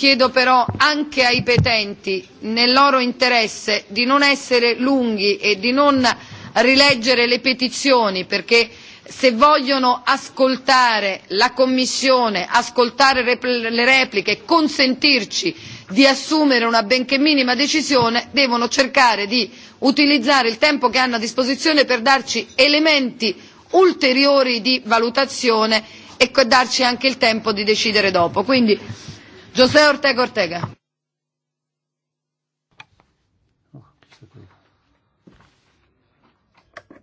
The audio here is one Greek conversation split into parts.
chiedo però anche ai petenti nel loro interesse di non essere lunghi e di non rileggere le petizioni perché se vogliono ascoltare la commissione ascoltare le repliche e consentirci di assumere una benché minima decisione devono cercare di utilizzare il tempo che hanno a disposizione per darci elementi ulteriori di valutazione e darci anche il tempo di decidere dopo. quindi José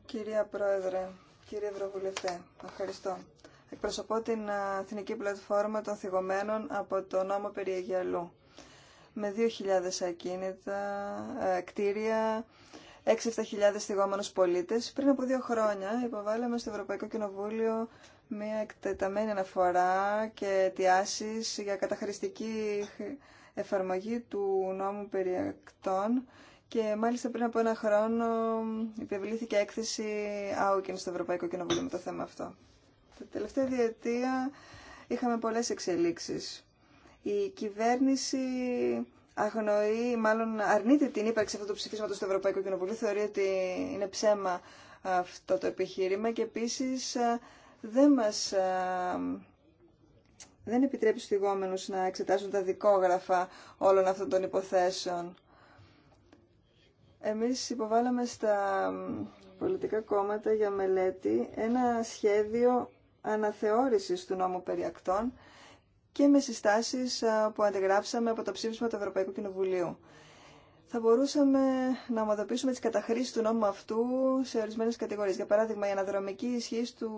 Κυρία Πρόεδρε, κύριε Ευρωβουλευτέ, ευχαριστώ. Εκπροσωπώ την Εθνική Πλατφόρμα των Θυγωμένων από το νόμο περί Με 2.000 ακίνητα, 6.000 ε, 6-7.000 θυγόμενους πολίτες. Πριν από δύο χρόνια υποβάλαμε στο Ευρωπαϊκό Κοινοβούλιο μια εκτεταμένη αναφορά και αιτιάσει για καταχρηστική εφαρμογή του νόμου περιακτών και μάλιστα πριν από ένα χρόνο υπευλήθηκε έκθεση Άουκεν στο Ευρωπαϊκό Κοινοβούλιο με το θέμα αυτό. Τα τελευταία διετία είχαμε πολλές εξελίξεις. Η κυβέρνηση αγνοεί, μάλλον αρνείται την ύπαρξη αυτού του ψηφίσματος στο Ευρωπαϊκό Κοινοβούλιο. θεωρεί ότι είναι ψέμα αυτό το επιχείρημα και επίσης δεν μας ε, δεν επιτρέπει στους να εξετάσουν τα δικόγραφα όλων αυτών των υποθέσεων. Εμείς υποβάλαμε στα πολιτικά κόμματα για μελέτη ένα σχέδιο αναθεώρησης του νόμου περιακτών και με συστάσεις ε, που αντιγράψαμε από το ψήφισμα του Ευρωπαϊκού Κοινοβουλίου θα μπορούσαμε να ομοδοποιήσουμε τις καταχρήσεις του νόμου αυτού σε ορισμένες κατηγορίες. Για παράδειγμα, η αναδρομική ισχύ του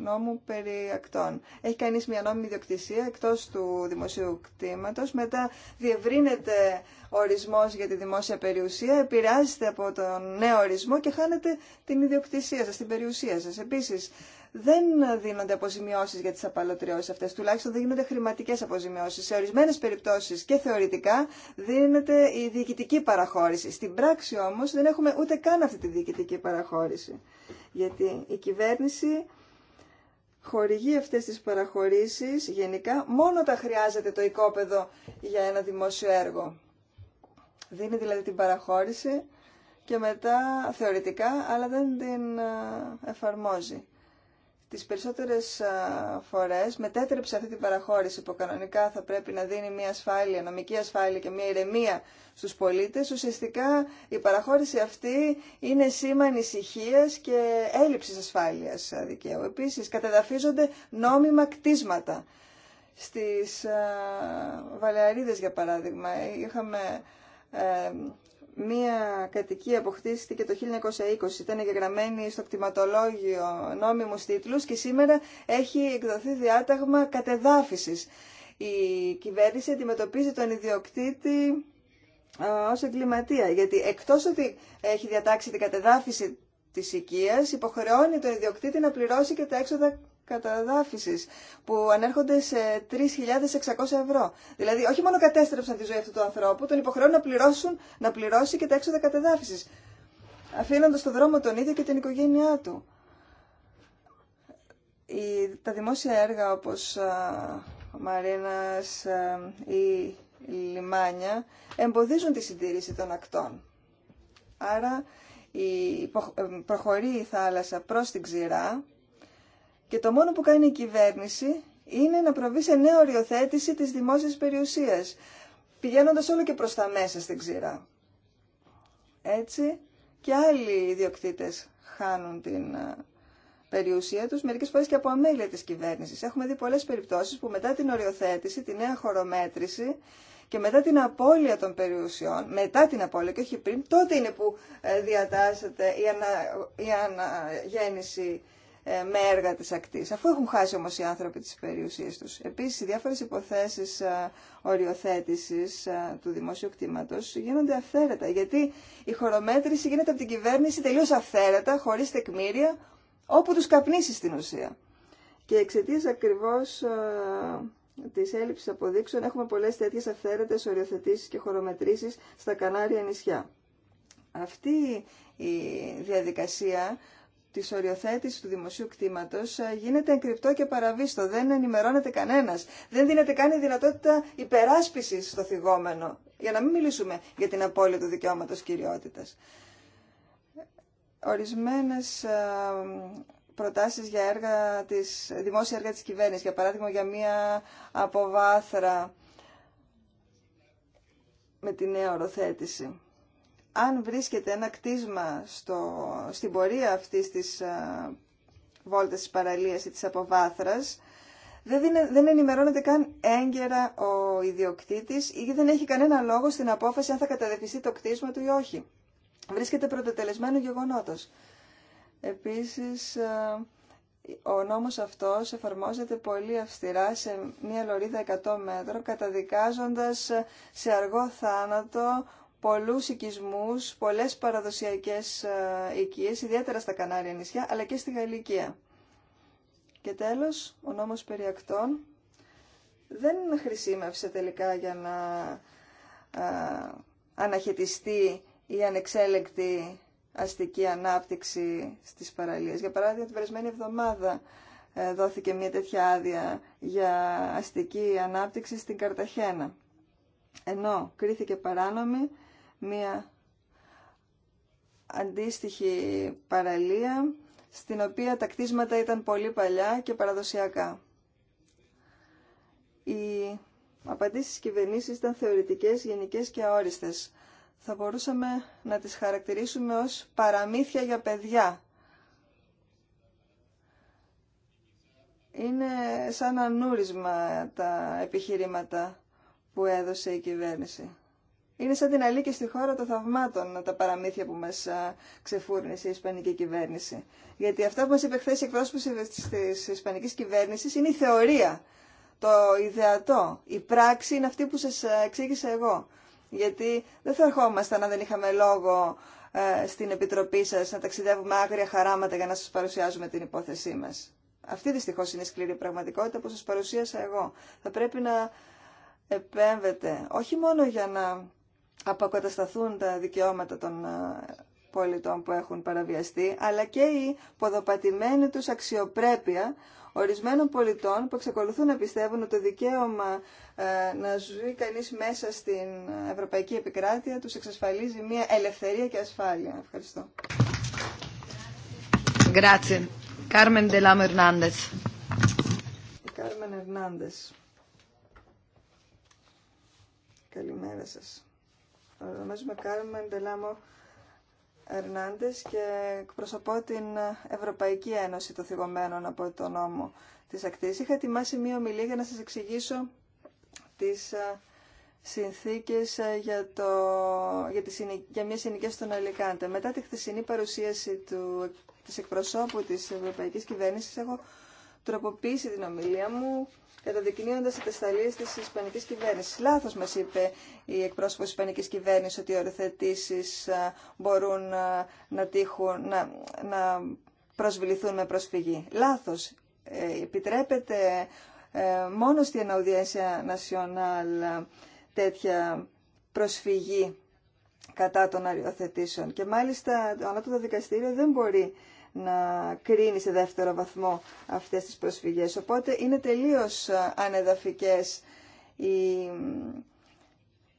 νόμου περί ακτών. Έχει κανείς μια νόμιμη ιδιοκτησία εκτός του δημοσίου κτήματος, μετά διευρύνεται ορισμός για τη δημόσια περιουσία, επηρεάζεται από τον νέο ορισμό και χάνεται την ιδιοκτησία σας, την περιουσία σας. Επίσης, δεν δίνονται αποζημιώσεις για τις απαλωτριώσει αυτές, τουλάχιστον δεν γίνονται χρηματικές αποζημιώσεις. Σε ορισμένες περιπτώσεις και θεωρητικά δίνεται η διοικητική παραχώρηση. Στην πράξη όμως δεν έχουμε ούτε καν αυτή τη διοικητική παραχώρηση, γιατί η κυβέρνηση χορηγεί αυτές τις παραχωρήσεις γενικά μόνο τα χρειάζεται το οικόπεδο για ένα δημόσιο έργο. Δίνει δηλαδή την παραχώρηση και μετά θεωρητικά, αλλά δεν την ε, εφαρμόζει τις περισσότερες φορές μετέτρεψε αυτή την παραχώρηση που κανονικά θα πρέπει να δίνει μια ασφάλεια, νομική ασφάλεια και μια ηρεμία στους πολίτες. Ουσιαστικά η παραχώρηση αυτή είναι σήμα ανησυχία και έλλειψης ασφάλειας δικαίου. Επίσης κατεδαφίζονται νόμιμα κτίσματα. Στις Βαλεαρίδες για παράδειγμα είχαμε ε, μία κατοικία αποκτήστηκε το 1920, ήταν εγγεγραμμένη στο κτηματολόγιο νόμιμους τίτλους και σήμερα έχει εκδοθεί διάταγμα κατεδάφισης. Η κυβέρνηση αντιμετωπίζει τον ιδιοκτήτη ως εγκληματία, γιατί εκτός ότι έχει διατάξει την κατεδάφιση της οικία, υποχρεώνει τον ιδιοκτήτη να πληρώσει και τα έξοδα που ανέρχονται σε 3.600 ευρώ. Δηλαδή όχι μόνο κατέστρεψαν τη ζωή αυτού του ανθρώπου, τον υποχρεώνουν να, πληρώσουν, να πληρώσει και τα έξοδα κατεδάφισης, αφήνοντας στον δρόμο τον ίδιο και την οικογένειά του. Η, τα δημόσια έργα όπως ο Μαρίνας η λιμάνια εμποδίζουν τη συντηρήση των ακτών. Άρα προχωρεί η, ε, προχωρεί η θάλασσα προς την ξηρά και το μόνο που κάνει η κυβέρνηση είναι να προβεί σε νέα οριοθέτηση της δημόσιας περιουσίας, πηγαίνοντας όλο και προς τα μέσα στην ξηρά. Έτσι και άλλοι ιδιοκτήτες χάνουν την ε, περιουσία τους, μερικές φορές και από αμέλεια της κυβέρνησης. Έχουμε δει πολλές περιπτώσεις που μετά την οριοθέτηση, τη νέα χωρομέτρηση και μετά την απώλεια των περιουσιών, μετά την απώλεια και όχι πριν, τότε είναι που ε, διατάσσεται η αναγέννηση ε, με έργα της ακτής, αφού έχουν χάσει όμως οι άνθρωποι τις περιουσίες τους. Επίσης, οι διάφορες υποθέσεις ε, οριοθέτησης ε, του δημόσιου κτήματος γίνονται αυθαίρετα, γιατί η χωρομέτρηση γίνεται από την κυβέρνηση τελείως αυθαίρετα, χωρίς τεκμήρια, όπου τους καπνίσει στην ουσία. Και εξαιτία ακριβώς τη έλλειψη αποδείξεων έχουμε πολλέ τέτοιε αυθαίρετε οριοθετήσει και χωρομετρήσει στα Κανάρια νησιά. Αυτή η διαδικασία της οριοθέτηση του δημοσίου κτήματο ε, γίνεται εγκρυπτό και παραβίστο. Δεν ενημερώνεται κανένας. Δεν δίνεται καν η δυνατότητα υπεράσπισης στο θυγόμενο. Για να μην μιλήσουμε για την απώλεια του δικαιώματος κυριότητας. Ορισμένες ε, προτάσεις για έργα της, δημόσια έργα της κυβέρνησης, για παράδειγμα για μία αποβάθρα με τη νέα οροθέτηση αν βρίσκεται ένα κτίσμα στο, στην πορεία αυτής της α, ε, βόλτας της παραλίας ή της αποβάθρας, δεν, δεν ενημερώνεται καν έγκαιρα ο ιδιοκτήτης ή δεν έχει κανένα λόγο στην απόφαση αν θα καταδεφιστεί το κτίσμα του ή όχι. Βρίσκεται πρωτοτελεσμένο γεγονότος. Επίσης, ε, ο νόμος αυτός εφαρμόζεται πολύ αυστηρά σε μία λωρίδα 100 μέτρων, καταδικάζοντας σε αργό θάνατο πολλούς οικισμούς, πολλές παραδοσιακές ε, οικίες, ιδιαίτερα στα Κανάρια νησιά, αλλά και στη Γαλλικία. Και τέλος, ο νόμος περιακτών δεν χρησιμεύσε τελικά για να α, ε, αναχαιτιστεί η ανεξέλεκτη αστική ανάπτυξη στις παραλίες. Για παράδειγμα, την περασμένη εβδομάδα ε, δόθηκε μια τέτοια άδεια για αστική ανάπτυξη στην Καρταχένα. Ενώ κρίθηκε παράνομη μία αντίστοιχη παραλία στην οποία τα κτίσματα ήταν πολύ παλιά και παραδοσιακά. Οι απαντήσεις της κυβερνήσης ήταν θεωρητικές, γενικές και αόριστες. Θα μπορούσαμε να τις χαρακτηρίσουμε ως παραμύθια για παιδιά. Είναι σαν ανούρισμα τα επιχειρήματα που έδωσε η κυβέρνηση. Είναι σαν την αλήκη στη χώρα των θαυμάτων τα παραμύθια που μας ξεφούρνησε η Ισπανική κυβέρνηση. Γιατί αυτά που μας είπε η εκπρόσωπη της Ισπανικής κυβέρνησης είναι η θεωρία, το ιδεατό. Η πράξη είναι αυτή που σας εξήγησα εγώ. Γιατί δεν θα ερχόμασταν αν δεν είχαμε λόγο στην Επιτροπή σας να ταξιδεύουμε άγρια χαράματα για να σας παρουσιάζουμε την υπόθεσή μας. Αυτή δυστυχώς είναι η σκληρή πραγματικότητα που σας παρουσίασα εγώ. Θα πρέπει να επέμβετε όχι μόνο για να αποκατασταθούν τα δικαιώματα των ε, πολιτών που έχουν παραβιαστεί, αλλά και η ποδοπατημένη τους αξιοπρέπεια ορισμένων πολιτών που εξακολουθούν να πιστεύουν ότι το δικαίωμα ε, να ζει κανείς μέσα στην ευρωπαϊκή επικράτεια τους εξασφαλίζει μια ελευθερία και ασφάλεια. Ευχαριστώ. Grazie. Carmen la Hernandez. Carmen Hernandez. Καλημέρα σας. Ονομάζομαι Κάρμεν Ντελάμο Ερνάντε και εκπροσωπώ την Ευρωπαϊκή Ένωση των Θυγωμένων από το νόμο τη Ακτή. Είχα ετοιμάσει μία ομιλία για να σα εξηγήσω τι ε, συνθήκε ε, για, το, για, μία συνοικία στον Αλικάντε. Μετά τη χθεσινή παρουσίαση του, της εκπροσώπου της Ευρωπαϊκής Κυβέρνησης έχω τροποποίησει την ομιλία μου καταδεικνύοντα τι τεσταλίες τη ισπανική κυβέρνηση. Λάθος μας είπε η εκπρόσωπος τη ισπανική κυβέρνηση ότι οι οριοθετήσει μπορούν να, τύχουν, να, να προσβληθούν με προσφυγή. Λάθος. Ε, επιτρέπεται ε, μόνο στην Αουδιένσια Νασιονάλ τέτοια προσφυγή κατά των αριοθετήσεων. Και μάλιστα το δικαστήριο δεν μπορεί να κρίνει σε δεύτερο βαθμό αυτές τις προσφυγές. Οπότε είναι τελείως ανεδαφικές οι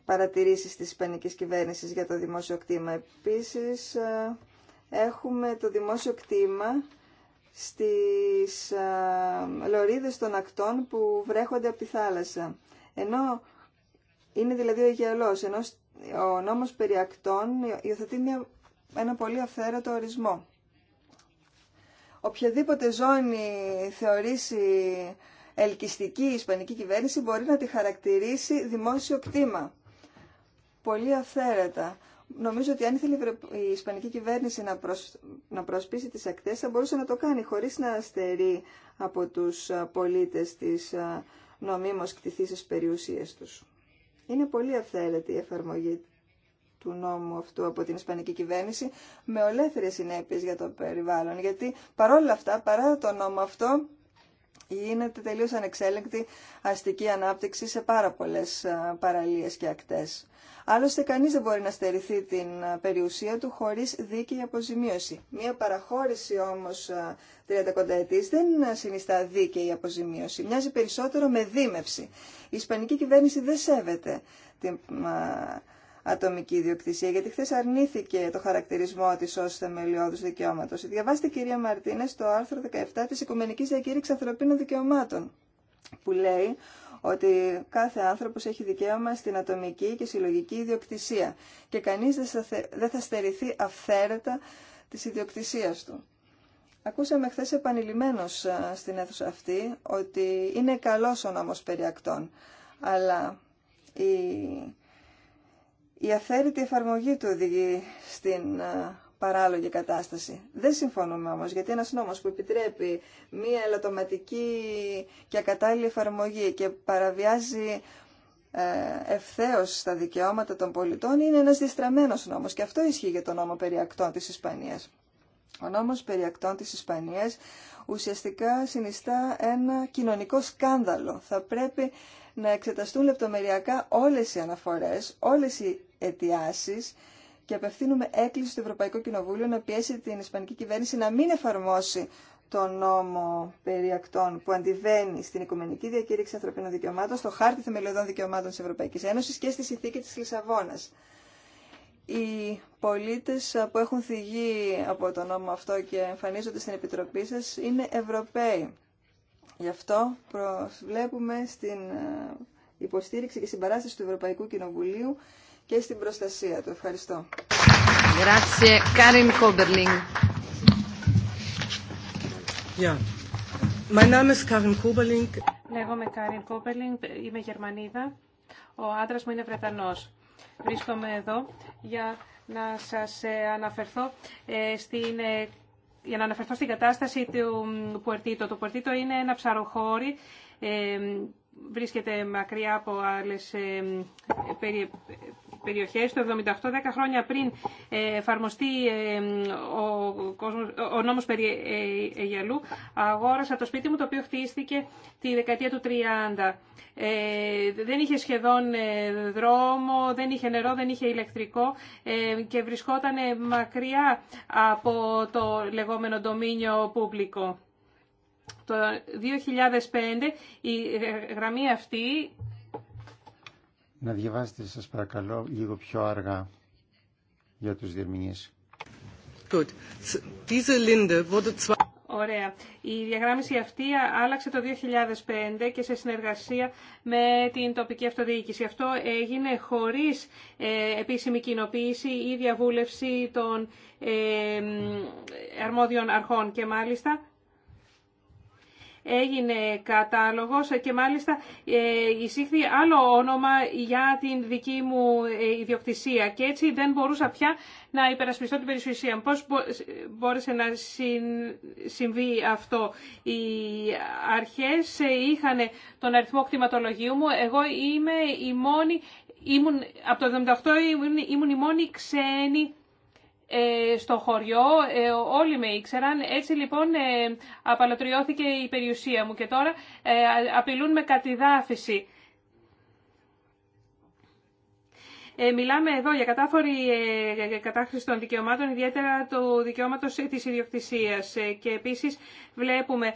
παρατηρήσεις της Ισπανικής κυβέρνησης για το δημόσιο κτήμα. Επίσης, ε, έχουμε το δημόσιο κτήμα στις ε, λωρίδες των ακτών που βρέχονται από τη θάλασσα. Ενώ είναι δηλαδή ο Αιγαίολος ενώ ο νόμος περί ακτών υιοθετεί ένα πολύ αυθαίρετο ορισμό οποιαδήποτε ζώνη θεωρήσει ελκυστική η Ισπανική κυβέρνηση μπορεί να τη χαρακτηρίσει δημόσιο κτήμα. Πολύ αυθαίρετα. Νομίζω ότι αν ήθελε η Ισπανική κυβέρνηση να, να προσπίσει τις ακτές θα μπορούσε να το κάνει χωρίς να στερεί από τους πολίτες τις νομίμως κτηθήσεις περιουσίες τους. Είναι πολύ αυθαίρετη η εφαρμογή του νόμου αυτού από την Ισπανική κυβέρνηση με ολέθριες συνέπειες για το περιβάλλον. Γιατί παρόλα αυτά, παρά το νόμο αυτό, γίνεται τελείω ανεξέλεγκτη αστική ανάπτυξη σε πάρα πολλέ παραλίε και ακτέ. Άλλωστε, κανεί δεν μπορεί να στερηθεί την περιουσία του χωρί δίκαιη αποζημίωση. Μία παραχώρηση όμως 30 κονταετή δεν συνιστά δίκαιη αποζημίωση. Μοιάζει περισσότερο με δίμευση. Η Ισπανική κυβέρνηση δεν σέβεται την ατομική ιδιοκτησία, γιατί χθε αρνήθηκε το χαρακτηρισμό τη ω θεμελιώδου δικαιώματο. Διαβάστε, κυρία Μαρτίνε, το άρθρο 17 τη Οικουμενική Διακήρυξη Ανθρωπίνων Δικαιωμάτων, που λέει ότι κάθε άνθρωπο έχει δικαίωμα στην ατομική και συλλογική ιδιοκτησία και κανεί δεν θα στερηθεί αυθαίρετα τη ιδιοκτησία του. Ακούσαμε χθε επανειλημμένω στην αίθουσα αυτή ότι είναι καλό ο νόμο περί αλλά η η αφαίρετη εφαρμογή του οδηγεί στην ε, παράλογη κατάσταση. Δεν συμφωνούμε όμως, γιατί ένας νόμος που επιτρέπει μία ελαττωματική και ακατάλληλη εφαρμογή και παραβιάζει ε, ευθέω τα δικαιώματα των πολιτών είναι ένας διστραμμένος νόμος και αυτό ισχύει για τον νόμο περιακτών της Ισπανίας. Ο νόμος περιακτών της Ισπανίας ουσιαστικά συνιστά ένα κοινωνικό σκάνδαλο. Θα πρέπει να εξεταστούν λεπτομεριακά όλες οι αναφορές, όλες οι αιτιάσεις και απευθύνουμε έκκληση στο Ευρωπαϊκό Κοινοβούλιο να πιέσει την Ισπανική κυβέρνηση να μην εφαρμόσει τον νόμο περί ακτών που αντιβαίνει στην Οικουμενική Διακήρυξη Ανθρωπίνων Δικαιωμάτων, στο Χάρτη Θεμελιωδών Δικαιωμάτων της Ευρωπαϊκής Ένωσης και στη Συνθήκη της Λισαβόνας. Οι πολίτες που έχουν θυγεί από τον νόμο αυτό και εμφανίζονται στην Επιτροπή σας είναι Ευρωπαίοι. Γι' αυτό προσβλέπουμε στην ε, υποστήριξη και συμπαράσταση του Ευρωπαϊκού Κοινοβουλίου και στην προστασία του. Ευχαριστώ. Yeah. με Λέγομαι Κάριν Κόμπερλινγκ, είμαι Γερμανίδα. Ο άντρας μου είναι Βρετανός. Βρίσκομαι εδώ για να σας ε, αναφερθώ ε, στην για να αναφερθώ στην κατάσταση του Πουερτίτο. Το Πουερτίτο είναι ένα ψαροχώρι, ε, βρίσκεται μακριά από άλλες ε, περιοχές. Το 78, 10 χρόνια πριν ε, εφαρμοστεί ε, ο, κόσμος, ο νόμος περί ε, Αιγιαλού, αγόρασα το σπίτι μου το οποίο χτίστηκε τη δεκαετία του 30. δεν είχε σχεδόν δρόμο, δεν είχε νερό, δεν είχε ηλεκτρικό και βρισκόταν μακριά από το λεγόμενο ντομίνιο πουμπλικό. Το 2005 η γραμμή αυτή να διαβάσετε σας παρακαλώ λίγο πιο αργά για τους διερμηνείς. Ωραία. Η διαγράμμιση αυτή άλλαξε το 2005 και σε συνεργασία με την τοπική αυτοδιοίκηση. Αυτό έγινε χωρίς ε, επίσημη κοινοποίηση ή διαβούλευση των ε, αρμόδιων αρχών και μάλιστα έγινε κατάλογος και μάλιστα ε, εισήχθη άλλο όνομα για την δική μου ε, ιδιοκτησία και έτσι δεν μπορούσα πια να υπερασπιστώ την περιουσία μου. Πώς μπόρεσε να συμβεί αυτό. Οι αρχές είχαν τον αριθμό κτηματολογίου μου, εγώ είμαι η μόνη, από το 1978 ήμουν, ήμουν η μόνη ξένη ε, στο χωριό, ε, όλοι με ήξεραν. Έτσι λοιπόν ε, απαλωτριώθηκε η περιουσία μου και τώρα απειλούν με κατηδάφιση. Μιλάμε εδώ για κατάφορη κατάχρηση των δικαιωμάτων, ιδιαίτερα του δικαιώματος της ιδιοκτησίας. Και επίσης βλέπουμε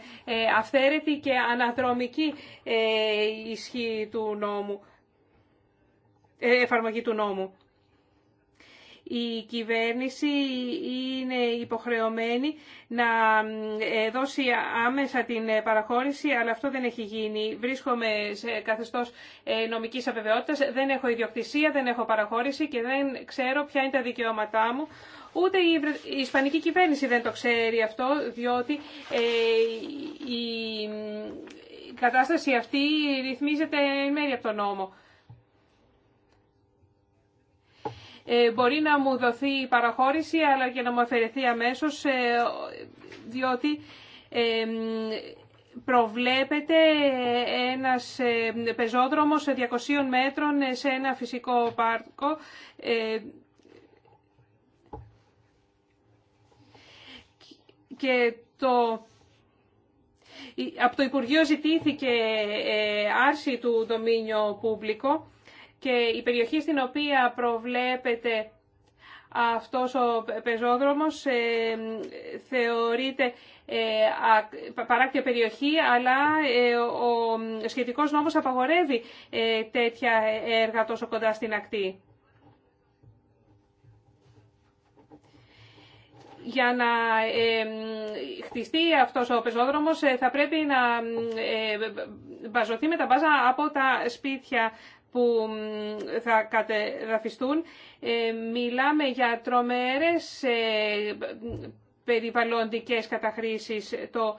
αυθαίρετη και αναδρομική ισχύ του νόμου, εφαρμογή του νόμου η κυβέρνηση είναι υποχρεωμένη να ε, δώσει άμεσα την παραχώρηση, αλλά αυτό δεν έχει γίνει. Βρίσκομαι σε καθεστώς ε, νομικής απεβαιότητας, δεν έχω ιδιοκτησία, δεν έχω παραχώρηση και δεν ξέρω ποια είναι τα δικαιώματά μου. Ούτε η Ισπανική κυβέρνηση δεν το ξέρει αυτό, διότι ε, η κατάσταση αυτή ρυθμίζεται μέρη από τον νόμο. Ε, μπορεί να μου δοθεί η παραχώρηση αλλά και να μου αφαιρεθεί αμέσως ε, διότι ε, προβλέπεται ένας πεζόδρομος 200 μέτρων σε ένα φυσικό πάρκο και το... Από το Υπουργείο ζητήθηκε άρση του δομήνιο Πούμπλικο και η περιοχή στην οποία προβλέπεται αυτός ο πεζόδρομος θεωρείται παράκτια περιοχή, αλλά ο σχετικός νόμος απαγορεύει τέτοια έργα τόσο κοντά στην ακτή. Για να χτιστεί αυτός ο πεζόδρομος θα πρέπει να μπαζωθεί με τα μπάζα από τα σπίτια που θα κατεδαφιστούν. Ε, μιλάμε για τρομερές ε, περιβαλλοντικές καταχρήσεις. Το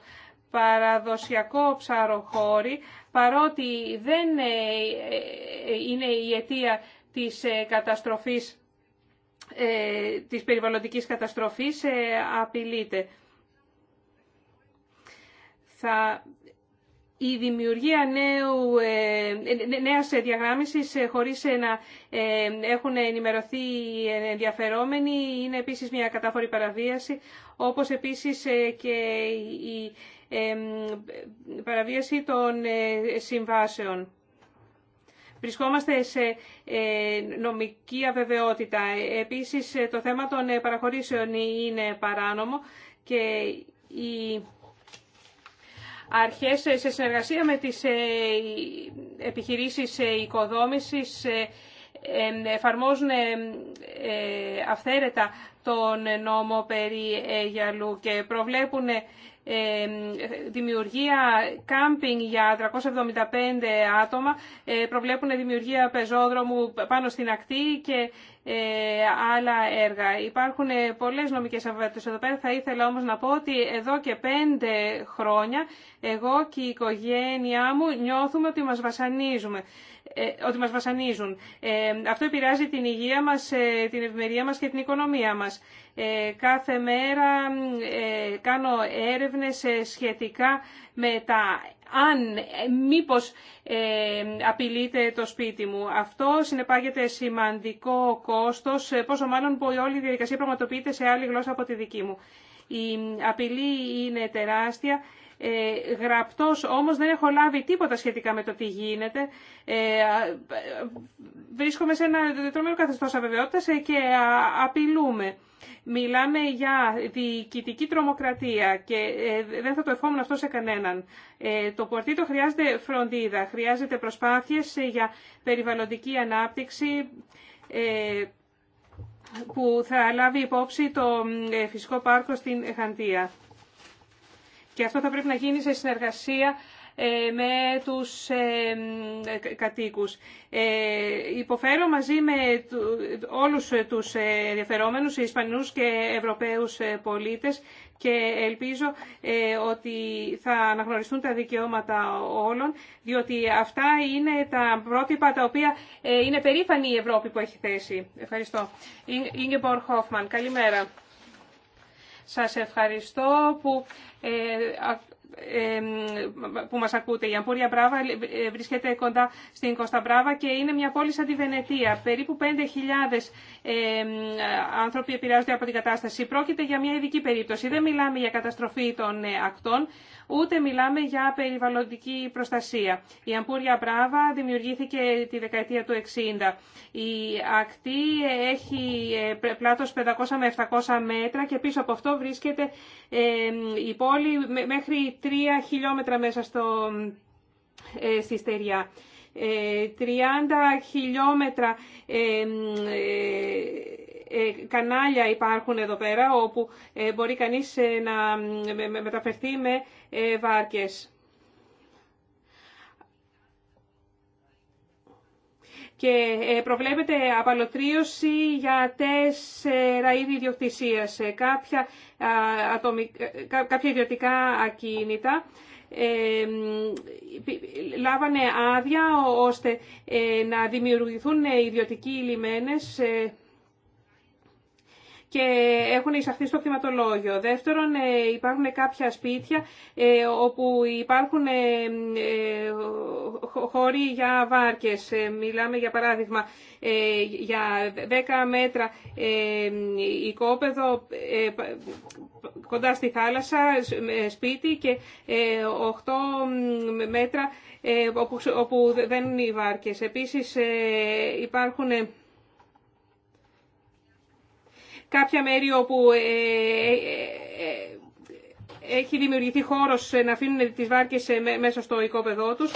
παραδοσιακό ψαροχώρι, παρότι δεν ε, είναι η αιτία της καταστροφής, της περιβαλλοντικής καταστροφής, απειλείται. Θα η δημιουργία νέου, ε, νέας διαγράμμισης ε, χωρίς ε, να έχουν ενημερωθεί οι ενδιαφερόμενοι είναι επίσης μια κατάφορη παραβίαση, όπως επίσης και η παραβίαση των συμβάσεων. Βρισκόμαστε σε νομική αβεβαιότητα. Επίσης το θέμα των παραχωρήσεων είναι παράνομο και η αρχές ε, σε συνεργασία με τις ε, επιχειρήσεις ε, οικοδόμησης εφαρμόζουν αυθαίρετα τον νόμο περί γυαλού και προβλέπουν δημιουργία κάμπινγκ για 375 άτομα, ε, προβλέπουν δημιουργία πεζόδρομου πάνω στην ακτή και ε, άλλα έργα. Υπάρχουν ε, πολλές νομικές αβεβαιότητες εδώ πέρα. Θα ήθελα όμως να πω ότι εδώ και πέντε χρόνια εγώ και η οικογένειά μου νιώθουμε ότι μας βασανίζουμε. Ε, ότι μας βασανίζουν. Ε, αυτό επηρεάζει την υγεία μας, ε, την ευημερία μας και την οικονομία μας. Κάθε μέρα κάνω έρευνες σχετικά με τα αν μήπως απειλείται το σπίτι μου. Αυτό συνεπάγεται σημαντικό κόστος, πόσο μάλλον που όλη η διαδικασία πραγματοποιείται σε άλλη γλώσσα από τη δική μου. Η απειλή είναι τεράστια ε, γραπτός όμως δεν έχω λάβει τίποτα σχετικά με το τι γίνεται. Ε, βρίσκομαι σε ένα τρομερό καθεστώς αβεβαιότητας ε, και απειλούμε. Μιλάμε για διοικητική τρομοκρατία και δεν θα το ευχόμουν αυτό σε κανέναν. Το πορτίτο χρειάζεται φροντίδα, χρειάζεται προσπάθειες για περιβαλλοντική ανάπτυξη που θα λάβει υπόψη το φυσικό πάρκο στην Χαντία. Και αυτό θα πρέπει να γίνει σε συνεργασία ε, με τους ε, κατοίκους. Ε, υποφέρω μαζί με όλους τους ενδιαφερόμενους, Ισπανούς και Ευρωπαίους πολίτες και ελπίζω ότι θα αναγνωριστούν τα δικαιώματα όλων, διότι αυτά είναι τα πρότυπα τα οποία είναι περήφανη η Ευρώπη που έχει θέσει. Ευχαριστώ. Ingeborg Χόφμαν, καλημέρα. Σας ευχαριστώ που ε, ε, που μας ακούτε. Η Αμπούρια Μπράβα ε, βρίσκεται κοντά στην Μπράβα και είναι μια πόλη σαν τη Βενετία. Περίπου 5.000 άνθρωποι επηρεάζονται από την κατάσταση. Πρόκειται για μια ειδική περίπτωση. Δεν μιλάμε για καταστροφή των ακτών ούτε μιλάμε για περιβαλλοντική προστασία. Η Αμπούρια Μπράβα δημιουργήθηκε τη δεκαετία του 60. Η ακτή έχει ε, πλάτος 500 με 700 μέτρα και πίσω από αυτό βρίσκεται ε, η πόλη μέχρι 3 χιλιόμετρα μέσα στο, ε, στη στεριά. 30 χιλιόμετρα κανάλια υπάρχουν εδώ πέρα όπου μπορεί κανείς να μεταφερθεί με ε, βάρκες. Και ε, προβλέπεται απαλωτρίωση για τέσσερα είδη ιδιοκτησία, ε, κάποια, κάποια ιδιωτικά ακίνητα. λάβανε άδεια ώστε να δημιουργηθούν ιδιωτικοί λιμένες και έχουν εισαχθεί στο κτηματολόγιο. Δεύτερον, ε, υπάρχουν κάποια σπίτια ε, όπου υπάρχουν ε, χώροι για βάρκες. Μιλάμε, για παράδειγμα, για 10 μέτρα οικόπεδο κοντά στη θάλασσα, σπίτι και 8 μέτρα όπου δεν είναι οι βάρκες. Επίσης, υπάρχουν κάποια μέρη όπου ε, ε, ε, έχει δημιουργηθεί χώρος να αφήνουν τις βάρκες μέσα στο οικόπεδό τους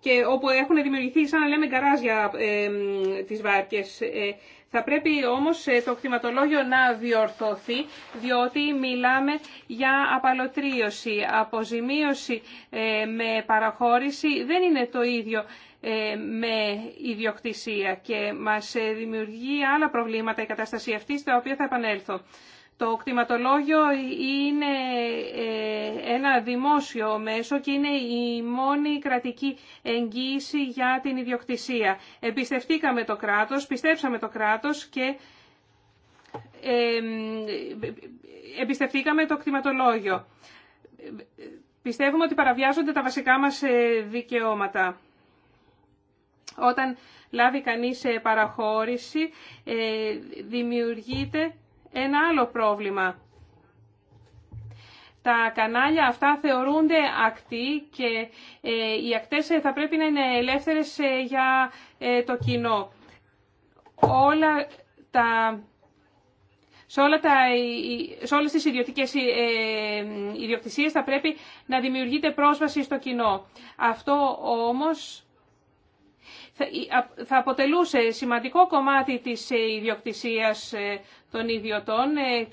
και όπου έχουν δημιουργηθεί, σαν να λέμε, γκαράζια τις βάρκες. Θα πρέπει όμως το κτηματολόγιο να διορθωθεί, διότι μιλάμε για απαλωτρίωση, αποζημίωση με παραχώρηση. Δεν είναι το ίδιο ε, με ιδιοκτησία και μας ε, δημιουργεί άλλα προβλήματα η κατάσταση αυτή, στα οποία θα επανέλθω. Το κτηματολόγιο είναι ε, ένα δημόσιο μέσο και είναι η μόνη κρατική εγγύηση για την ιδιοκτησία. Επιστεύτηκαμε το κράτος, πιστέψαμε το κράτος και εμπιστευτήκαμε το κτηματολόγιο. Πιστεύουμε ότι παραβιάζονται τα βασικά μας δικαιώματα. Όταν λάβει κανείς ε, παραχώρηση, ε, δημιουργείται ένα άλλο πρόβλημα. Τα κανάλια αυτά θεωρούνται ακτή και ε, οι ακτές θα πρέπει να είναι ελεύθερες για το κοινό. Όλα τα... Σε, όλα τα, σε όλες τις ιδιωτικές ιδιοκτησίες θα πρέπει να δημιουργείται πρόσβαση στο κοινό. Αυτό όμως θα αποτελούσε σημαντικό κομμάτι της ε, ιδιοκτησίας ε, των ιδιωτών ε,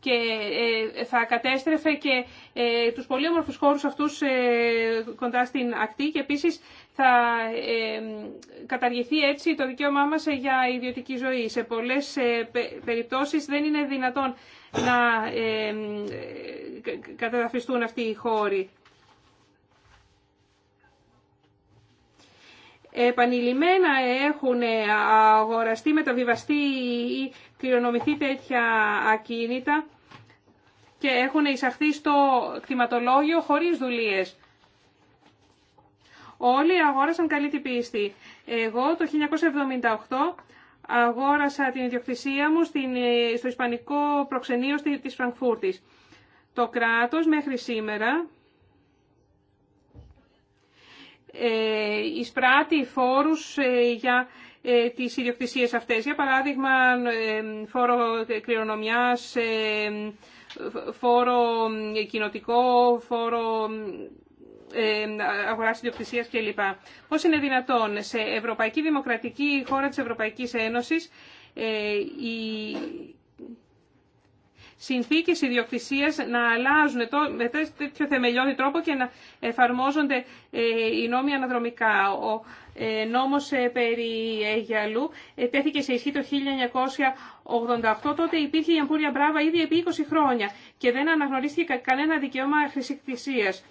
και θα κατέστρεφε και τους πολύ όμορφους χώρους αυτούς κοντά στην ακτή και επίσης θα καταργηθεί έτσι το δικαίωμά μας για ιδιωτική ζωή. Σε πολλές περιπτώσεις δεν είναι δυνατόν να καταδαφιστούν αυτοί οι χώροι. επανειλημμένα έχουν αγοραστεί, μεταβιβαστεί ή κληρονομηθεί τέτοια ακίνητα και έχουν εισαχθεί στο κτηματολόγιο χωρίς δουλείες. Όλοι αγόρασαν καλή την πίστη. Εγώ το 1978 αγόρασα την ιδιοκτησία μου στο Ισπανικό προξενείο της Φραγκφούρτης. Το κράτος μέχρι σήμερα ε, εισπράττει φόρους ε, για ε, τις ιδιοκτησίες αυτές. Για παράδειγμα, φόρο κληρονομιάς, φόρο κοινοτικό, φόρο αγοράς ιδιοκτησίας κλπ. Πώς είναι δυνατόν σε ευρωπαϊκή δημοκρατική χώρα της Ευρωπαϊκής Ένωσης συνθήκες ιδιοκτησίας να αλλάζουν με τέτοιο θεμελιώδη τρόπο και να εφαρμόζονται ε, οι νόμοι αναδρομικά. Ο ε, νόμος ε, περί Αιγιαλού τέθηκε σε ισχύ το 1988, τότε υπήρχε η Αμπούρια Μπράβα ήδη επί 20 χρόνια και δεν αναγνωρίστηκε κανένα δικαίωμα χρησικτησίας.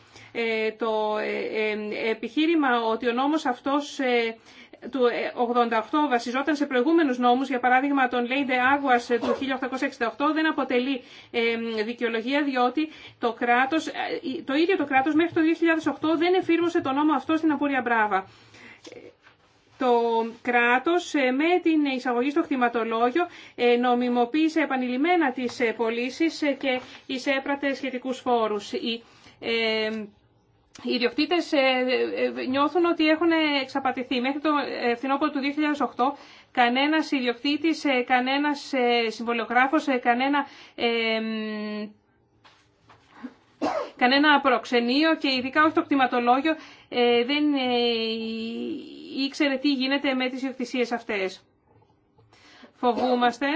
Το επιχείρημα ότι ο νόμος αυτός του 88 ε, βασιζόταν σε προηγούμενους νόμους, για παράδειγμα τον Λέιντε Άγουας του 1868, δεν αποτελεί ε, δικαιολογία διότι το, κράτος, ε, το ίδιο το κράτος μέχρι το 2008 δεν εφήρμοσε τον νόμο αυτό στην Απούρια Μπράβα. Το κράτος με την εισαγωγή στο κτηματολόγιο νομιμοποίησε επανειλημμένα τις πωλήσει και εισέπρατε σχετικούς φόρους. Η οι ιδιοκτήτε ε, ε, νιώθουν ότι έχουν εξαπατηθεί. Μέχρι το φθινόπωρο του 2008 κανένας ιδιοκτήτη, ε, κανένας συμβολιογράφος, κανένα, κανένα προξενείο και ειδικά όχι το κτηματολόγιο δεν ήξερε τι γίνεται με τις ιδιοκτησίες αυτές. Φοβούμαστε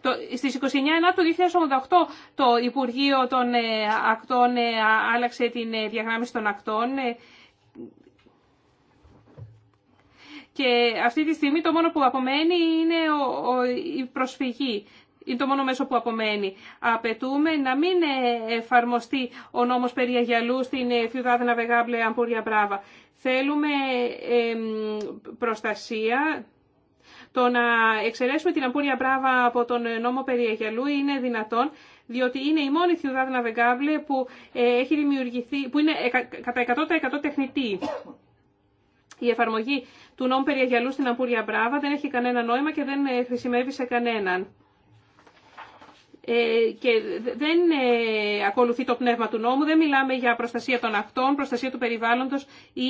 το, στις 29 το του 2088 το Υπουργείο των ε, Ακτών ε, άλλαξε την ε, διαγράμμιση των ακτών και αυτή τη στιγμή το μόνο που απομένει είναι η προσφυγή. Είναι το μόνο μέσο που απομένει. Απαιτούμε να μην εφαρμοστεί ο νόμος περί αγιαλού στην Φιουδάδενα Ναβεγάμπλε Αμπούρια Μπράβα. Θέλουμε προστασία το να εξαιρέσουμε την αμπούρια μπράβα από τον νόμο περί είναι δυνατόν, διότι είναι η μόνη Ciudad Navegable που, ε, έχει δημιουργηθεί, που είναι ε, κατά 100% τεχνητή. Η εφαρμογή του νόμου περί στην αμπούρια μπράβα δεν έχει κανένα νόημα και δεν ε, χρησιμεύει σε κανέναν και δεν ακολουθεί το πνεύμα του νόμου, δεν μιλάμε για προστασία των ακτών, προστασία του περιβάλλοντος ή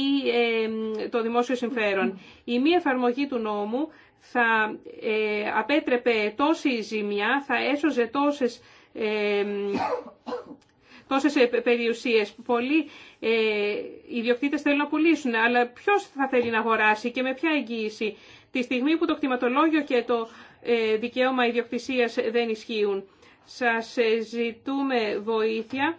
το δημόσιο συμφέρον. Η μη εφαρμογή του νόμου θα ε, απέτρεπε τόση ζημιά, θα έσωζε τόσες, ε, τόσες ε, περιουσίες. Πολλοί ιδιοκτήτες θέλουν να πουλήσουν, αλλά ποιος θα θέλει να αγοράσει και με ποια εγγύηση. Τη στιγμή που το κτηματολόγιο και το δικαίωμα ιδιοκτησίας δεν ισχύουν. Σας ζητούμε βοήθεια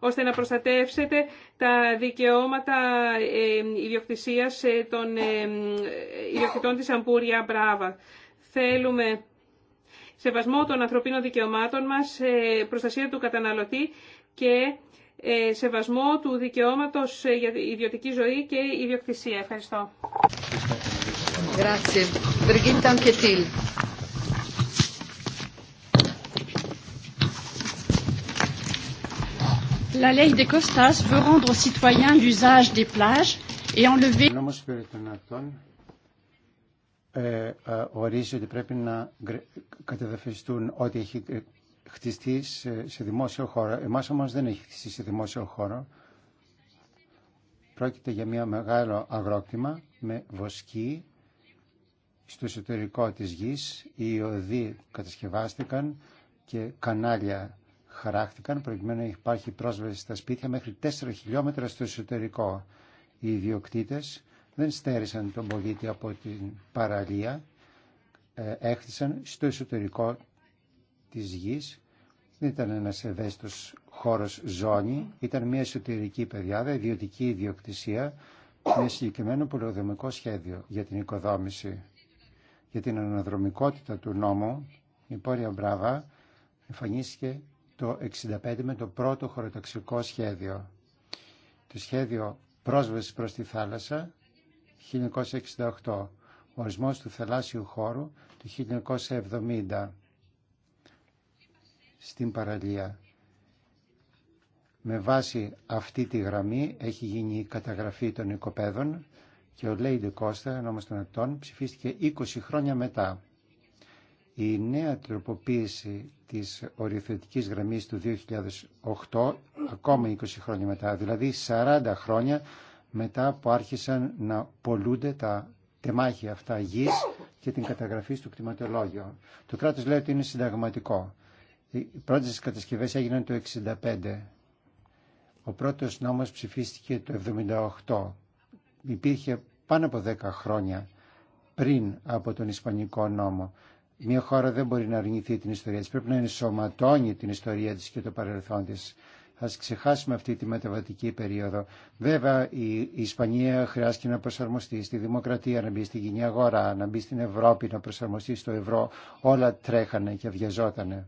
ώστε να προστατεύσετε τα δικαιώματα ε, ιδιοκτησίας ε, των ε, ιδιοκτητών της Αμπούρια Μπράβα. Θέλουμε σεβασμό των ανθρωπίνων δικαιωμάτων μας, προστασία του καταναλωτή και σεβασμό του δικαιώματος για ιδιωτική ζωή και ιδιοκτησία. Ευχαριστώ. Grazie. La Ley de Costas veut rendre aux citoyens l'usage des plages et enlever... Ε, ε, ορίζει ότι πρέπει να κατεδαφιστούν ό,τι έχει ε, χτιστεί σε δημόσιο χώρο. Εμάς όμως δεν έχει χτιστεί σε δημόσιο χώρο. Πρόκειται για μια μεγάλο αγρόκτημα με βοσκή στο εσωτερικό της γης. Οι οδοί κατασκευάστηκαν και κανάλια χαράχτηκαν προκειμένου να υπάρχει πρόσβαση στα σπίτια μέχρι 4 χιλιόμετρα στο εσωτερικό. Οι ιδιοκτήτε δεν στέρισαν τον πολίτη από την παραλία, ε, έχτισαν στο εσωτερικό της γης. Δεν ήταν ένας ευαίσθητος χώρος ζώνη, ήταν μια εσωτερική πεδιάδα, ιδιωτική ιδιοκτησία, με συγκεκριμένο πολεοδομικό σχέδιο για την οικοδόμηση. Για την αναδρομικότητα του νόμου, η Πόρια Μπράβα εμφανίστηκε το 65 με το πρώτο χωροταξικό σχέδιο. Το σχέδιο πρόσβαση προς τη θάλασσα 1968. Ορισμός του θελάσσιου χώρου το 1970 στην παραλία. Με βάση αυτή τη γραμμή έχει γίνει η καταγραφή των οικοπαίδων και ο Λέιντε Κώστα, νόμος των ετών, ψηφίστηκε 20 χρόνια μετά. Η νέα τροποποίηση της οριοθετικής γραμμής του 2008, ακόμα 20 χρόνια μετά, δηλαδή 40 χρόνια μετά που άρχισαν να πολλούνται τα τεμάχια αυτά γης και την καταγραφή στο κτηματολόγιο. Το κράτος λέει ότι είναι συνταγματικό. Οι πρώτες κατασκευές έγιναν το 1965. Ο πρώτος νόμος ψηφίστηκε το 1978. Υπήρχε πάνω από 10 χρόνια πριν από τον Ισπανικό νόμο. Μια χώρα δεν μπορεί να αρνηθεί την ιστορία της, πρέπει να ενσωματώνει την ιστορία της και το παρελθόν της. Ας ξεχάσουμε αυτή τη μεταβατική περίοδο. Βέβαια, η Ισπανία χρειάστηκε να προσαρμοστεί στη δημοκρατία, να μπει στην κοινή αγορά, να μπει στην Ευρώπη, να προσαρμοστεί στο ευρώ. Όλα τρέχανε και βιαζότανε.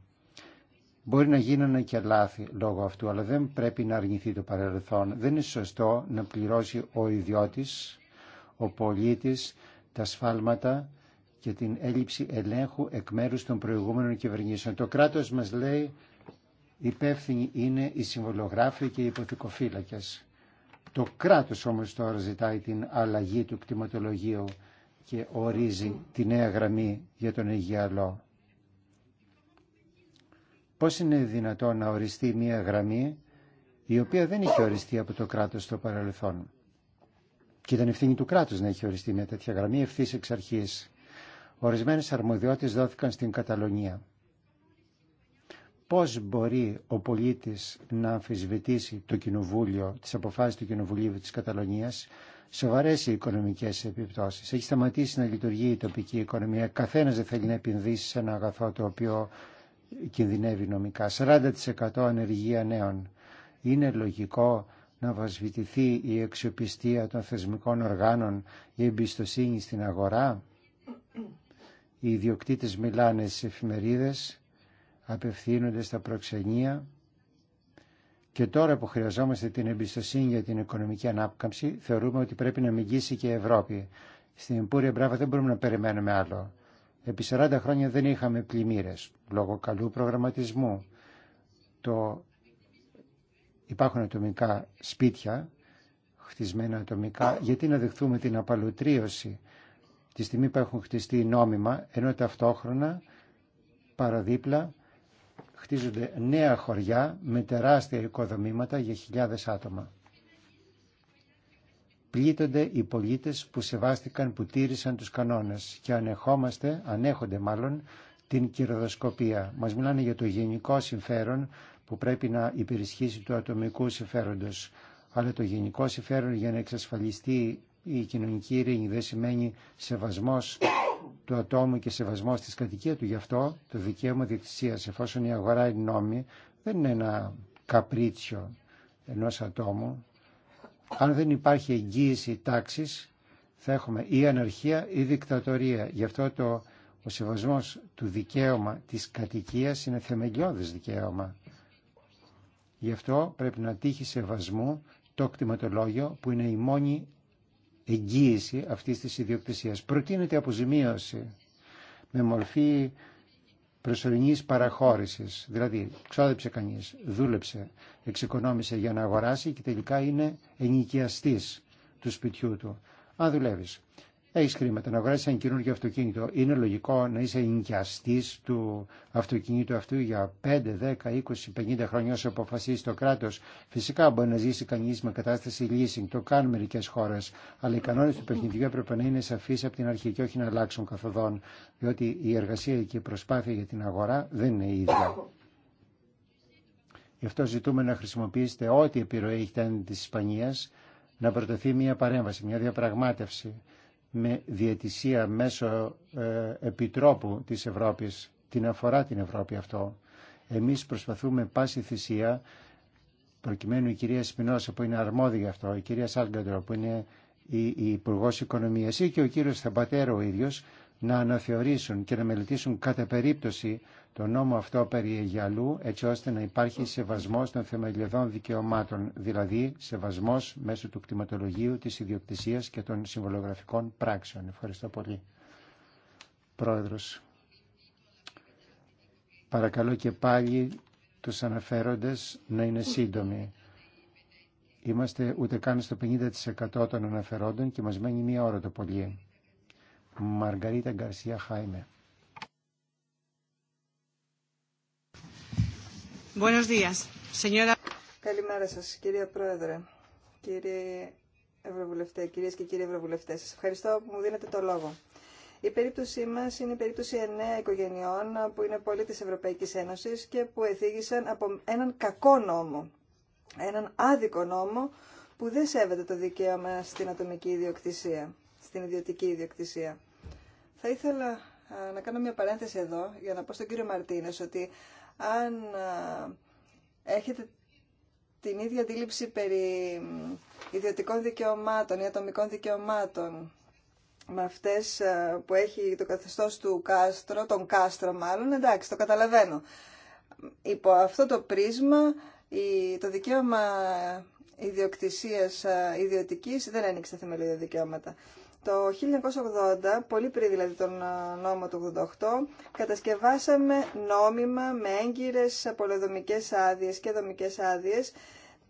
Μπορεί να γίνανε και λάθη λόγω αυτού, αλλά δεν πρέπει να αρνηθεί το παρελθόν. Δεν είναι σωστό να πληρώσει ο ιδιώτης, ο πολίτης, τα σφάλματα και την έλλειψη ελέγχου εκ μέρους των προηγούμενων κυβερνήσεων. Το κράτος μας λέει υπεύθυνοι είναι οι συμβολογράφοι και οι υποθηκοφύλακες. Το κράτος όμως τώρα ζητάει την αλλαγή του κτηματολογίου και ορίζει τη νέα γραμμή για τον υγειαλό. Πώς είναι δυνατό να οριστεί μια γραμμή η οποία δεν είχε οριστεί από το κράτος στο παρελθόν. Και ήταν ευθύνη του κράτους να έχει οριστεί μια τέτοια γραμμή ευθύ εξ αρχής. Ορισμένες αρμοδιότητες δόθηκαν στην Καταλωνία. Πώς μπορεί ο πολίτης να αμφισβητήσει το κοινοβούλιο, τις αποφάσεις του Κοινοβουλίου της Καταλωνίας, σοβαρέ οι οικονομικές επιπτώσεις. Έχει σταματήσει να λειτουργεί η τοπική οικονομία. Καθένας δεν θέλει να επενδύσει σε ένα αγαθό το οποίο κινδυνεύει νομικά. 40% ανεργία νέων. Είναι λογικό να βασβητηθεί η αξιοπιστία των θεσμικών οργάνων, η εμπιστοσύνη στην αγορά. Οι ιδιοκτήτες μιλάνε στις εφημερίδες, απευθύνονται στα προξενία και τώρα που χρειαζόμαστε την εμπιστοσύνη για την οικονομική ανάπκαμψη θεωρούμε ότι πρέπει να μιγήσει και η Ευρώπη. Στην Εμπούρια Μπράβα δεν μπορούμε να περιμένουμε άλλο. Επί 40 χρόνια δεν είχαμε πλημμύρες λόγω καλού προγραμματισμού. Το... Υπάρχουν ατομικά σπίτια χτισμένα ατομικά, γιατί να δεχθούμε την απαλουτρίωση τη στιγμή που έχουν χτιστεί νόμιμα, ενώ ταυτόχρονα παραδίπλα χτίζονται νέα χωριά με τεράστια οικοδομήματα για χιλιάδες άτομα. Πλήττονται οι πολίτες που σεβάστηκαν, που τήρησαν τους κανόνες και ανεχόμαστε, ανέχονται μάλλον, την κυροδοσκοπία. Μας μιλάνε για το γενικό συμφέρον που πρέπει να υπερισχύσει του ατομικού συμφέροντος. Αλλά το γενικό συμφέρον για να εξασφαλιστεί η κοινωνική ειρήνη, δεν σημαίνει σεβασμός του ατόμου και σεβασμός της κατοικία του. Γι' αυτό το δικαίωμα διεκτησίας, εφόσον η αγορά είναι νόμη, δεν είναι ένα καπρίτσιο ενός ατόμου. Αν δεν υπάρχει εγγύηση τάξης, θα έχουμε ή αναρχία ή δικτατορία. Γι' αυτό το, ο σεβασμός του δικαίωμα της κατοικίας είναι θεμελιώδες δικαίωμα. Γι' αυτό πρέπει να τύχει σεβασμού το κτηματολόγιο που είναι η μόνη εγγύηση αυτής της ιδιοκτησίας. Προτείνεται αποζημίωση με μορφή προσωρινής παραχώρησης. Δηλαδή, ξόδεψε κανείς, δούλεψε, εξοικονόμησε για να αγοράσει και τελικά είναι ενοικιαστής του σπιτιού του. Αν δουλεύεις έχει χρήματα να αγοράσει ένα καινούργιο αυτοκίνητο. Είναι λογικό να είσαι ενοικιαστή του αυτοκίνητου αυτού για 5, 10, 20, 50 χρόνια όσο αποφασίσει το κράτο. Φυσικά μπορεί να ζήσει κανεί με κατάσταση leasing. Το κάνουν μερικέ χώρε. Αλλά οι κανόνε του παιχνιδιού έπρεπε να είναι σαφεί από την αρχή και όχι να αλλάξουν καθοδόν. Διότι η εργασία και η προσπάθεια για την αγορά δεν είναι ίδια. Γι' αυτό ζητούμε να χρησιμοποιήσετε ό,τι επιρροή έχει τη Ισπανία να προτεθεί μια παρέμβαση, μια διαπραγμάτευση με διαιτησία μέσω ε, επιτρόπου της Ευρώπης. Την αφορά την Ευρώπη αυτό. Εμείς προσπαθούμε πάση θυσία, προκειμένου η κυρία Σπινόσα που είναι αρμόδια για αυτό, η κυρία Σάλγκαντρο που είναι η, η Υπουργό Οικονομία ή και ο κύριος Θεμπατέρα ο ίδιος να αναθεωρήσουν και να μελετήσουν κατά περίπτωση το νόμο αυτό περί Αιγιαλού, έτσι ώστε να υπάρχει σεβασμός των θεμελιωδών δικαιωμάτων, δηλαδή σεβασμός μέσω του κτηματολογίου, της ιδιοκτησίας και των συμβολογραφικών πράξεων. Ευχαριστώ πολύ. Πρόεδρος, παρακαλώ και πάλι τους αναφέροντες να είναι σύντομοι. Είμαστε ούτε καν στο 50% των αναφερόντων και μας μένει μία ώρα το πολύ. Μαργαρίτα Γκαρσία Χάιμε Καλημέρα σας, κύριε Πρόεδρε, κύριε Ευρωβουλευτέ, κυρίες και κύριοι Ευρωβουλευτές. ευχαριστώ που μου δίνετε το λόγο. Η περίπτωσή μας είναι η περίπτωση εννέα οικογενειών που είναι πολίτες της Ευρωπαϊκής Ένωσης και που εθίγησαν από έναν κακό νόμο, έναν άδικο νόμο που δεν σέβεται το δικαίωμα στην ατομική ιδιοκτησία στην ιδιωτική ιδιοκτησία. Θα ήθελα να κάνω μια παρένθεση εδώ για να πω στον κύριο Μαρτίνες ότι αν έχετε την ίδια αντίληψη περί ιδιωτικών δικαιωμάτων ή ατομικών δικαιωμάτων με αυτές που έχει το καθεστώς του κάστρο, τον κάστρο μάλλον, εντάξει, το καταλαβαίνω. Υπό αυτό το πρίσμα το δικαίωμα ιδιοκτησίας ιδιωτικής δεν ένοιξε θεμελιώδη δικαιώματα. Το 1980, πολύ πριν δηλαδή τον ε, νόμο του 88, κατασκευάσαμε νόμιμα με έγκυρες απολεδομικές άδειες και δομικές άδειες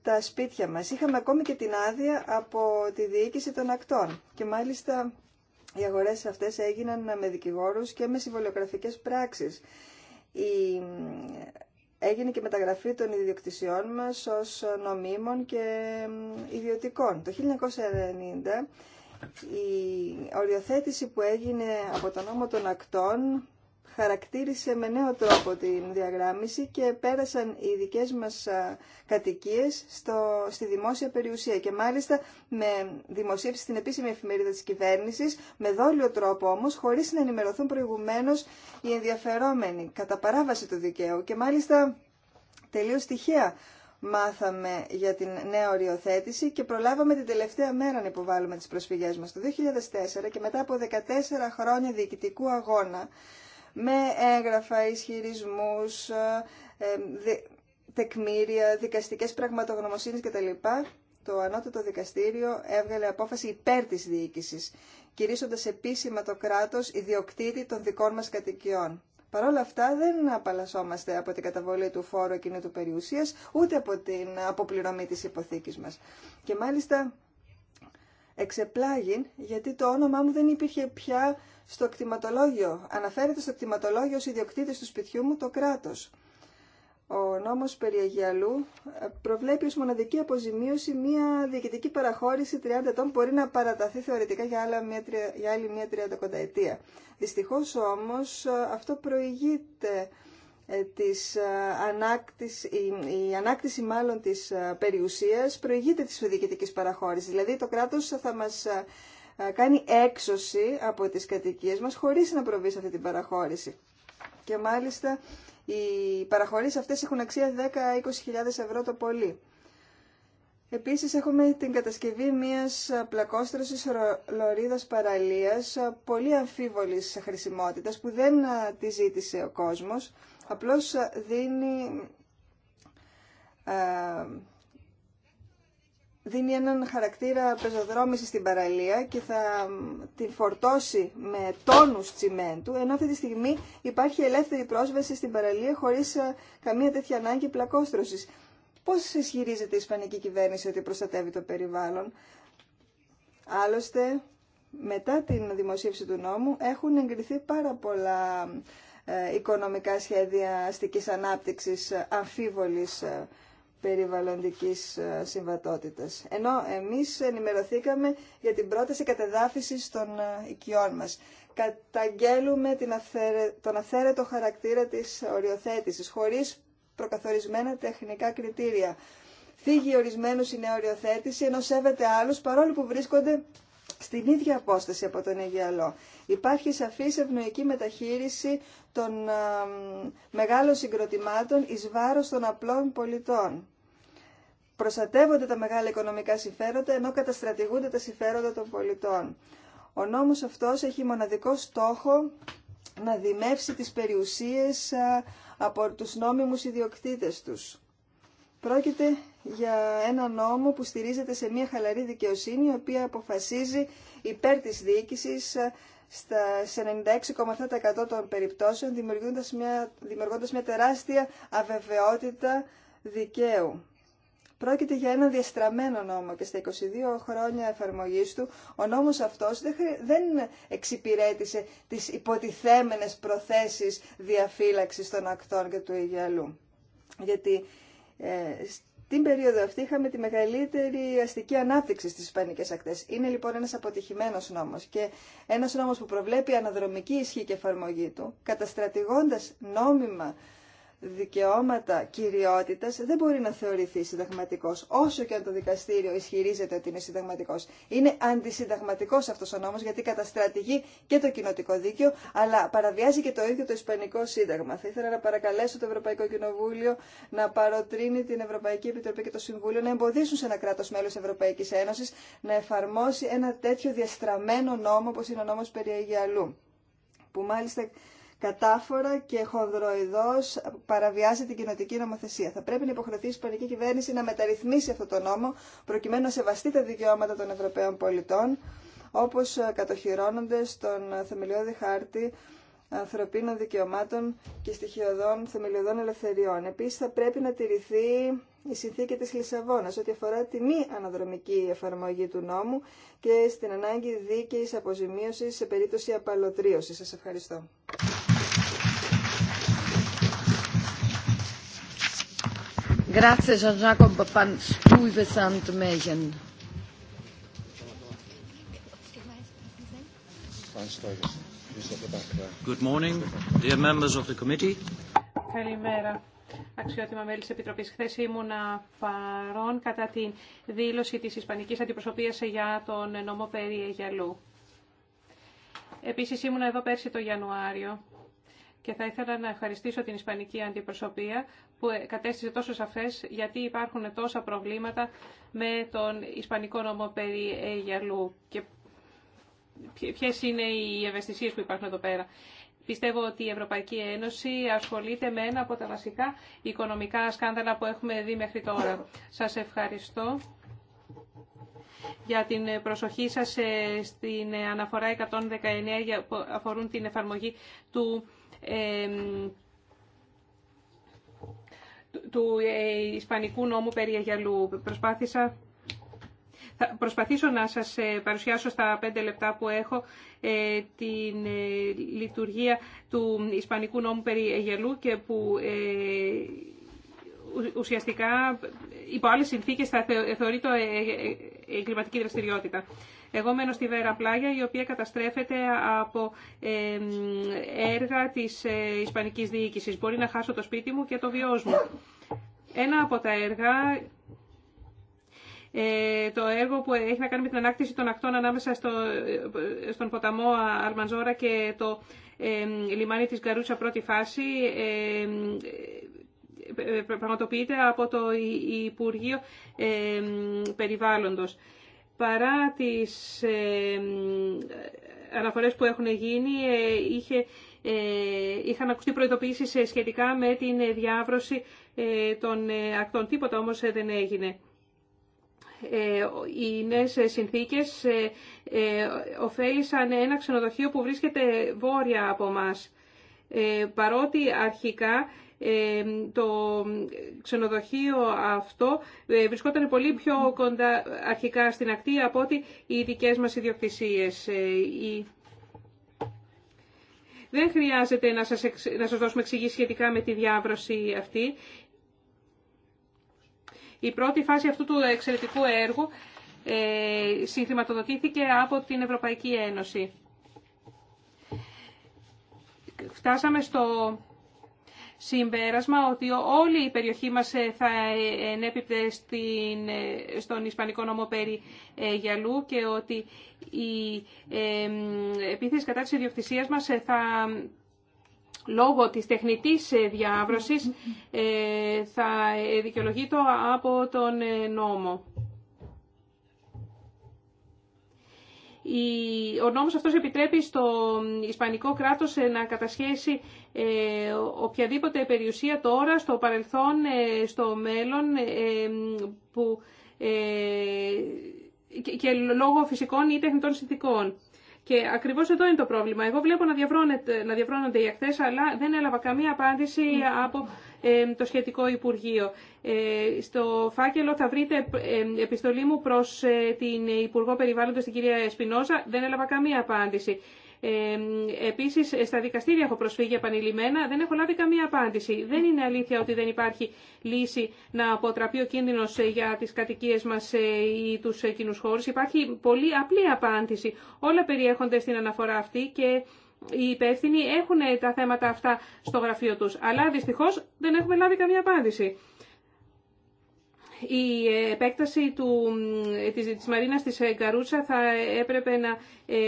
τα σπίτια μας. Είχαμε ακόμη και την άδεια από τη διοίκηση των ακτών και μάλιστα οι αγορές αυτές έγιναν με δικηγόρους και με συμβολιογραφικές πράξεις. Η... Ε, έγινε και μεταγραφή των ιδιοκτησιών μας ως νομίμων και ιδιωτικών. Το 1990 η οριοθέτηση που έγινε από τον νόμο των ακτών χαρακτήρισε με νέο τρόπο την διαγράμμιση και πέρασαν οι δικές μας κατοικίες στο, στη δημόσια περιουσία και μάλιστα με δημοσίευση στην επίσημη εφημερίδα της κυβέρνησης, με δόλιο τρόπο όμως, χωρίς να ενημερωθούν προηγουμένως οι ενδιαφερόμενοι κατά παράβαση του δικαίου και μάλιστα τελείως τυχαία μάθαμε για την νέα οριοθέτηση και προλάβαμε την τελευταία μέρα να υποβάλουμε τις προσφυγές μας. Το 2004 και μετά από 14 χρόνια διοικητικού αγώνα, με έγγραφα, ισχυρισμούς, ε, ε, τεκμήρια, δικαστικές πραγματογνωμοσύνες κτλ. Το ανώτατο δικαστήριο έβγαλε απόφαση υπέρ της διοίκησης, κηρύσσοντας επίσημα το κράτος ιδιοκτήτη των δικών μας κατοικιών. Παρ' όλα αυτά δεν απαλλασσόμαστε από την καταβολή του φόρου του περιουσίας, ούτε από την αποπληρωμή της υποθήκης μας. Και μάλιστα εξεπλάγει γιατί το όνομά μου δεν υπήρχε πια στο κτηματολόγιο. Αναφέρεται στο κτηματολόγιο ως ιδιοκτήτης του σπιτιού μου το κράτος. Ο νόμος περί Αγιαλού ε, προβλέπει ως μοναδική αποζημίωση μία διοικητική παραχώρηση 30 ετών που μπορεί να παραταθεί θεωρητικά για, άλλα μια, για άλλη μία 30 ετία. Δυστυχώς όμως ε, αυτό προηγείται ε, της ανάκτηση, η, η, ανάκτηση μάλλον της περιουσίας προηγείται της διοικητικής παραχώρησης. Δηλαδή το κράτος θα μας κάνει έξωση από τις κατοικίες μας χωρίς να προβεί σε αυτή την παραχώρηση. Και μάλιστα οι παραχωρησει αυτε αυτές έχουν αξία 10-20.000 ευρώ το πολύ. Επίση, έχουμε την κατασκευή μια πλακόστρωση λωρίδα παραλίας πολύ αμφίβολη χρησιμότητα που δεν τη ζήτησε ο κόσμο, απλώς δίνει δίνει έναν χαρακτήρα πεζοδρόμηση στην παραλία και θα την φορτώσει με τόνους τσιμέντου, ενώ αυτή τη στιγμή υπάρχει ελεύθερη πρόσβαση στην παραλία χωρίς ε, καμία τέτοια ανάγκη πλακόστρωσης. Πώς ισχυρίζεται η Ισπανική κυβέρνηση ότι προστατεύει το περιβάλλον. Άλλωστε, μετά την δημοσίευση του νόμου έχουν εγκριθεί πάρα πολλά ε, οικονομικά σχέδια αστικής ανάπτυξης ε, αμφίβολης περιβαλλοντικής ε, συμβατότητας. Ενώ εμείς ενημερωθήκαμε για την πρόταση κατεδάφισης των ε, οικειών μας. Καταγγέλουμε την τον αυθαίρετο χαρακτήρα της οριοθέτησης, χωρίς προκαθορισμένα τεχνικά κριτήρια. Φύγει ορισμένου η νέα οριοθέτηση, ενώ σέβεται άλλους, παρόλο που βρίσκονται στην ίδια απόσταση από τον Αιγαλό Υπάρχει σαφή ευνοϊκή μεταχείριση των μεγάλων συγκροτημάτων εις βάρος των απλών πολιτών. Προστατεύονται τα μεγάλα οικονομικά συμφέροντα ενώ καταστρατηγούνται τα συμφέροντα των πολιτών. Ο νόμος αυτός έχει μοναδικό στόχο να δημεύσει τις περιουσίες από τους νόμιμους ιδιοκτήτες τους. Πρόκειται για ένα νόμο που στηρίζεται σε μια χαλαρή δικαιοσύνη η οποία αποφασίζει υπέρ της διοίκησης ε, στα 96,7% των περιπτώσεων δημιουργώντας μια, δημιουργώντας μια τεράστια αβεβαιότητα δικαίου. Πρόκειται για ένα διαστραμμένο νόμο και στα 22 χρόνια εφαρμογής του ο νόμος αυτός δεν εξυπηρέτησε τις υποτιθέμενες προθέσεις διαφύλαξης των ακτών και του υγιαλού. Γιατί ε, στην περίοδο αυτή είχαμε τη μεγαλύτερη αστική ανάπτυξη στις Ισπανικές ακτές. Είναι λοιπόν ένας αποτυχημένος νόμος και ένας νόμος που προβλέπει αναδρομική ισχύ και εφαρμογή του, καταστρατηγώντας νόμιμα δικαιώματα κυριότητα δεν μπορεί να θεωρηθεί συνταγματικό. όσο και αν το δικαστήριο ισχυρίζεται ότι είναι συνταγματικό. Είναι αντισυνταγματικό αυτό ο νόμος, γιατί καταστρατηγεί και το κοινοτικό δίκαιο, αλλά παραβιάζει και το ίδιο το Ισπανικό Σύνταγμα. Θα ήθελα να παρακαλέσω το Ευρωπαϊκό Κοινοβούλιο να παροτρύνει την Ευρωπαϊκή Επιτροπή και το Συμβούλιο να εμποδίσουν σε ένα κράτο μέλο Ευρωπαϊκή Ένωση να εφαρμόσει ένα τέτοιο διαστραμένο νόμο, όπω είναι ο νόμο περί που μάλιστα κατάφορα και χονδροειδώς παραβιάζει την κοινοτική νομοθεσία. Θα πρέπει να υποχρεωθεί η Ισπανική κυβέρνηση να μεταρρυθμίσει αυτό το νόμο προκειμένου να σεβαστεί τα δικαιώματα των Ευρωπαίων πολιτών όπως κατοχυρώνονται στον θεμελιώδη χάρτη ανθρωπίνων δικαιωμάτων και στοιχειωδών θεμελιωδών ελευθεριών. Επίσης θα πρέπει να τηρηθεί η συνθήκη της Λισαβόνας ό,τι αφορά τη μη αναδρομική εφαρμογή του νόμου και στην ανάγκη δίκαιη αποζημίωση σε περίπτωση απαλωτρίωση. Σας ευχαριστώ. Grazie Καλημέρα. Αξιότιμα μέλη της Επιτροπής. Χθε ήμουνα παρόν κατά τη δήλωση της Ισπανικής Αντιπροσωπείας για τον νόμο περί Αιγιαλού. Επίσης ήμουνα εδώ πέρσι το Ιανουάριο και θα ήθελα να ευχαριστήσω την Ισπανική Αντιπροσωπεία που κατέστησε τόσο σαφές γιατί υπάρχουν τόσα προβλήματα με τον Ισπανικό νόμο περί Αιγιαλού Ποιε είναι οι ευαισθησίε που υπάρχουν εδώ πέρα. Πιστεύω ότι η Ευρωπαϊκή Ένωση ασχολείται με ένα από τα βασικά οικονομικά σκάνδαλα που έχουμε δει μέχρι τώρα. Σας ευχαριστώ για την προσοχή σας ε, στην αναφορά 119 που αφορούν την εφαρμογή του, του ε, Ισπανικού νόμου περί Αγιαλού. Προσπάθησα θα προσπαθήσω να σας ε, παρουσιάσω στα πέντε λεπτά που έχω ε, την ε, λειτουργία του Ισπανικού νόμου περί Αιγελού και που ουσιαστικά υπό άλλες συνθήκες θα θεωρεί το εγκληματική δραστηριότητα. Εγώ μένω στη Βέρα Πλάγια, η οποία καταστρέφεται από έργα της Ισπανικής Διοίκησης. Μπορεί να χάσω το σπίτι μου και το βιός μου. Ένα από τα έργα ε, το έργο που έχει να κάνει με την ανάκτηση των ακτών ανάμεσα στο, ε, στον ποταμό Αρμανζόρα και το ε, λιμάνι της Γκαρούτσα πρώτη φάση πραγματοποιείται από το Υπουργείο Περιβάλλοντος. Παρά τις αναφορές που έχουν γίνει, είχε, είχαν ακουστεί προειδοποιήσεις σχετικά με την διάβρωση των ακτών. Τίποτα όμως δεν έγινε. Ε, οι νέες συνθήκες ε, ε, ωφέλησαν ένα ξενοδοχείο που βρίσκεται βόρεια από μας. Παρότι αρχικά το ξενοδοχείο αυτό βρισκόταν πολύ πιο κοντά αρχικά στην ακτή από ότι οι δικές μας ιδιοκτησίες. Δεν χρειάζεται να σας, να σας δώσουμε εξηγήσει σχετικά με τη διάβρωση αυτή. Η πρώτη φάση αυτού του εξαιρετικού έργου ε, συγχρηματοδοτήθηκε από την Ευρωπαϊκή Ένωση. Φτάσαμε στο συμπέρασμα ότι όλη η περιοχή μας ε, θα ενέπιπτε στην, ε, στον Ισπανικό νόμο περί γυαλού και ότι η επίθεση κατά της ιδιοκτησίας μας θα λόγω της τεχνητής ε, διάβρωσης ε, θα ε, δικαιολογείται από τον νόμο. Ο νόμος αυτός επιτρέπει στο Ισπανικό κράτος να κατασχέσει οποιαδήποτε περιουσία τώρα, στο παρελθόν, στο μέλλον που, και λόγω φυσικών ή τεχνητών συνθήκων. Και ακριβώς εδώ είναι το πρόβλημα. Εγώ βλέπω να, να διαβρώνονται οι ακτές, αλλά δεν έλαβα καμία απάντηση από ε, το σχετικό Υπουργείο. Ε, στο φάκελο θα βρείτε ε, επιστολή μου προς την Υπουργό Περιβάλλοντος, την κυρία Σπινόζα. Δεν έλαβα καμία απάντηση. Επίσης, στα δικαστήρια έχω προσφύγει επανειλημμένα, δεν έχω λάβει καμία απάντηση. Δεν είναι αλήθεια ότι δεν υπάρχει λύση να αποτραπεί ο κίνδυνος ε, για τις κατοικίες μας ε, ή τους κοινού χώρους. Υπάρχει πολύ απλή απάντηση. Όλα περιέχονται στην αναφορά αυτή και οι υπεύθυνοι έχουν ε, τα θέματα αυτά στο γραφείο τους. Αλλά δυστυχώς δεν έχουμε λάβει καμία απάντηση. Η επέκταση του, της, της Μαρίνας της ε, Καρούτσα θα έπρεπε να ε, ε,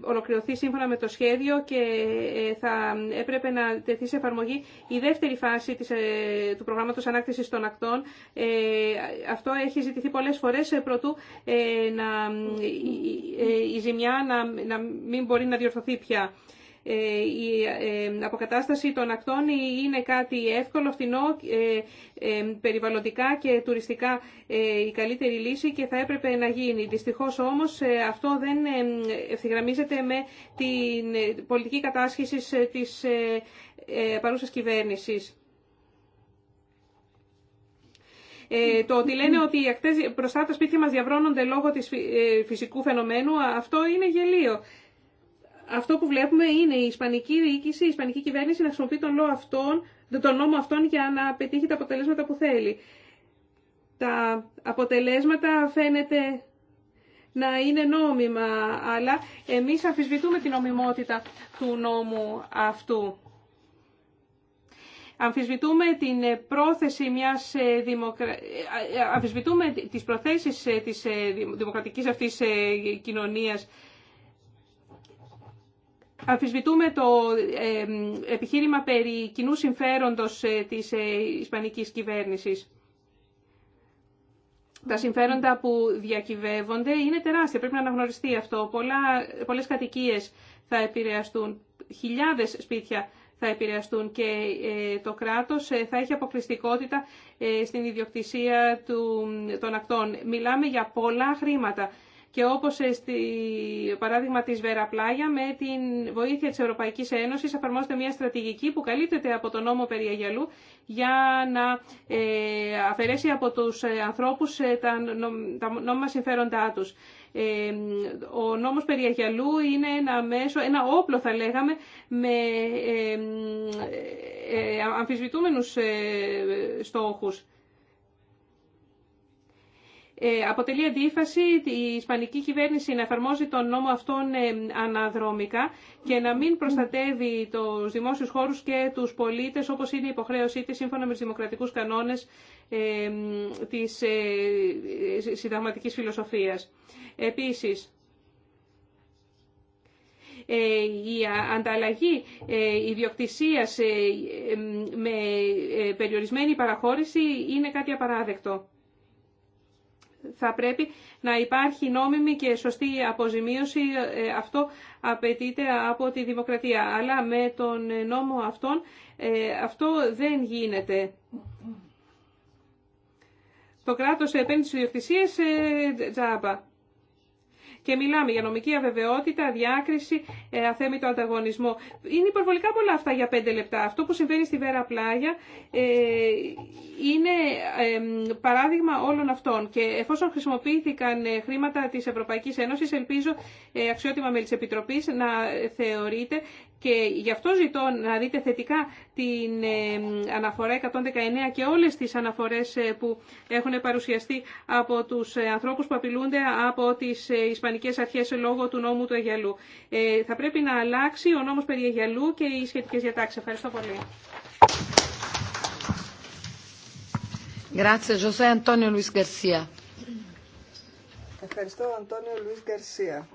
ολοκληρωθεί σύμφωνα με το σχέδιο και θα έπρεπε να τεθεί σε εφαρμογή η δεύτερη φάση της, του προγράμματος ανάκτησης των ακτών. αυτό έχει ζητηθεί πολλές φορές προτού η, ζημιά να, να μην μπορεί να διορθωθεί πια. Ε, η ε, αποκατάσταση των ακτών είναι κάτι εύκολο, φθηνό, ε, περιβαλλοντικά και τουριστικά η καλύτερη λύση και θα έπρεπε να γίνει. Δυστυχώς όμως αυτό δεν ευθυγραμμίζεται με την πολιτική κατάσχεση της παρούσας κυβέρνησης. το ότι λένε ότι οι ακτές μπροστά τα σπίτια μας διαβρώνονται λόγω της φυσικού φαινομένου, αυτό είναι γελίο αυτό που βλέπουμε είναι η Ισπανική διοίκηση, η Ισπανική κυβέρνηση να χρησιμοποιεί τον, λόγο τον νόμο αυτόν για να πετύχει τα αποτελέσματα που θέλει. Τα αποτελέσματα φαίνεται να είναι νόμιμα, αλλά εμείς αμφισβητούμε την νομιμότητα του νόμου αυτού. Αμφισβητούμε την πρόθεση μιας ε, δημοκρα... Ε, αμφισβητούμε τις προθέσεις ε, της δημοκρατικής αυτής κοινωνίας Αμφισβητούμε το επιχείρημα περί κοινού συμφέροντος ε, της ε, ισπανικής κυβέρνησης. Τα συμφέροντα που διακυβεύονται είναι τεράστια. Πρέπει να αναγνωριστεί αυτό. Πολλά, πολλές κατοικίες θα επηρεαστούν, χιλιάδες σπίτια θα επηρεαστούν και ε, το κράτος θα έχει αποκλειστικότητα στην ιδιοκτησία του, των ακτών. Μιλάμε για πολλά χρήματα και όπως ε, στη παράδειγμα της Βέρα Πλάγια με την βοήθεια της Ευρωπαϊκής Ένωσης εφαρμόζεται μια στρατηγική που καλύπτεται από τον νόμο περί για να ε, αφαιρέσει από τους ε, ανθρώπους τα νόμιμα συμφέροντά τους. Ο νόμος περί είναι ένα μέσο, ένα όπλο θα λέγαμε, με αμφισβητούμενους στόχους. Ε, αποτελεί αντίφαση η Ισπανική κυβέρνηση να εφαρμόζει τον νόμο αυτόν ε, αναδρομικά και να μην προστατεύει τους δημόσιους χώρους και τους πολίτες όπως είναι η υποχρέωσή της σύμφωνα με τους δημοκρατικούς κανόνες ε, της συνταγματικής φιλοσοφίας. Επίσης, η ανταλλαγή ιδιοκτησίας με περιορισμένη παραχώρηση είναι κάτι απαράδεκτο θα πρέπει να υπάρχει νόμιμη και σωστή αποζημίωση. Ε, αυτό απαιτείται από τη δημοκρατία. Αλλά με τον νόμο αυτόν ε, αυτό δεν γίνεται. Το κράτος επένδυσε στις ε, τζάμπα και μιλάμε για νομική αβεβαιότητα, διάκριση, ε, αθέμητο ανταγωνισμό. Είναι υπερβολικά πολλά αυτά για πέντε λεπτά. Αυτό που συμβαίνει στη Βέρα Πλάγια ε, είναι παράδειγμα όλων αυτών. Και εφόσον χρησιμοποιήθηκαν ε, χρήματα της Ευρωπαϊκής Ένωσης, ελπίζω αξιότιμα μέλη της Επιτροπής να θεωρείτε και γι' αυτό ζητώ να δείτε θετικά την ε, αναφορά 119 και όλες τις αναφορές ε, που έχουν παρουσιαστεί από τους ε, ανθρώπους που απειλούνται από τις Ισπανικές αρχές λόγω του νόμου του Αγιαλού. Θα πρέπει να αλλάξει ο νόμος περί Αγιαλού και οι σχετικές διατάξεις. Ευχαριστώ πολύ. Ευχαριστώ, Αντώνιο Λουίς Γκαρσία.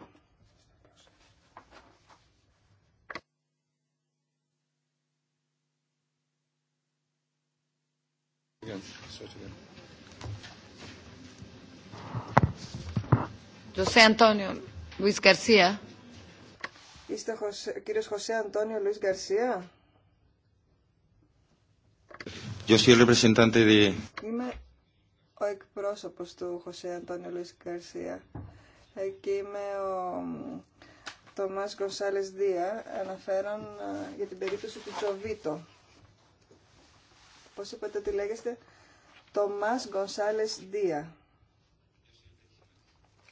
José Antonio Luis García. Είστε ο κύριος Χωσέ Αντώνιο Λουίς Γκαρσία. Είμαι ο εκπρόσωπος του Χωσέ Αντώνιο Λουίς Γκαρσία εκεί είμαι ο Τομάς Γκονσάλες Δία, αναφέρον ε, για την περίπτωση του Τσόβιτο. Πώς είπατε ότι λέγεστε Τομάς Γκονσάλες Δία.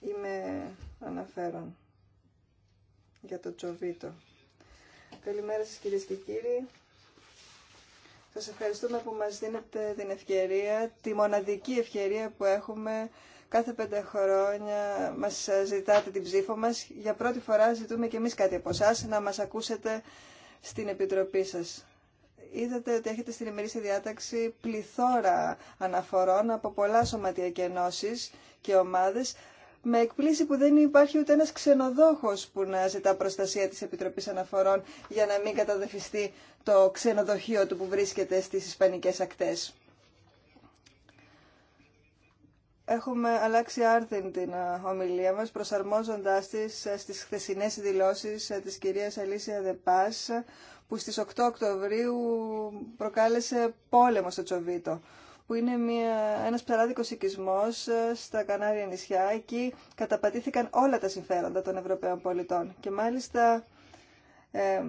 Είμαι αναφέρον για το Τσοβίτο. Καλημέρα σας κυρίες και κύριοι. Σας ευχαριστούμε που μας δίνετε την ευκαιρία, τη μοναδική ευκαιρία που έχουμε κάθε πέντε χρόνια μας ζητάτε την ψήφο μας. Για πρώτη φορά ζητούμε και εμείς κάτι από εσά να μας ακούσετε στην Επιτροπή σας είδατε ότι έχετε στην ημερήσια διάταξη πληθώρα αναφορών από πολλά σωματεία και ενώσεις και ομάδες με εκπλήση που δεν υπάρχει ούτε ένας ξενοδόχος που να ζητά προστασία της Επιτροπής Αναφορών για να μην καταδεφιστεί το ξενοδοχείο του που βρίσκεται στις Ισπανικές ακτές. Έχουμε αλλάξει άρθιν την ε, ομιλία μας, προσαρμόζοντάς τη ε, στις χθεσινές δηλώσεις ε, της κυρίας Αλήσια Δεπάς, που στις 8 Οκτωβρίου προκάλεσε πόλεμο στο Τσοβίτο που είναι μια, ένας ψαράδικος οικισμός ε, στα Κανάρια νησιά. Εκεί καταπατήθηκαν όλα τα συμφέροντα των Ευρωπαίων πολιτών και μάλιστα ε,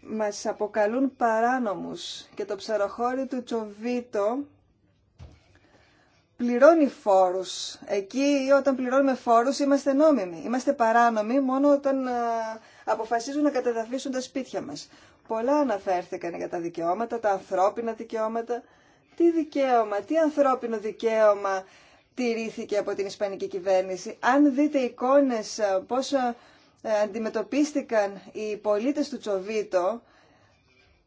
μας αποκαλούν παράνομους και το ψαροχώρι του Τσοβίτο πληρώνει φόρους. Εκεί όταν πληρώνουμε φόρους είμαστε νόμιμοι. Είμαστε παράνομοι μόνο όταν ε, αποφασίζουν να καταδαφίσουν τα σπίτια μας. Πολλά αναφέρθηκαν για τα δικαιώματα, τα ανθρώπινα δικαιώματα. Τι δικαίωμα, τι ανθρώπινο δικαίωμα τηρήθηκε από την Ισπανική κυβέρνηση. Αν δείτε εικόνες ε, πώς ε, αντιμετωπίστηκαν οι πολίτες του Τσοβίτο,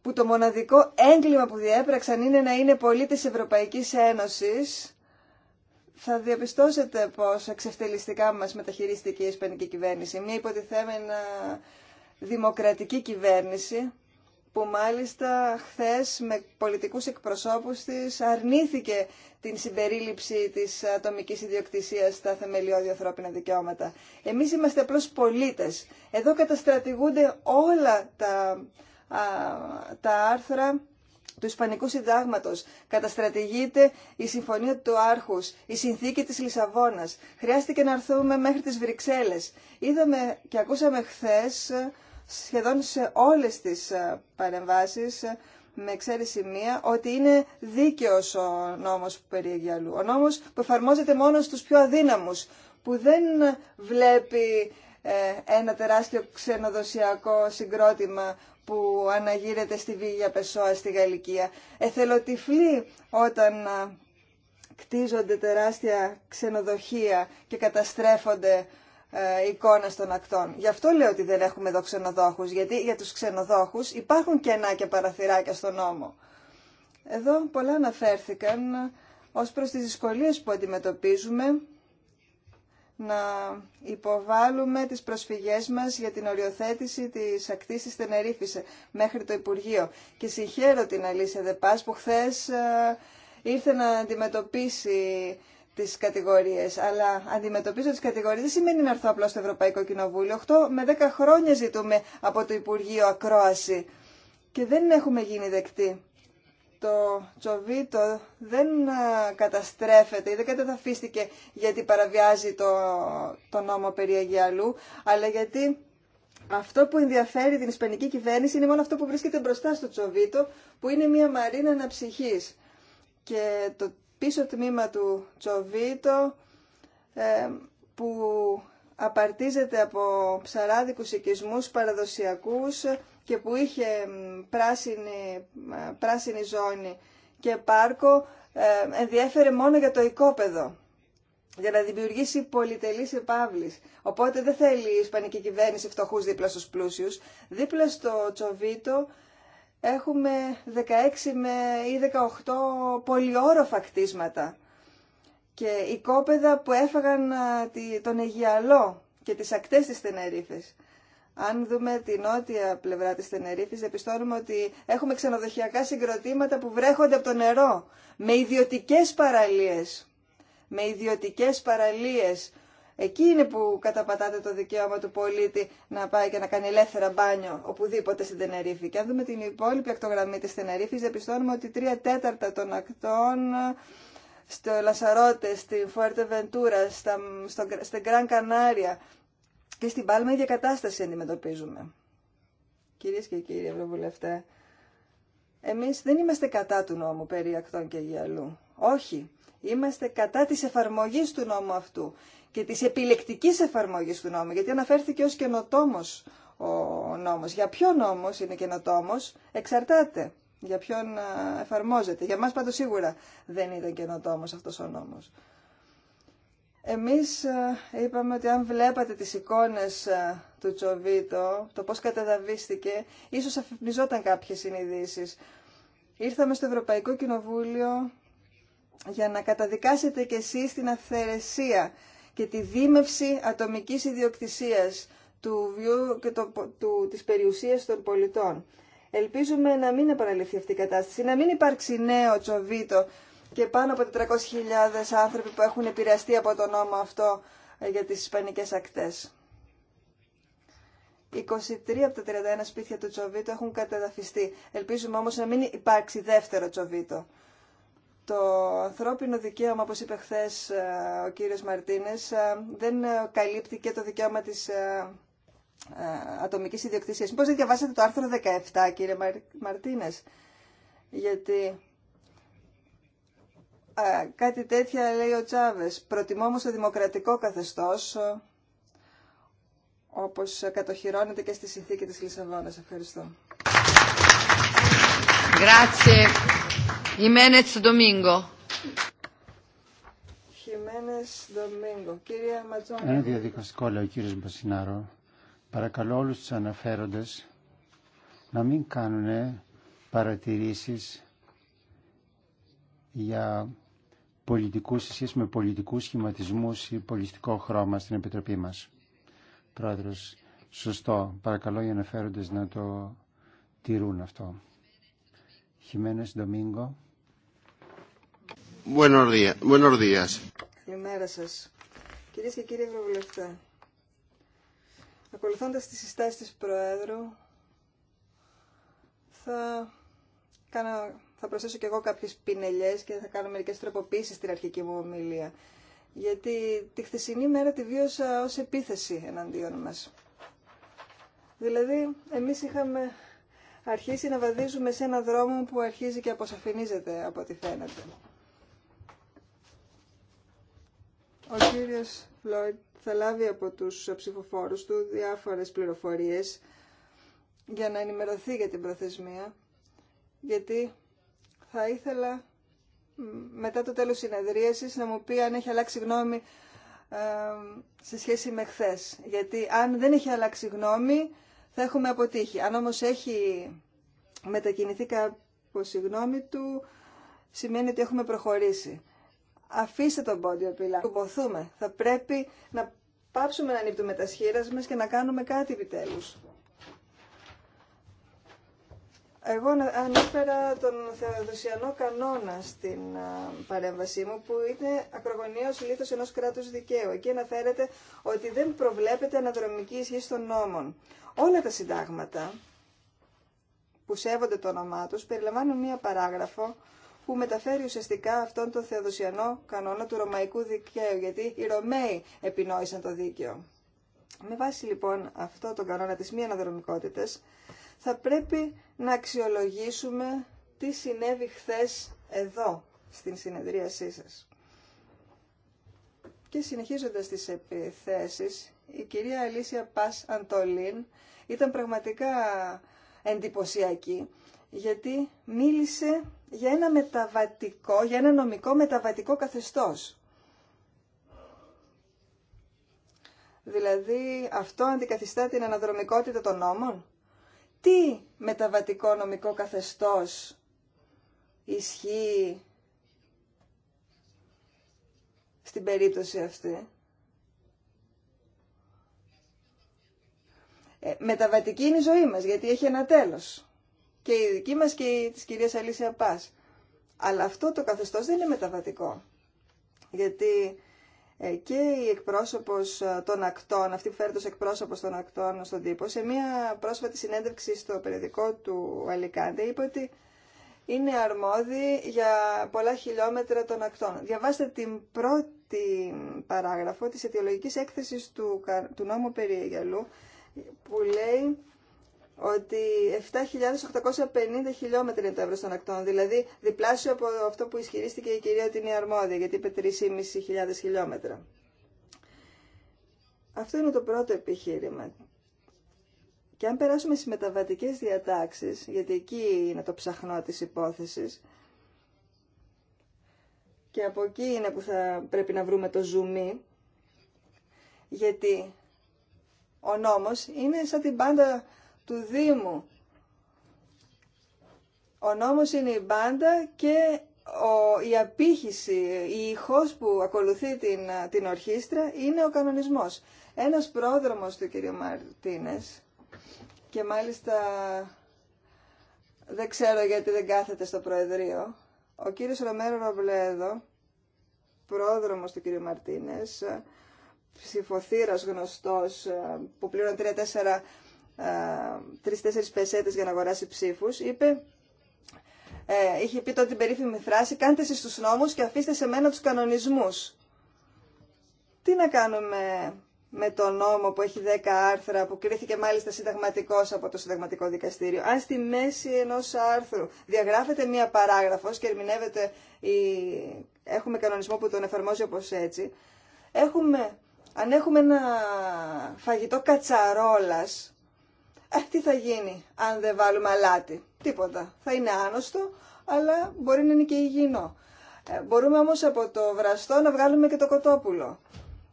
που το μοναδικό έγκλημα που διέπραξαν είναι να είναι πολίτες Ευρωπαϊκής Ένωσης, θα διαπιστώσετε πως εξευτελιστικά μας μεταχειρίστηκε η Ισπανική κυβέρνηση. Μια υποτιθέμενα δημοκρατική κυβέρνηση που μάλιστα χθες με πολιτικούς εκπροσώπους της αρνήθηκε την συμπερίληψη της ατομικής ιδιοκτησίας στα θεμελιώδη ανθρώπινα δικαιώματα. Εμείς είμαστε απλώς πολίτες. Εδώ καταστρατηγούνται όλα τα, τα άρθρα του Ισπανικού Συντάγματο. Καταστρατηγείται η Συμφωνία του Άρχου, η Συνθήκη τη Λισαβόνα. Χρειάστηκε να έρθουμε μέχρι τι Βρυξέλλε. Είδαμε και ακούσαμε χθε ε, σχεδόν σε όλε τι ε, παρεμβάσει ε, με εξαίρεση μία, ότι είναι δίκαιος ο νόμος που περιέγει αλλού. Ο νόμος που εφαρμόζεται μόνο στους πιο αδύναμους, που δεν βλέπει ένα τεράστιο ξενοδοσιακό συγκρότημα που αναγείρεται στη Βίγια Πεσόα στη Γαλλικία. Εθελοτυφλοί όταν κτίζονται τεράστια ξενοδοχεία και καταστρέφονται εικόνες των ακτών. Γι' αυτό λέω ότι δεν έχουμε εδώ ξενοδόχους, γιατί για τους ξενοδόχους υπάρχουν κενά και παραθυράκια στον νόμο. Εδώ πολλά αναφέρθηκαν ως προς τις δυσκολίες που αντιμετωπίζουμε να υποβάλουμε τις προσφυγές μας για την οριοθέτηση της ακτής της Τενερίφης μέχρι το Υπουργείο. Και συγχαίρω την Αλήσια Δεπάς που χθε ε, ήρθε να αντιμετωπίσει τις κατηγορίες. Αλλά αντιμετωπίζω τις κατηγορίες δεν σημαίνει να έρθω απλώς στο Ευρωπαϊκό Κοινοβούλιο. 8 με 10 χρόνια ζητούμε από το Υπουργείο ακρόαση και δεν έχουμε γίνει δεκτοί το τσοβίτο δεν ε, καταστρέφεται ή δεν καταταφίστηκε γιατί παραβιάζει το, το νόμο περί Αγιαλού, αλλά γιατί αυτό που ενδιαφέρει την Ισπανική κυβέρνηση είναι μόνο αυτό που βρίσκεται μπροστά στο τσοβίτο, που είναι μια μαρίνα αναψυχής. Και το πίσω τμήμα του τσοβίτο ε, που απαρτίζεται από ψαράδικους οικισμούς παραδοσιακούς και που είχε πράσινη, πράσινη ζώνη και πάρκο ε, ενδιέφερε μόνο για το οικόπεδο για να δημιουργήσει πολυτελής επαύλης. Οπότε δεν θέλει η Ισπανική κυβέρνηση φτωχούς δίπλα στους πλούσιους. Δίπλα στο Τσοβίτο έχουμε 16 με ή 18 πολυόροφα κτίσματα και οικόπεδα που έφαγαν ε, τον Αιγιαλό και τις ακτές της Τενερίφης. Αν δούμε τη νότια πλευρά της Τενερίφης, πιστώνουμε ότι έχουμε ξενοδοχειακά συγκροτήματα που βρέχονται από το νερό, με ιδιωτικές παραλίες. Με ιδιωτικές παραλίες. Εκεί είναι που καταπατάτε το δικαίωμα του πολίτη να πάει και να κάνει ελεύθερα μπάνιο οπουδήποτε στην Τενερίφη. Και αν δούμε την υπόλοιπη ακτογραμμή της Τενερίφης, πιστώνουμε ότι τρία τέταρτα των ακτών στο Λασαρότε, στην Φουέρτε Βεντούρα, στην Γκραν Κανάρια, και στην Πάλμα ίδια κατάσταση αντιμετωπίζουμε. Κυρίες και κύριοι Ευρωβουλευτέ, εμείς δεν είμαστε κατά του νόμου περί ακτών και γυαλού. Όχι. Είμαστε κατά της εφαρμογής του νόμου αυτού και της επιλεκτικής εφαρμογής του νόμου, γιατί αναφέρθηκε ως καινοτόμο ο νόμος. Για ποιο νόμος είναι καινοτόμο, εξαρτάται. Για ποιον εφαρμόζεται. Για μας πάντως σίγουρα δεν ήταν καινοτόμο αυτός ο νόμος. Εμείς ε, είπαμε ότι αν βλέπατε τις εικόνες ε, του Τσοβίτο, το πώς καταδαβίστηκε, ίσως αφυπνιζόταν κάποιες συνειδήσεις. Ήρθαμε στο Ευρωπαϊκό Κοινοβούλιο για να καταδικάσετε κι εσείς την αυθαιρεσία και τη δίμευση ατομικής ιδιοκτησίας του βιού και του, της περιουσίας των πολιτών. Ελπίζουμε να μην επαναληφθεί αυτή η κατάσταση, να μην υπάρξει νέο τσοβίτο και πάνω από 400.000 άνθρωποι που έχουν επηρεαστεί από το νόμο αυτό ε, για τις ισπανικές ακτές. 23 από τα 31 σπίτια του Τσοβίτο έχουν καταδαφιστεί. Ελπίζουμε όμως να μην υπάρξει δεύτερο Τσοβίτο. Το ανθρώπινο δικαίωμα, όπως είπε χθε ε, ο κύριος Μαρτίνες, ε, δεν καλύπτει και το δικαίωμα της ατομικής ιδιοκτησίας. Μήπως δεν διαβάσατε το άρθρο 17, κύριε Μαρτίνες, γιατί κάτι τέτοια λέει ο Τσάβες. Προτιμώ όμως το δημοκρατικό καθεστώς, όπως κατοχυρώνεται και στη συνθήκη της Λισαβόνας. Ευχαριστώ. Grazie. Jimenez Domingo. Jimenez Domingo. Κυρία Ματζόνη. Ένα διαδικαστικό λέει ο κύριος Μπασινάρο. Παρακαλώ όλους τους αναφέροντες να μην κάνουν παρατηρήσεις για πολιτικούς σε σχέση με πολιτικού σχηματισμού ή πολιστικό χρώμα στην Επιτροπή μα. Πρόεδρος, σωστό. Παρακαλώ οι αναφέροντες να το τηρούν αυτό. Χιμένες Ντομίνγκο. Buenos días. Καλημέρα σα. Κυρίε και κύριοι Ευρωβουλευτέ, ακολουθώντα τι συστάσει τη Προέδρου, θα κάνω θα προσθέσω και εγώ κάποιες πινελιές και θα κάνω μερικές τροποποίησεις στην αρχική μου ομιλία. Γιατί τη χθεσινή μέρα τη βίωσα ως επίθεση εναντίον μας. Δηλαδή, εμείς είχαμε αρχίσει να βαδίζουμε σε ένα δρόμο που αρχίζει και αποσαφηνίζεται από ό,τι φαίνεται. Ο κύριος Λόιτ θα λάβει από τους ψηφοφόρους του διάφορες πληροφορίες για να ενημερωθεί για την προθεσμία, γιατί θα ήθελα μετά το τέλος συνεδρίασης να μου πει αν έχει αλλάξει γνώμη ε, σε σχέση με χθε. Γιατί αν δεν έχει αλλάξει γνώμη θα έχουμε αποτύχει. Αν όμως έχει μετακινηθεί κάπως η γνώμη του σημαίνει ότι έχουμε προχωρήσει. Αφήστε τον πόντιο πύλα. Θα πρέπει να πάψουμε να ανήπτουμε τα σχήρας μας και να κάνουμε κάτι επιτέλους. Εγώ ανέφερα τον θεοδοσιανό κανόνα στην παρέμβασή μου που είναι ως λίθος ενός κράτους δικαίου. Εκεί αναφέρεται ότι δεν προβλέπεται αναδρομική ισχύ των νόμων. Όλα τα συντάγματα που σέβονται το όνομά τους περιλαμβάνουν μία παράγραφο που μεταφέρει ουσιαστικά αυτόν τον θεοδοσιανό κανόνα του ρωμαϊκού δικαίου, γιατί οι Ρωμαίοι επινόησαν το δίκαιο. Με βάση λοιπόν αυτό τον κανόνα της μη αναδρομικότητας, θα πρέπει να αξιολογήσουμε τι συνέβη χθες εδώ, στην συνεδρίασή σας. Και συνεχίζοντας τις επιθέσεις, η κυρία Αλήσια Πας Αντολίν ήταν πραγματικά εντυπωσιακή, γιατί μίλησε για ένα μεταβατικό, για ένα νομικό μεταβατικό καθεστώς. Δηλαδή, αυτό αντικαθιστά την αναδρομικότητα των νόμων τι μεταβατικό νομικό καθεστώς ισχύει στην περίπτωση αυτή. Ε, μεταβατική είναι η ζωή μας, γιατί έχει ένα τέλος. Και η δική μας και η της κυρίας Αλήσια Πάς. Αλλά αυτό το καθεστώς δεν είναι μεταβατικό. Γιατί ε, και η εκπρόσωπος ε, των ακτών, αυτή που φέρεται εκπρόσωπος των ακτών στον τύπο, σε μια πρόσφατη συνέντευξη στο περιοδικό του Αλικάντε, είπε ότι είναι αρμόδιοι για πολλά χιλιόμετρα των ακτών. Διαβάστε την πρώτη παράγραφο της αιτιολογικής έκθεσης του, του νόμου περί που λέει ότι 7.850 χιλιόμετρα είναι το εύρος των ακτών, δηλαδή διπλάσιο από αυτό που ισχυρίστηκε η κυρία ότι αρμόδια, γιατί είπε 3.500 χιλιόμετρα. Αυτό είναι το πρώτο επιχείρημα. Και αν περάσουμε στις μεταβατικές διατάξεις, γιατί εκεί είναι το ψαχνό της υπόθεσης, και από εκεί είναι που θα πρέπει να βρούμε το ζουμί, γιατί ο νόμος είναι σαν την πάντα του Δήμου. Ο νόμος είναι η μπάντα και η απήχηση, η ηχός που ακολουθεί την, την ορχήστρα είναι ο κανονισμός. Ένας πρόδρομος του κ. Μαρτίνες και μάλιστα δεν ξέρω γιατί δεν κάθεται στο Προεδρείο, ο κύριος Ρομέρο Ροβλέδο, πρόδρομος του κύριου Μαρτίνες, ψηφοθύρας γνωστός ε, που πλήρωνε 3-4 ε, τρει-τέσσερι πεσέτες για να αγοράσει ψήφου. είπε, ε, είχε πει τότε την περίφημη φράση «Κάντε εσείς τους νόμους και αφήστε σε μένα τους κανονισμούς». Τι να κάνουμε με τον νόμο που έχει δέκα άρθρα, που κρίθηκε μάλιστα συνταγματικό από το συνταγματικό δικαστήριο. Αν στη μέση ενός άρθρου διαγράφεται μία παράγραφος και ερμηνεύεται, η... έχουμε κανονισμό που τον εφαρμόζει όπως έτσι, έχουμε... αν έχουμε ένα φαγητό κατσαρόλας, ε, τι θα γίνει αν δεν βάλουμε αλάτι. Τίποτα. Θα είναι άνοστο, αλλά μπορεί να είναι και υγιεινό. Ε, μπορούμε όμως από το βραστό να βγάλουμε και το κοτόπουλο.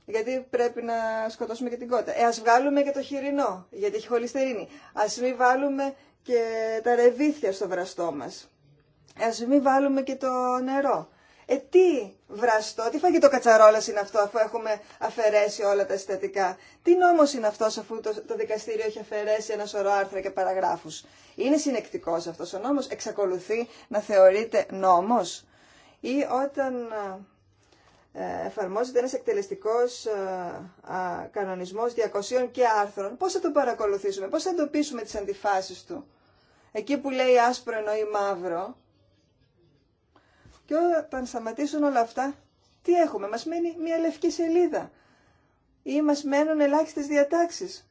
Γιατί πρέπει να σκοτώσουμε και την κότα. Ε, ας βγάλουμε και το χοιρινό, γιατί έχει χολυστερίνη. Ας μην βάλουμε και τα ρεβίθια στο βραστό μας. ας μην βάλουμε και το νερό. Ε, τι βραστό, τι φαγητό κατσαρόλα είναι αυτό αφού έχουμε αφαιρέσει όλα τα συστατικά. Τι νόμος είναι αυτό αφού το, το δικαστήριο έχει αφαιρέσει ένα σωρό άρθρα και παραγράφους. Είναι συνεκτικός αυτός ο νόμος, εξακολουθεί να θεωρείται νόμος. Ή όταν ε, εφαρμόζεται ένας εκτελεστικός ε, κανονισμός 200 και άρθρων, πώς θα το παρακολουθήσουμε, πώς θα εντοπίσουμε τις αντιφάσεις του. Εκεί που λέει άσπρο εννοεί μαύρο, και όταν σταματήσουν όλα αυτά, τι έχουμε, μας μένει μια λευκή σελίδα ή μας μένουν ελάχιστες διατάξεις.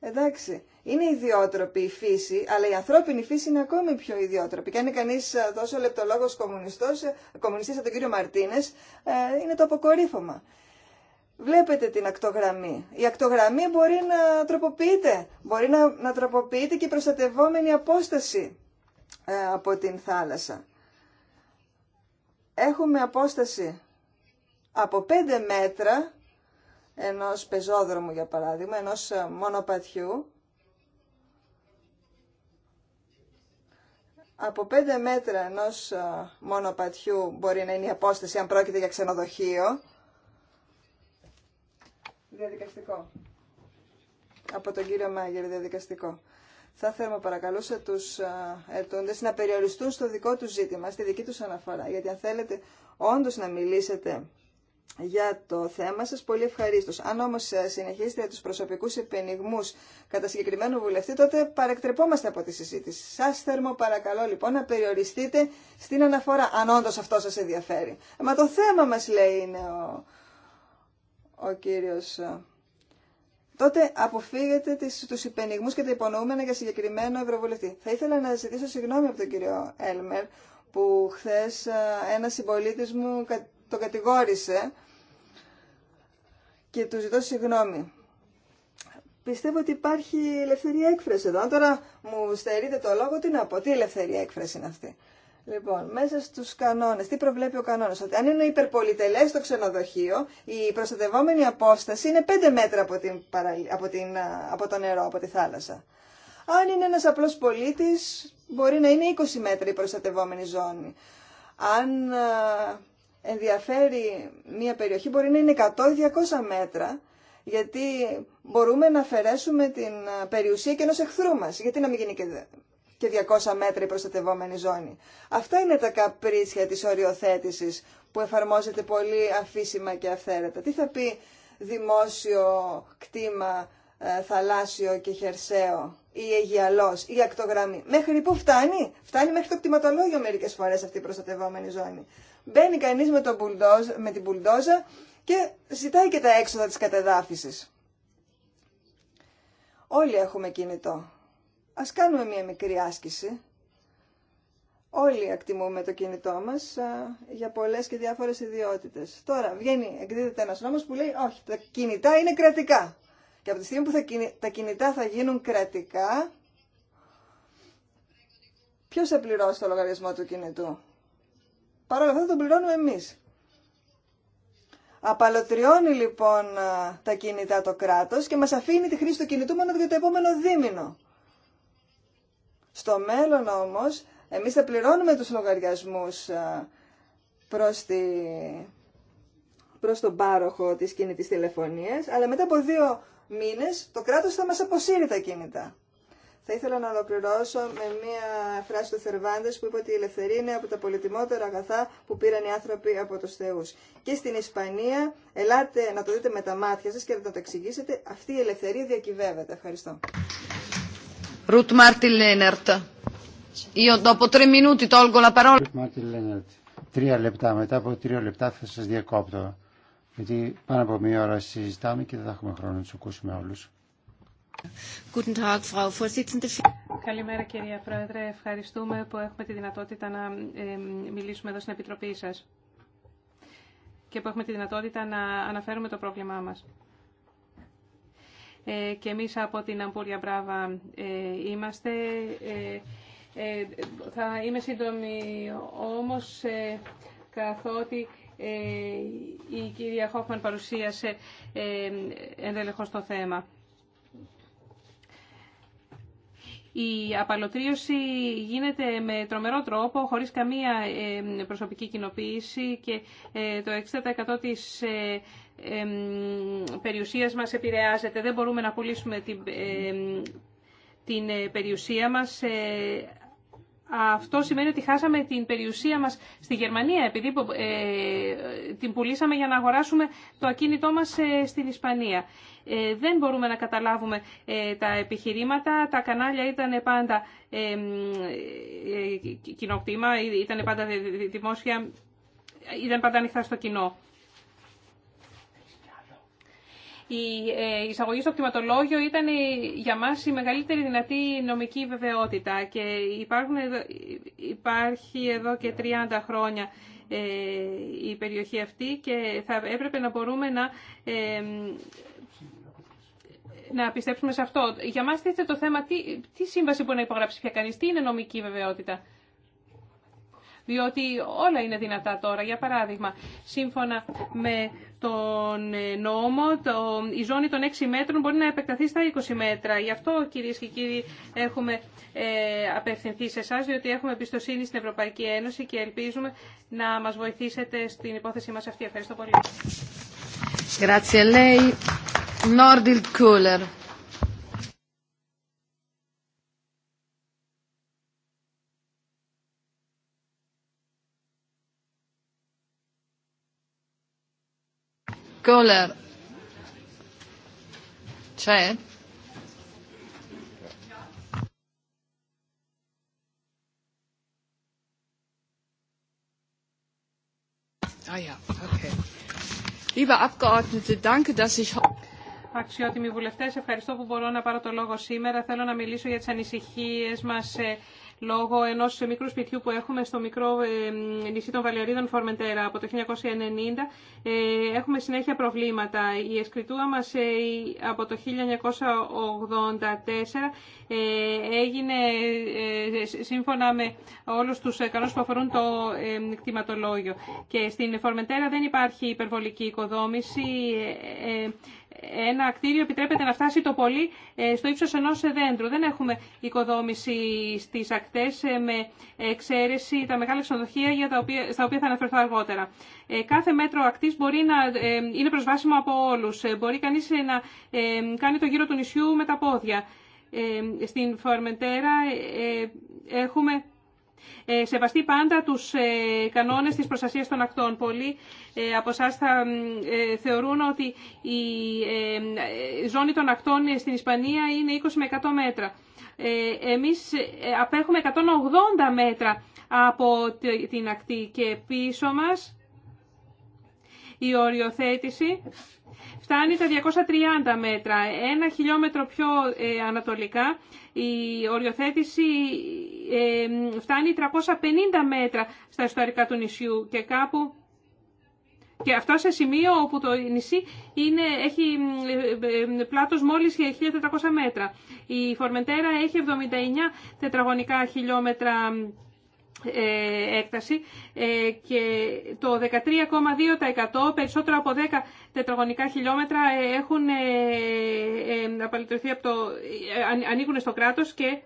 Εντάξει, είναι ιδιότροπη η φύση, αλλά η ανθρώπινη φύση είναι ακόμη πιο ιδιότροπη. Και αν είναι κανείς τόσο ε, λεπτολόγος κομμουνιστός, ε, κομμουνιστής από τον κύριο Μαρτίνες, ε, είναι το αποκορύφωμα. Βλέπετε την ακτογραμμή. Η ακτογραμμή μπορεί να τροποποιείται. Μπορεί να, να τροποποιείται και η προστατευόμενη απόσταση από την θάλασσα έχουμε απόσταση από 5 μέτρα ενός πεζόδρομου για παράδειγμα, ενός ε, μονοπατιού, από 5 μέτρα ενός ε, μονοπατιού μπορεί να είναι η απόσταση αν πρόκειται για ξενοδοχείο. Διαδικαστικό. Από τον κύριο Μάγερ, διαδικαστικό. Θα να παρακαλούσα τους ετούντες να περιοριστούν στο δικό τους ζήτημα, στη δική τους αναφορά. Γιατί αν θέλετε όντως να μιλήσετε για το θέμα σας, πολύ ευχαρίστως. Αν όμως συνεχίσετε τους προσωπικούς επενιγμούς κατά συγκεκριμένου βουλευτή, τότε παρεκτρεπόμαστε από τη συζήτηση. Σας θέρμο παρακαλώ λοιπόν να περιοριστείτε στην αναφορά, αν όντως αυτό σας ενδιαφέρει. Μα το θέμα μας λέει είναι ο, ο κύριος τότε αποφύγετε τους υπενιγμού και τα υπονοούμενα για συγκεκριμένο ευρωβουλευτή. Θα ήθελα να ζητήσω συγγνώμη από τον κύριο Έλμερ που χθε ένα συμπολίτη μου το κατηγόρησε και του ζητώ συγγνώμη. Πιστεύω ότι υπάρχει ελευθερία έκφραση εδώ. Αν τώρα μου στερείτε το λόγο, τι να πω, τι ελευθερία έκφραση είναι αυτή. Λοιπόν, μέσα στου κανόνε, τι προβλέπει ο κανόνα, ότι αν είναι υπερπολιτελέ το ξενοδοχείο, η προστατευόμενη απόσταση είναι 5 μέτρα από, την από, την, από το νερό, από τη θάλασσα. Αν είναι ένα απλό πολίτη, μπορεί να είναι 20 μέτρα η προστατευόμενη ζώνη. Αν ενδιαφέρει μια περιοχή, μπορεί να είναι 100-200 μέτρα, γιατί μπορούμε να αφαιρέσουμε την περιουσία και ενό εχθρού μα. Γιατί να μην γίνει και και 200 μέτρα η προστατευόμενη ζώνη. Αυτά είναι τα καπρίσια της οριοθέτησης που εφαρμόζεται πολύ αφήσιμα και αυθαίρετα. Τι θα πει δημόσιο κτήμα ε, θαλάσσιο και χερσαίο ή αιγιαλός ή ακτογραμμή. Μέχρι που φτάνει. Φτάνει μέχρι το κτηματολόγιο μερικές φορές αυτή η προστατευόμενη ζώνη. Μπαίνει κανείς με, με την πουλντόζα και ζητάει και τα έξοδα της κατεδάφισης. Όλοι έχουμε κινητό. Ας κάνουμε μία μικρή άσκηση. Όλοι ακτιμούμε το κινητό μας για πολλές και διάφορες ιδιότητες. Τώρα βγαίνει, εκδίδεται ένας νόμος που λέει όχι, τα κινητά είναι κρατικά. Και από τη στιγμή που θα, τα κινητά θα γίνουν κρατικά, ποιος θα πληρώσει το λογαριασμό του κινητού. Παρ' όλα αυτά τον πληρώνουμε εμείς. Απαλωτριώνει λοιπόν τα κινητά το κράτος και μας αφήνει τη χρήση του κινητού μόνο για το επόμενο δίμηνο. Στο μέλλον όμως, εμείς θα πληρώνουμε τους λογαριασμούς ε, προς, τη... προς τον πάροχο της κινητής τηλεφωνίας, αλλά μετά από δύο μήνες το κράτος θα μας αποσύρει τα κινητά. Θα ήθελα να ολοκληρώσω με μία φράση του Θερβάντες που είπε ότι η ελευθερία είναι από τα πολυτιμότερα αγαθά που πήραν οι άνθρωποι από τους θεούς. Και στην Ισπανία, ελάτε να το δείτε με τα μάτια σας και να το εξηγήσετε, αυτή η ελευθερία διακυβεύεται. Ευχαριστώ. Ruth Martin Λένερτ, Τρία λεπτά. Μετά από τρία λεπτά θα σας διακόπτω. Γιατί πάνω από μία ώρα συζητάμε και δεν θα έχουμε χρόνο να τους ακούσουμε όλους. Καλημέρα κυρία Πρόεδρε. Ευχαριστούμε που έχουμε τη δυνατότητα να μιλήσουμε εδώ στην Επιτροπή σας και που έχουμε τη δυνατότητα να αναφέρουμε το πρόβλημά μας. Ε, και εμείς από την Αμπούρια Μπράβα ε, είμαστε. Ε, θα είμαι σύντομη όμως καθότι η κυρία Χόφμαν παρουσίασε ε, ενδελεχώς το θέμα. Η απαλωτρίωση γίνεται με τρομερό τρόπο, χωρίς καμία προσωπική κοινοποίηση και το 60% της περιουσίας μας επηρεάζεται. Δεν μπορούμε να πουλήσουμε την, την ε, περιουσία μας. Ε, αυτό σημαίνει ότι χάσαμε την περιουσία μας στη Γερμανία επειδή ε, την πουλήσαμε για να αγοράσουμε το ακίνητό μας στην Ισπανία. Δεν μπορούμε να καταλάβουμε τα επιχειρήματα. Τα κανάλια ήταν πάντα κοινοκτήμα, ήταν πάντα δημόσια, ήταν πάντα ανοιχτά στο κοινό. Ε, η εισαγωγή στο κτηματολόγιο ήταν για μας η μεγαλύτερη δυνατή νομική βεβαιότητα και υπάρχουν, υπάρχει εδώ και 30 χρόνια ε, η περιοχή αυτή και θα έπρεπε να μπορούμε να, ε, να πιστέψουμε σε αυτό. Για μας τίθεται το θέμα τι, τι σύμβαση μπορεί να υπογράψει πια κανείς, τι είναι νομική βεβαιότητα. Διότι όλα είναι δυνατά τώρα. Για παράδειγμα, σύμφωνα με τον ε, νόμο, το, η ζώνη των 6 μέτρων μπορεί να επεκταθεί στα 20 μέτρα. Γι' αυτό, κυρίε και κύριοι, έχουμε ε, απευθυνθεί σε εσά, διότι έχουμε εμπιστοσύνη στην Ευρωπαϊκή Ένωση και ελπίζουμε να μα βοηθήσετε στην υπόθεσή μα αυτή. Ευχαριστώ πολύ. Grazie Kohler. C'è? Ah ja, okay. Liebe Abgeordnete, danke, dass ich... Αξιότιμοι βουλευτές, ευχαριστώ που μπορώ να πάρω το λόγο σήμερα. Θέλω να μιλήσω για τις ανησυχίες μας λόγω ενό μικρού σπιτιού που έχουμε στο μικρό ε, νησί των Βαλιαρίδων, Φορμεντέρα από το 1990 ε, έχουμε συνέχεια προβλήματα. Η Εσκριτούα μας ε, από το 1984 έγινε σύμφωνα με όλους τους κανόνες που αφορούν το κτηματολόγιο. Και στην Φορμεντέρα δεν υπάρχει υπερβολική οικοδόμηση ένα κτίριο επιτρέπεται να φτάσει το πολύ ε, στο ύψο ενό δέντρου. Δεν έχουμε οικοδόμηση στι ακτές ε, με εξαίρεση τα μεγάλα ξενοδοχεία για τα οποία, στα οποία θα αναφερθώ αργότερα. Ε, κάθε μέτρο ακτής μπορεί να είναι προσβάσιμο από όλους. Μπορεί κανείς να κάνει το γύρο του νησιού με τα πόδια. Στην Φορμεντέρα έχουμε ε, σεβαστεί πάντα τους ε, κανόνες της προστασίας των ακτών. Πολλοί ε, από εσά θα θεωρούν ότι η ζώνη των ακτών στην Ισπανία είναι 20 με 100 μέτρα. Εμείς απέχουμε 180 μέτρα από την ακτή και πίσω μας η οριοθέτηση Φτάνει τα 230 μέτρα. Ένα χιλιόμετρο πιο ε, ανατολικά η οριοθέτηση ε, φτάνει 350 μέτρα στα ιστορικά του νησιού και κάπου... Και αυτό σε σημείο όπου το νησί είναι, έχει ε, ε, πλάτος μόλις 1.400 μέτρα. Η Φορμεντέρα έχει 79 τετραγωνικά χιλιόμετρα ε, έκταση ε, και το 13,2% περισσότερο από 10 τετραγωνικά χιλιόμετρα ε, έχουν απαλυτρωθεί από το, ανήκουν στο κράτος και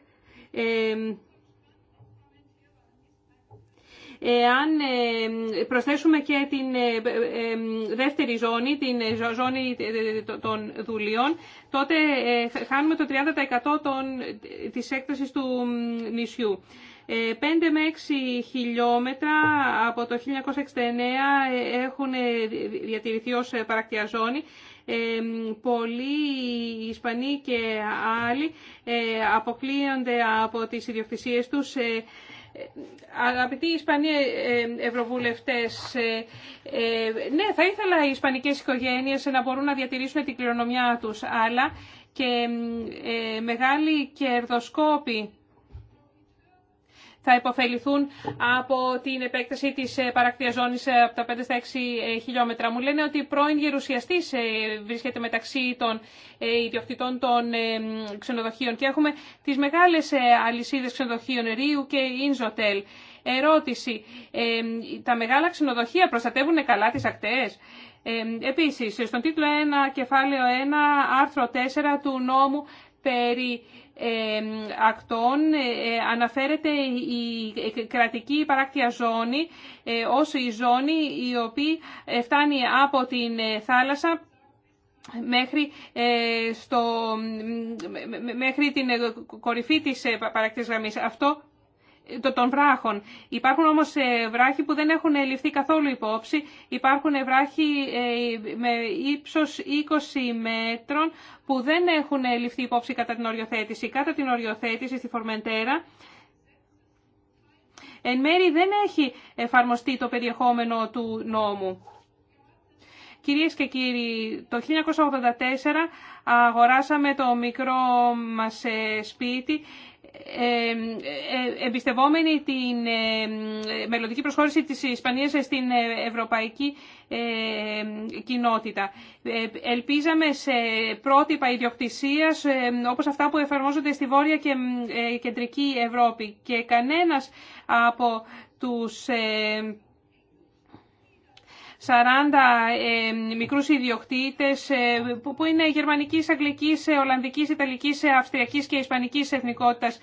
αν προσθέσουμε και την δεύτερη ζώνη, την ζώνη των δουλειών, τότε χάνουμε το 30% των, της έκτασης του νησιού. 5 ε, με 6 χιλιόμετρα από το 1969 ε, έχουν ε, διατηρηθεί ως παρακτία ζώνη. πολλοί Ισπανοί και άλλοι αποκλείονται από τις ιδιοκτησίες τους. αγαπητοί Ισπανοί ευρωβουλευτές, ναι, θα ήθελα οι Ισπανικές οικογένειες να μπορούν να διατηρήσουν την κληρονομιά τους, αλλά και μεγάλοι κερδοσκόποι θα υποφεληθούν από την επέκταση τη ε, παρακτία ζώνης ε, από τα 5 στα 6 ε, χιλιόμετρα. Μου λένε ότι πρώην γερουσιαστής βρίσκεται μεταξύ των ιδιοκτητών των ξενοδοχείων και έχουμε τι μεγάλε αλυσίδε ξενοδοχείων Ρίου και Ινζοτέλ. Ερώτηση. τα μεγάλα ξενοδοχεία προστατεύουν καλά τις ακτές. Ε, επίσης, στον τίτλο 1, κεφάλαιο 1, άρθρο 4 του νόμου περί ακτών ε, αναφέρεται η κρατική παράκτια ζώνη ε, ως η ζώνη η οποία ε, φτάνει από την θάλασσα μέχρι, στο, μέχρι την κορυφή της παρακτής γραμμής. Αυτό των βράχων. Υπάρχουν όμως ε, βράχοι που δεν έχουν ε, ληφθεί καθόλου υπόψη. Υπάρχουν ε, βράχοι με ύψος 20 μέτρων που δεν έχουν ληφθεί υπόψη κατά την οριοθέτηση. Κατά την οριοθέτηση στη Φορμεντέρα εν μέρη δεν έχει εφαρμοστεί το περιεχόμενο του νόμου. Κυρίες και κύριοι, το 1984 αγοράσαμε το μικρό μας σπίτι ε, εμπιστευόμενοι την ε, μελλοντική προσχώρηση της Ισπανίας στην ε, ευρωπαϊκή κοινότητα. Ελπίζαμε σε πρότυπα ιδιοκτησίας όπως αυτά που εφαρμόζονται στη Βόρεια και Κεντρική Ευρώπη και κανένας από τους 40 ε, μικρούς ιδιοκτήτες ε, που, είναι γερμανικής, αγγλικής, ε, ολλανδικής, ιταλικής, ε, αυστριακής και ισπανικής εθνικότητας.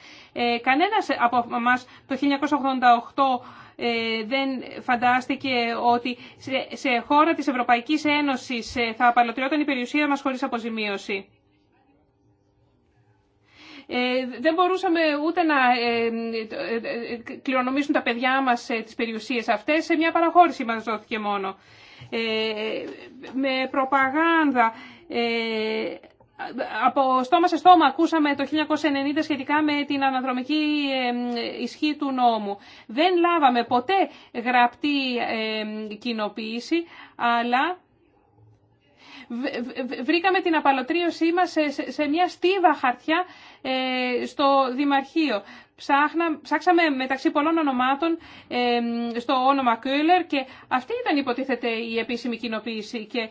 κανένας από μας το 1988 δεν φαντάστηκε ότι σε, χώρα της Ευρωπαϊκής Ένωσης θα απαλωτριόταν η περιουσία μας χωρίς αποζημίωση. Ε, δεν μπορούσαμε ούτε να ε, ε, κληρονομήσουν τα παιδιά μας τις περιουσίες αυτές. Σε μια παραχώρηση μας δόθηκε μόνο. Με προπαγάνδα από στόμα σε στόμα ακούσαμε το 1990 σχετικά με την αναδρομική ισχύ του νόμου. Δεν λάβαμε ποτέ γραπτή κοινοποίηση, αλλά βρήκαμε την απαλωτρίωσή μας σε, σε, σε μια στίβα χαρτιά ε, στο Δημαρχείο ψάχνα, ψάξαμε μεταξύ πολλών ονομάτων στο όνομα Κούλερ και αυτή ήταν υποτίθεται η επίσημη κοινοποίηση και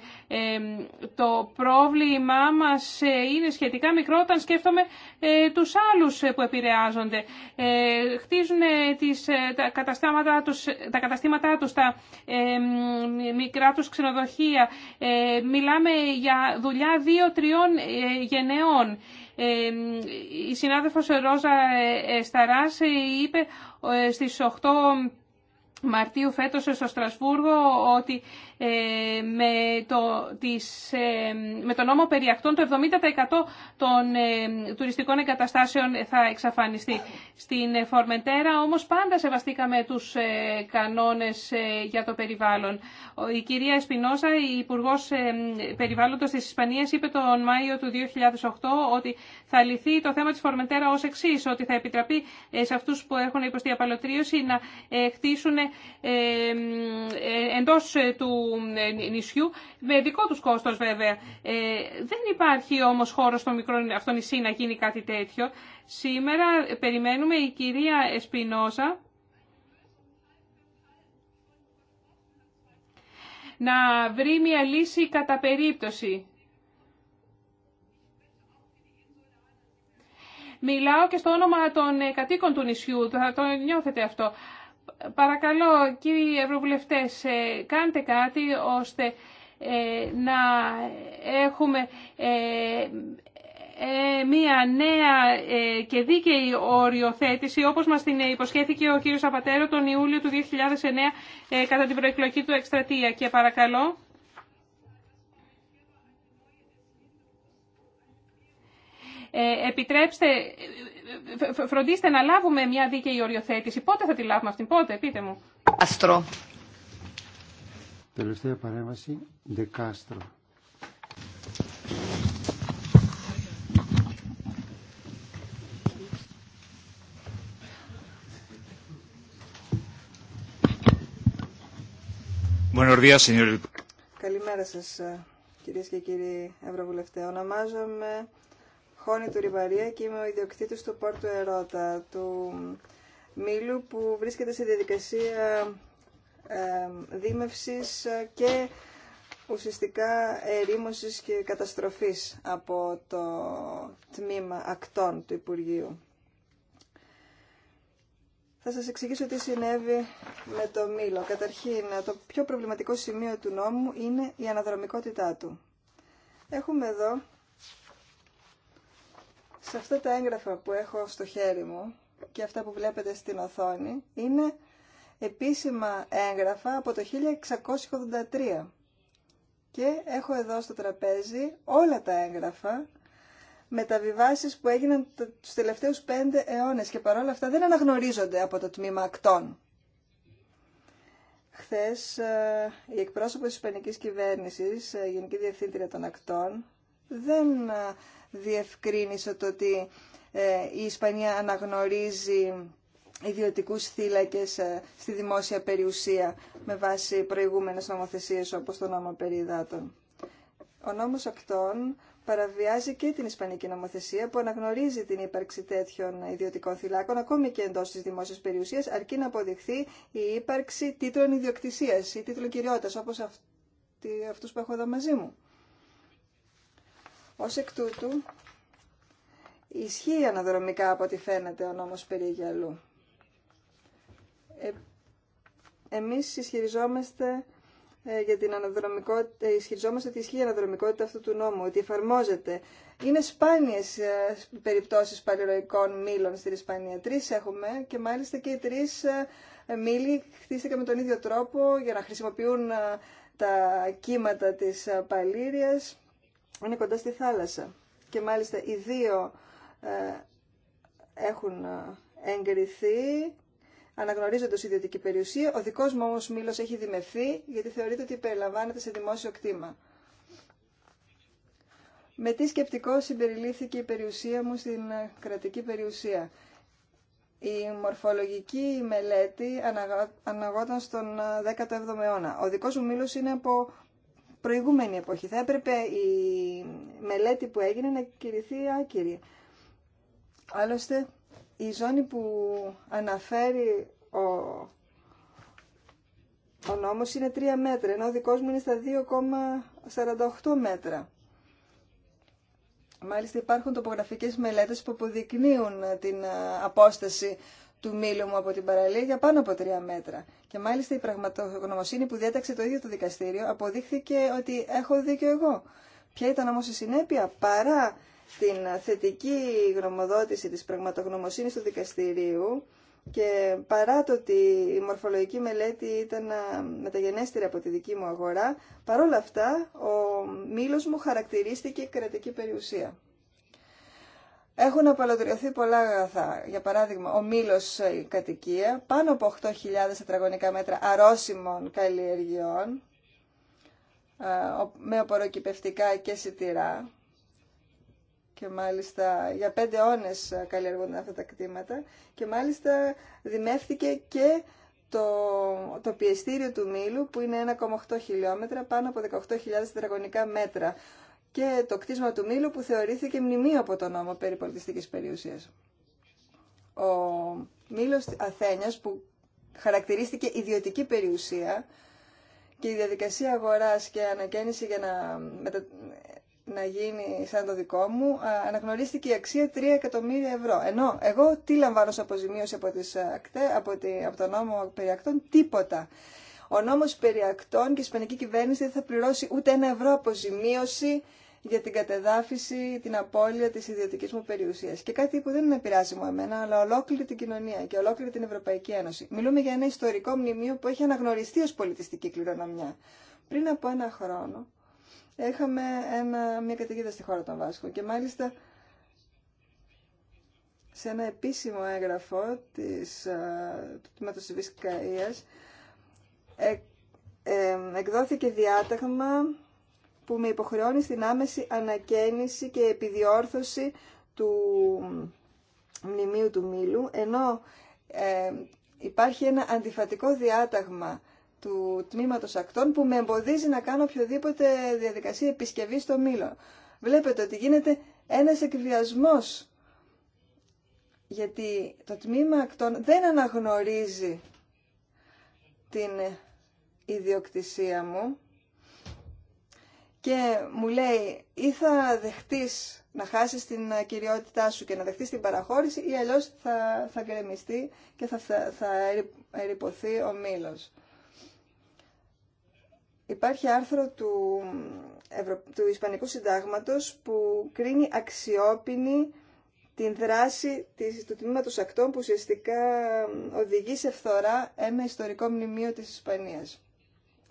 το πρόβλημά μας ε, είναι σχετικά μικρό όταν σκέφτομαι ε, τους άλλους ε, που επηρεάζονται. χτίζουν τις, τα, καταστήματα τους, τα καταστήματά τους, τα μικρά τους ξενοδοχεία. μιλάμε για δουλειά δύο-τριών γενεών η συνάδελφος Ρόζα ε, ε, Σταράς είπε ε, στις 8 Μαρτίου φέτος στο Στρασβούργο ότι ε, με, το, τις, ε, με το νόμο περιακτών το 70% των ε, τουριστικών εγκαταστάσεων θα εξαφανιστεί. Στην Φορμεντέρα όμως πάντα σεβαστήκαμε τους κανόνες για το περιβάλλον. Η κυρία Εσπινόσα, η Υπουργό Περιβάλλοντος της Ισπανίας, είπε τον Μάιο του 2008 ότι θα λυθεί το θέμα της Φορμεντέρα ως εξή, ότι θα επιτραπεί σε αυτούς που έχουν υποστεί απαλωτρίωση να χτίσουν ε, εντός ε, του ε, νησιού, με δικό τους κόστος βέβαια. Δεν υπάρχει όμως χώρος στο μικρό αυτό νησί να γίνει κάτι τέτοιο. Σήμερα περιμένουμε η κυρία Εσπινόζα να βρει μια λύση κατά περίπτωση. Μιλάω και στο όνομα των κατοίκων του νησιού, θα το νιώθετε αυτό. Παρακαλώ, κύριοι Ευρωβουλευτές, ε, κάντε κάτι ώστε ε, να έχουμε ε, μία νέα και δίκαιη οριοθέτηση, όπως μας την υποσχέθηκε ο κύριος Απατέρο τον Ιούλιο του 2009 κατά την προεκλογική του εκστρατεία. Και παρακαλώ. επιτρέψτε φροντίστε να λάβουμε μια δίκαιη οριοθέτηση. Πότε θα τη λάβουμε αυτήν, πότε, πείτε μου. Αστρό. Τελευταία παρέμβαση, Δεκάστρο. Καλημέρα σας ε, κυρίες και κύριοι Ευρωβουλευτέ. Ονομάζομαι Χόνη του Ριβαρία και είμαι ο ιδιοκτήτης του Πόρτου Ερώτα, του Μήλου που βρίσκεται σε διαδικασία δίμευσης και ουσιαστικά ερήμωσης και καταστροφής από το τμήμα ακτών του Υπουργείου. Θα σας εξηγήσω τι συνέβη με το μήλο. Καταρχήν, το πιο προβληματικό σημείο του νόμου είναι η αναδρομικότητά του. Έχουμε εδώ σε αυτά τα έγγραφα που έχω στο χέρι μου και αυτά που βλέπετε στην οθόνη είναι επίσημα έγγραφα από το 1683. Και έχω εδώ στο τραπέζι όλα τα έγγραφα με τα βιβάσεις που έγιναν τους τελευταίους πέντε αιώνες και παρόλα αυτά δεν αναγνωρίζονται από το τμήμα ακτών. Χθες ε, η εκπρόσωπος της Ισπανικής Κυβέρνησης, η ε, Γενική Διευθύντρια των Ακτών, δεν ε, διευκρίνησε το ότι ε, η Ισπανία αναγνωρίζει ιδιωτικούς θύλακες ε, στη δημόσια περιουσία με βάση προηγούμενες νομοθεσίες όπως το νόμο περί υδάτων. Ο νόμος 8 παραβιάζει και την Ισπανική νομοθεσία που αναγνωρίζει την ύπαρξη τέτοιων ιδιωτικών θυλάκων ακόμη και εντός της δημόσιας περιουσίας αρκεί να αποδειχθεί η ύπαρξη τίτλων ιδιοκτησίας ή τίτλων κυριότητας όπως αυτοί, αυτούς που έχω εδώ μαζί μου. Ως εκ τούτου, ισχύει αναδρομικά από ό,τι φαίνεται ο νόμος περί αγιαλού. Ε, εμείς ισχυριζόμαστε ε, για την αναδρομικότητα, ε, ισχυριζόμαστε ότι ισχύει η αναδρομικότητα αυτού του νόμου, ότι εφαρμόζεται. Είναι σπάνιες ε, περιπτώσεις παλαιροϊκών μήλων στην Ισπανία. Τρεις έχουμε και μάλιστα και οι τρεις μήλοι χτίστηκαν με τον ίδιο τρόπο για να χρησιμοποιούν τα κύματα της παλήριας είναι κοντά στη θάλασσα. Και μάλιστα οι δύο ε, έχουν ε, εγκριθεί, αναγνωρίζοντα ιδιωτική περιουσία. Ο δικός μου όμω μήλος έχει δημευθεί, γιατί θεωρείται ότι περιλαμβάνεται σε δημόσιο κτήμα. Με τι σκεπτικό συμπεριλήφθηκε η περιουσία μου στην ε, κρατική περιουσία. Η μορφολογική μελέτη αναγόταν στον 17ο αιώνα. Ο δικός μου μήλος είναι από προηγούμενη εποχή. Θα έπρεπε η μελέτη που έγινε να κηρυθεί άκυρη. Άλλωστε, η ζώνη που αναφέρει ο, ο νόμος είναι 3 μέτρα, ενώ ο δικός μου είναι στα 2,48 μέτρα. Μάλιστα υπάρχουν τοπογραφικές μελέτες που αποδεικνύουν την ε, απόσταση του μήλου μου από την παραλία για πάνω από τρία μέτρα. Και μάλιστα η πραγματογνωμοσύνη που διέταξε το ίδιο το δικαστήριο αποδείχθηκε ότι έχω δίκιο εγώ. Ποια ήταν όμως η συνέπεια παρά την θετική γνωμοδότηση της πραγματογνωμοσύνης του δικαστηρίου και παρά το ότι η μορφολογική μελέτη ήταν μεταγενέστερη από τη δική μου αγορά, παρόλα αυτά ο μήλος μου χαρακτηρίστηκε κρατική περιουσία. Έχουν απαλωτριωθεί πολλά αγαθά. Για παράδειγμα, ο μήλο κατοικία, πάνω από 8.000 τετραγωνικά μέτρα αρρώσιμων καλλιεργειών, ε, με οποροκυπευτικά και σιτηρά. Και μάλιστα για πέντε αιώνε καλλιεργούν αυτά τα κτήματα. Και μάλιστα δημεύθηκε και το, το πιεστήριο του Μήλου που είναι 1,8 χιλιόμετρα πάνω από 18.000 τετραγωνικά μέτρα και το κτίσμα του Μήλου που θεωρήθηκε μνημείο από τον νόμο περί πολιτιστικής περιουσίας. Ο Μήλος Αθένιας που χαρακτηρίστηκε ιδιωτική περιουσία και η διαδικασία αγοράς και ανακαίνιση για να, να γίνει σαν το δικό μου αναγνωρίστηκε η αξία 3 εκατομμύρια ευρώ. Ενώ εγώ τι λαμβάνω σε αποζημίωση από, τις ακτέ, από, τη... από τον νόμο περιακτών, τίποτα. Ο νόμος περιακτών και η Ισπανική κυβέρνηση δεν θα πληρώσει ούτε ένα ευρώ αποζημίωση για την κατεδάφιση, την απώλεια της ιδιωτικής μου περιουσίας. Και κάτι που δεν είναι πειράζει εμένα, αλλά ολόκληρη την κοινωνία και ολόκληρη την Ευρωπαϊκή Ένωση. Μιλούμε για ένα ιστορικό μνημείο που έχει αναγνωριστεί ως πολιτιστική κληρονομιά. Πριν από ένα χρόνο είχαμε ένα, μια καταιγίδα στη χώρα των Βάσκων και μάλιστα σε ένα επίσημο έγγραφο της, του Τμήματος της ε, ε, ε, εκδόθηκε διάταγμα που με υποχρεώνει στην άμεση ανακαίνιση και επιδιόρθωση του μνημείου του Μήλου, ενώ ε, υπάρχει ένα αντιφατικό διάταγμα του τμήματος ακτών που με εμποδίζει να κάνω οποιοδήποτε διαδικασία επισκευή στο Μήλο. Βλέπετε ότι γίνεται ένας εκβιασμός γιατί το τμήμα ακτών δεν αναγνωρίζει την ιδιοκτησία μου και μου λέει ή θα δεχτείς να χάσεις την κυριότητά σου και να δεχτείς την παραχώρηση ή αλλιώς θα, θα γκρεμιστεί και θα, θα, ο μήλος. Υπάρχει άρθρο του, του Ισπανικού Συντάγματος που κρίνει αξιόπινη την δράση της, του τμήματος ακτών που ουσιαστικά οδηγεί σε φθορά ένα ιστορικό μνημείο της Ισπανίας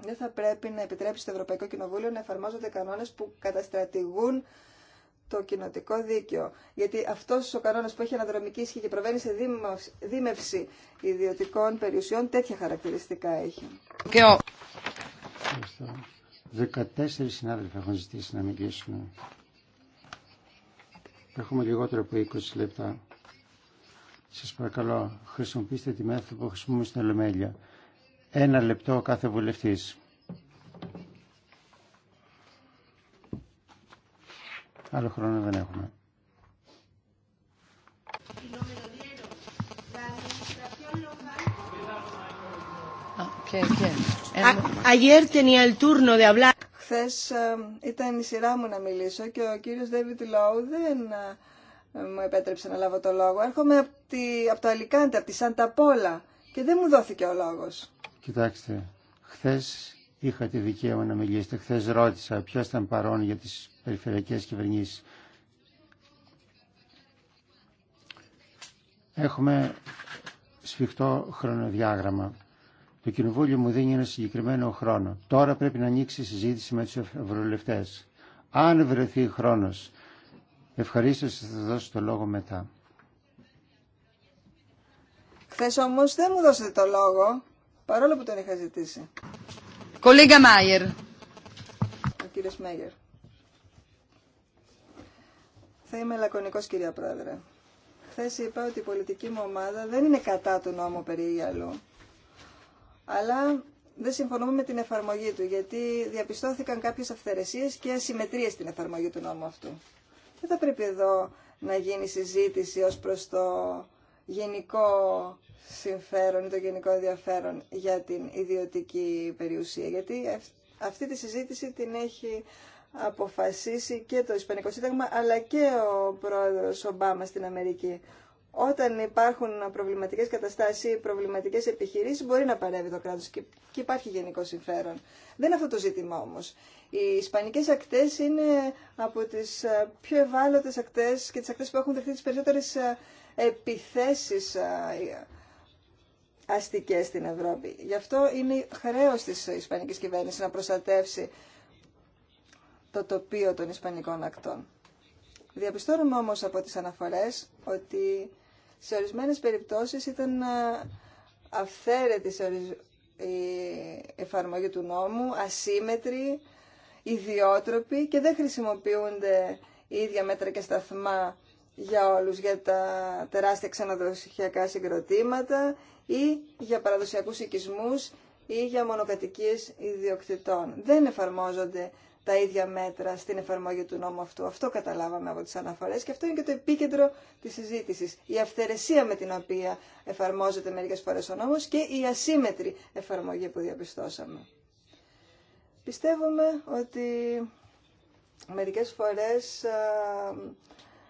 δεν θα πρέπει να επιτρέψει το Ευρωπαϊκό Κοινοβούλιο να εφαρμόζονται κανόνες που καταστρατηγούν το κοινοτικό δίκαιο. Γιατί αυτός ο κανόνας που έχει αναδρομική ισχύ και προβαίνει σε δίμευση ιδιωτικών περιουσιών, τέτοια χαρακτηριστικά έχει. 14 συνάδελφοι έχουν ζητήσει να μιλήσουν. Έχουμε λιγότερο από 20 λεπτά. Σας παρακαλώ, χρησιμοποιήστε τη μέθοδο που χρησιμοποιούμε στην Ελεμέλεια. Ένα λεπτό κάθε βουλευτής. Άλλο χρόνο δεν έχουμε. Χθε ε, ήταν η σειρά μου να μιλήσω και ο κύριος Δέβιτ Λόου δεν ε, μου επέτρεψε να λάβω το λόγο. Έρχομαι από, το Αλικάντε, από τη Σαντα και δεν μου δόθηκε ο λόγος. Κοιτάξτε, χθες είχα τη δικαίωμα να μιλήσετε. Χθες ρώτησα ποιος ήταν παρόν για τις περιφερειακές κυβερνήσει. Έχουμε σφιχτό χρονοδιάγραμμα. Το Κοινοβούλιο μου δίνει ένα συγκεκριμένο χρόνο. Τώρα πρέπει να ανοίξει η συζήτηση με του ευρωβουλευτέ. Αν βρεθεί χρόνος, ευχαρίστω θα δώσω το λόγο μετά. Χθε όμω δεν μου δώσετε το λόγο παρόλο που τον είχα ζητήσει. Κολέγκα Μάιερ. Ο κύριος Μέγερ. Θα είμαι λακωνικός κυρία Πρόεδρε. Χθε είπα ότι η πολιτική μου ομάδα δεν είναι κατά του νόμου περί αλλού. αλλά δεν συμφωνούμε με την εφαρμογή του, γιατί διαπιστώθηκαν κάποιες αυθαιρεσίες και ασυμμετρίες στην εφαρμογή του νόμου αυτού. Δεν θα πρέπει εδώ να γίνει συζήτηση ως προς το γενικό συμφέρον ή το γενικό ενδιαφέρον για την ιδιωτική περιουσία. Γιατί αυτή τη συζήτηση την έχει αποφασίσει και το Ισπανικό Σύνταγμα αλλά και ο πρόεδρος Ομπάμα στην Αμερική. Όταν υπάρχουν προβληματικές καταστάσεις ή προβληματικές επιχειρήσεις μπορεί να παρεύει το κράτος και υπάρχει γενικό συμφέρον. Δεν είναι αυτό το ζήτημα όμως. Οι Ισπανικές ακτές είναι από τις ε, πιο ευάλωτες ακτές και τις ακτές που έχουν δεχτεί τις περισσότερες ε, επιθέσεις αστικές στην Ευρώπη. Γι' αυτό είναι χρέος της Ισπανικής κυβέρνησης να προστατεύσει το τοπίο των Ισπανικών ακτών. Διαπιστώνουμε όμως από τις αναφορές ότι σε ορισμένες περιπτώσεις ήταν αυθαίρετη η εφαρμογή του νόμου, ασύμετρη, ιδιότροπη και δεν χρησιμοποιούνται οι ίδια μέτρα και σταθμά για όλους για τα τεράστια ξενοδοχειακά συγκροτήματα ή για παραδοσιακούς οικισμούς ή για μονοκατοικίες ιδιοκτητών. Δεν εφαρμόζονται τα ίδια μέτρα στην εφαρμογή του νόμου αυτού. Αυτό καταλάβαμε από τις αναφορές και αυτό είναι και το επίκεντρο της συζήτησης. Η αυθαιρεσία με την οποία εφαρμόζεται μερικές φορές ο νόμος και η ασύμετρη εφαρμογή που διαπιστώσαμε. Πιστεύουμε ότι μερικές φορές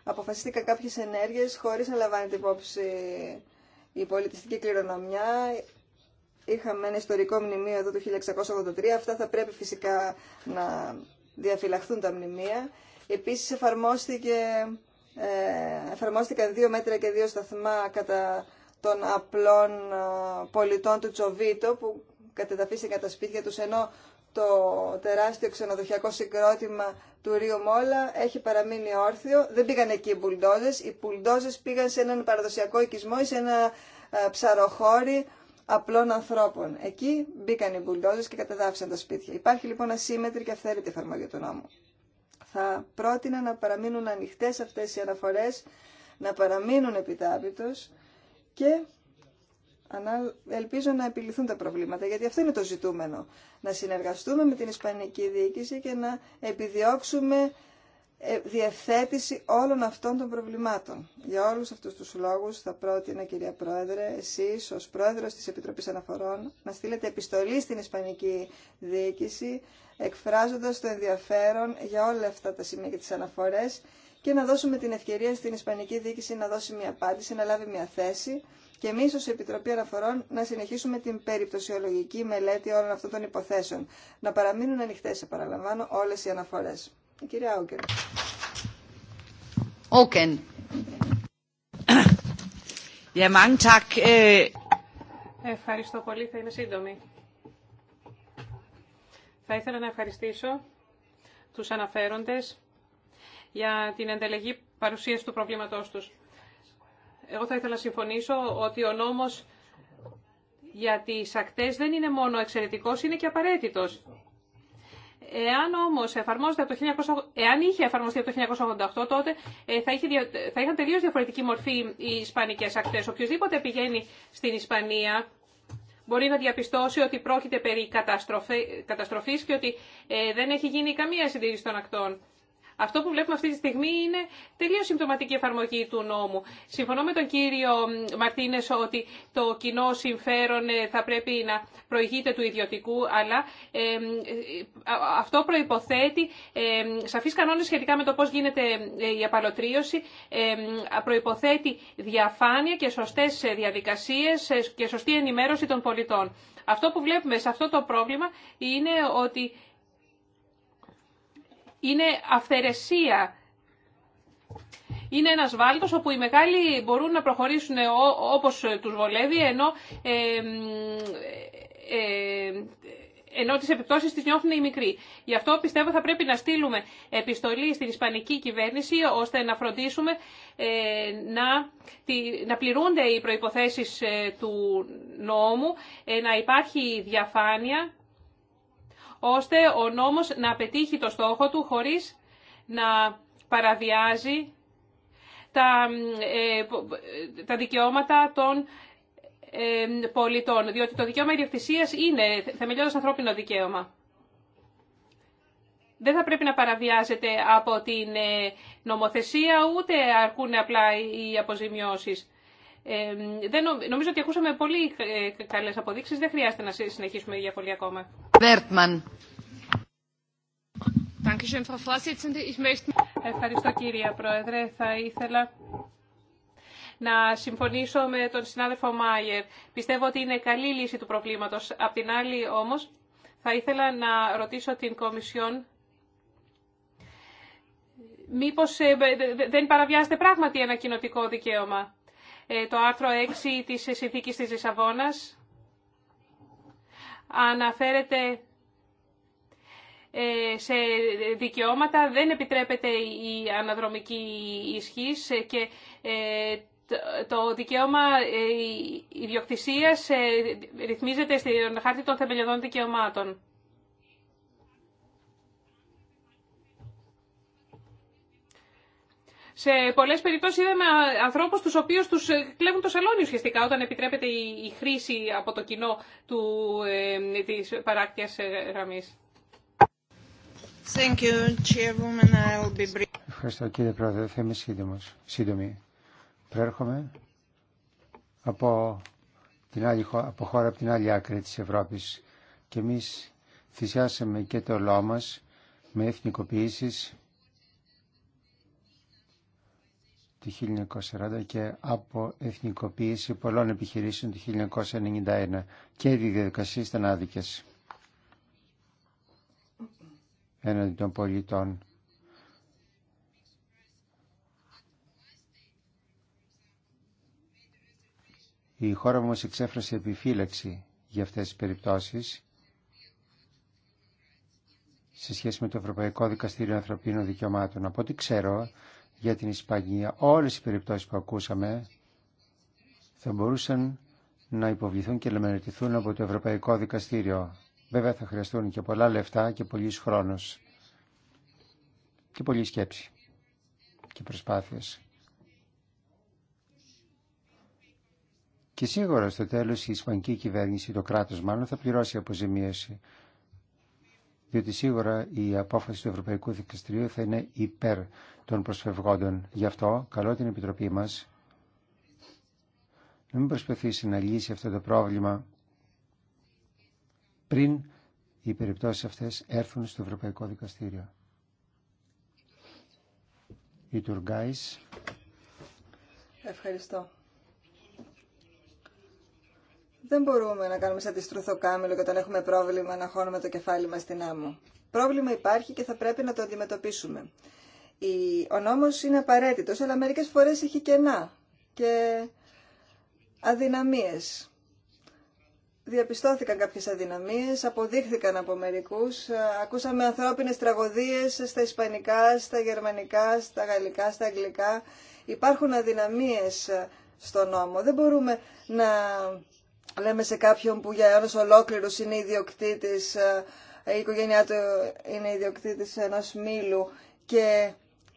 αποφασίστηκαν κάποιες ενέργειες χωρίς να λαμβάνεται υπόψη η πολιτιστική κληρονομιά. Είχαμε ένα ιστορικό μνημείο εδώ το 1683. Αυτά θα πρέπει φυσικά να διαφυλαχθούν τα μνημεία. Επίσης εφαρμόστηκε, ε, εφαρμόστηκαν δύο μέτρα και δύο σταθμά κατά των απλών ε, πολιτών του Τσοβίτο που κατεδαφίστηκαν τα σπίτια τους ενώ το τεράστιο ξενοδοχειακό συγκρότημα του Ρίου Μόλα έχει παραμείνει όρθιο. Δεν πήγαν εκεί οι μπουλντόζες. Οι μπουλντόζες πήγαν σε έναν παραδοσιακό οικισμό ή σε ένα ε, ψαροχώρι απλών ανθρώπων. Εκεί μπήκαν οι μπουλντόζες και κατεδάφισαν τα σπίτια. Υπάρχει λοιπόν ασύμετρη και αυθαίρετη εφαρμογή του νόμου. Θα πρότεινα να παραμείνουν ανοιχτές αυτές οι αναφορές, να παραμείνουν επιτάπητος και Ελπίζω να επιληθούν τα προβλήματα, γιατί αυτό είναι το ζητούμενο. Να συνεργαστούμε με την Ισπανική Διοίκηση και να επιδιώξουμε ε, διευθέτηση όλων αυτών των προβλημάτων. Για όλους αυτούς τους λόγους θα πρότεινα, κυρία Πρόεδρε, εσείς ως Πρόεδρος της Επιτροπής Αναφορών να στείλετε επιστολή στην Ισπανική Διοίκηση εκφράζοντας το ενδιαφέρον για όλα αυτά τα σημεία και τις αναφορές και να δώσουμε την ευκαιρία στην Ισπανική Διοίκηση να δώσει μια απάντηση, να λάβει μια θέση και εμείς ως Επιτροπή Αναφορών να συνεχίσουμε την περιπτωσιολογική μελέτη όλων αυτών των υποθέσεων. Να παραμείνουν ανοιχτές, παραλαμβάνω, όλες οι αναφορές. Η κυρία Όκεν. Όκεν. Äh, Ευχαριστώ πολύ. Θα είμαι σύντομη. Θα ήθελα να ευχαριστήσω τους αναφέροντες για την εντελεγή παρουσίαση του προβλήματός τους εγώ θα ήθελα να συμφωνήσω ότι ο νόμος για τις ακτές δεν είναι μόνο εξαιρετικός, είναι και απαραίτητος. Εάν όμως εφαρμόζεται από το εάν είχε εφαρμοστεί από το 1988, τότε ε, θα, είχε, θα είχαν τελείως διαφορετική μορφή οι ισπανικές ακτές. Οποιοδήποτε πηγαίνει στην Ισπανία μπορεί να διαπιστώσει ότι πρόκειται περί καταστροφής και ότι ε, δεν έχει γίνει καμία συντήρηση των ακτών. Αυτό που βλέπουμε αυτή τη στιγμή είναι τελείω συμπτωματική εφαρμογή του νόμου. Συμφωνώ με τον κύριο Μαρτίνε, ότι το κοινό συμφέρον ε, θα πρέπει να προηγείται του ιδιωτικού, αλλά ε, ε, αυτό προϋποθέτει ε, σαφείς κανόνες σχετικά με το πώς γίνεται η απαλωτρίωση, ε, προϋποθέτει διαφάνεια και σωστέ διαδικασίες και σωστή ενημέρωση των πολιτών. Αυτό που βλέπουμε σε αυτό το πρόβλημα είναι ότι είναι αυθαιρεσία. Είναι ένας βάλτος όπου οι μεγάλοι μπορούν να προχωρήσουν όπως τους βολεύει, ενώ, ε, ε, ενώ τις επιπτώσεις τις νιώθουν οι μικροί. Γι' αυτό πιστεύω θα πρέπει να στείλουμε επιστολή στην Ισπανική κυβέρνηση ώστε να φροντίσουμε ε, να, τη, να πληρούνται οι προϋποθέσεις ε, του νόμου, ε, να υπάρχει διαφάνεια ώστε ο νόμος να πετύχει το στόχο του χωρίς να παραβιάζει τα, ε, ε, τα δικαιώματα των ε, πολιτών, διότι το δικαίωμα ιδιοκτησίας είναι θεμελιώδες ανθρώπινο δικαίωμα. Δεν θα πρέπει να παραβιάζεται από την νομοθεσία, ούτε αρκούν απλά οι αποζημιώσεις δεν, νομίζω ότι ακούσαμε πολύ ε, καλές αποδείξεις. Δεν χρειάζεται να συνεχίσουμε για πολύ ακόμα. Ευχαριστώ κύριε Πρόεδρε. Θα ήθελα να συμφωνήσω με τον συνάδελφο Μάιερ. Πιστεύω ότι είναι καλή λύση του προβλήματος. Απ' την άλλη όμως θα ήθελα να ρωτήσω την Κομισιόν μήπως ε, δεν παραβιάζεται πράγματι ένα κοινοτικό δικαίωμα. Ε, το άρθρο 6 της συνθήκης της Λισαβόνας αναφέρεται ε, σε δικαιώματα, δεν επιτρέπεται η αναδρομική ισχύς και ε, το δικαίωμα ιδιοκτησίας ρυθμίζεται στην χάρτη των θεμελιωδών δικαιωμάτων. Σε πολλέ περιπτώσεις είδαμε ανθρώπους του οποίους τους ε, κλέβουν το σαλόνι ουσιαστικά όταν επιτρέπεται η χρήση από το κοινό του, ε, της παράκτιας ε, γραμμής. Ευχαριστώ κύριε Πρόεδρε. Θα είμαι σύντομος. σύντομη. Προέρχομαι από, την άλλη, από χώρα από την άλλη άκρη της Ευρώπης και εμείς θυσιάσαμε και το λαό μας με εθνικοποιήσεις του 1940 και από εθνικοποίηση πολλών επιχειρήσεων του 1991 και οι διαδικασίε ήταν άδικε έναντι των πολιτών. Η χώρα μου εξέφρασε επιφύλαξη για αυτές τις περιπτώσεις σε σχέση με το Ευρωπαϊκό Δικαστήριο Ανθρωπίνων Δικαιωμάτων. Από ό,τι ξέρω, για την Ισπανία. Όλες οι περιπτώσεις που ακούσαμε θα μπορούσαν να υποβληθούν και να μελετηθούν από το Ευρωπαϊκό Δικαστήριο. Βέβαια θα χρειαστούν και πολλά λεφτά και πολλής χρόνος και πολλή σκέψη και προσπάθειες. Και σίγουρα στο τέλος η Ισπανική κυβέρνηση, το κράτος μάλλον, θα πληρώσει αποζημίωση διότι σίγουρα η απόφαση του Ευρωπαϊκού Δικαστηρίου θα είναι υπέρ των προσφευγόντων. Γι' αυτό καλώ την Επιτροπή μας να μην προσπαθήσει να λύσει αυτό το πρόβλημα πριν οι περιπτώσεις αυτές έρθουν στο Ευρωπαϊκό Δικαστήριο. Η Ευχαριστώ. Δεν μπορούμε να κάνουμε σαν τη στρουθοκάμιλο και όταν έχουμε πρόβλημα να χώνουμε το κεφάλι μας στην άμμο. Πρόβλημα υπάρχει και θα πρέπει να το αντιμετωπίσουμε. Ο νόμος είναι απαραίτητος, αλλά μερικές φορές έχει κενά και αδυναμίες. Διαπιστώθηκαν κάποιες αδυναμίες, αποδείχθηκαν από μερικούς. Ακούσαμε ανθρώπινες τραγωδίες στα ισπανικά, στα γερμανικά, στα γαλλικά, στα αγγλικά. Υπάρχουν αδυναμίες στο νόμο. Δεν μπορούμε να λέμε σε κάποιον που για ένας ολόκληρος είναι ιδιοκτήτης, ε, η οικογένειά του είναι ιδιοκτήτης ενός μήλου και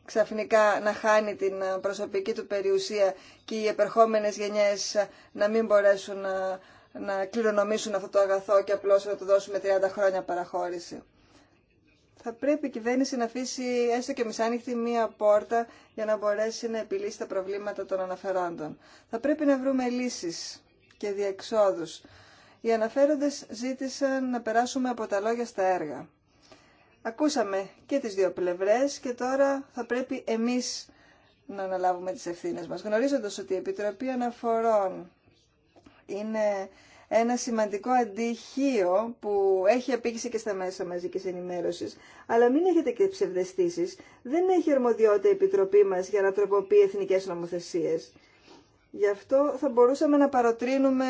ξαφνικά να χάνει την ε, προσωπική του περιουσία και οι επερχόμενες γενιές ε, να μην μπορέσουν να, να κληρονομήσουν αυτό το αγαθό και απλώς να του δώσουμε 30 χρόνια παραχώρηση. Θα πρέπει η κυβέρνηση να αφήσει έστω και μισάνοιχτη μία πόρτα για να μπορέσει να επιλύσει τα προβλήματα των αναφερόντων. Θα πρέπει να βρούμε λύσεις και διεξόδους. Οι αναφέροντες ζήτησαν να περάσουμε από τα λόγια στα έργα. Ακούσαμε και τις δύο πλευρές και τώρα θα πρέπει εμείς να αναλάβουμε τις ευθύνες μας. Γνωρίζοντας ότι η Επιτροπή Αναφορών είναι ένα σημαντικό αντιχείο που έχει απήγηση και στα μέσα μαζικής ενημέρωσης, αλλά μην έχετε και ψευδεστήσεις. Δεν έχει αρμοδιότητα η Επιτροπή για να τροποποιεί εθνικέ νομοθεσίε. Γι' αυτό θα μπορούσαμε να παροτρύνουμε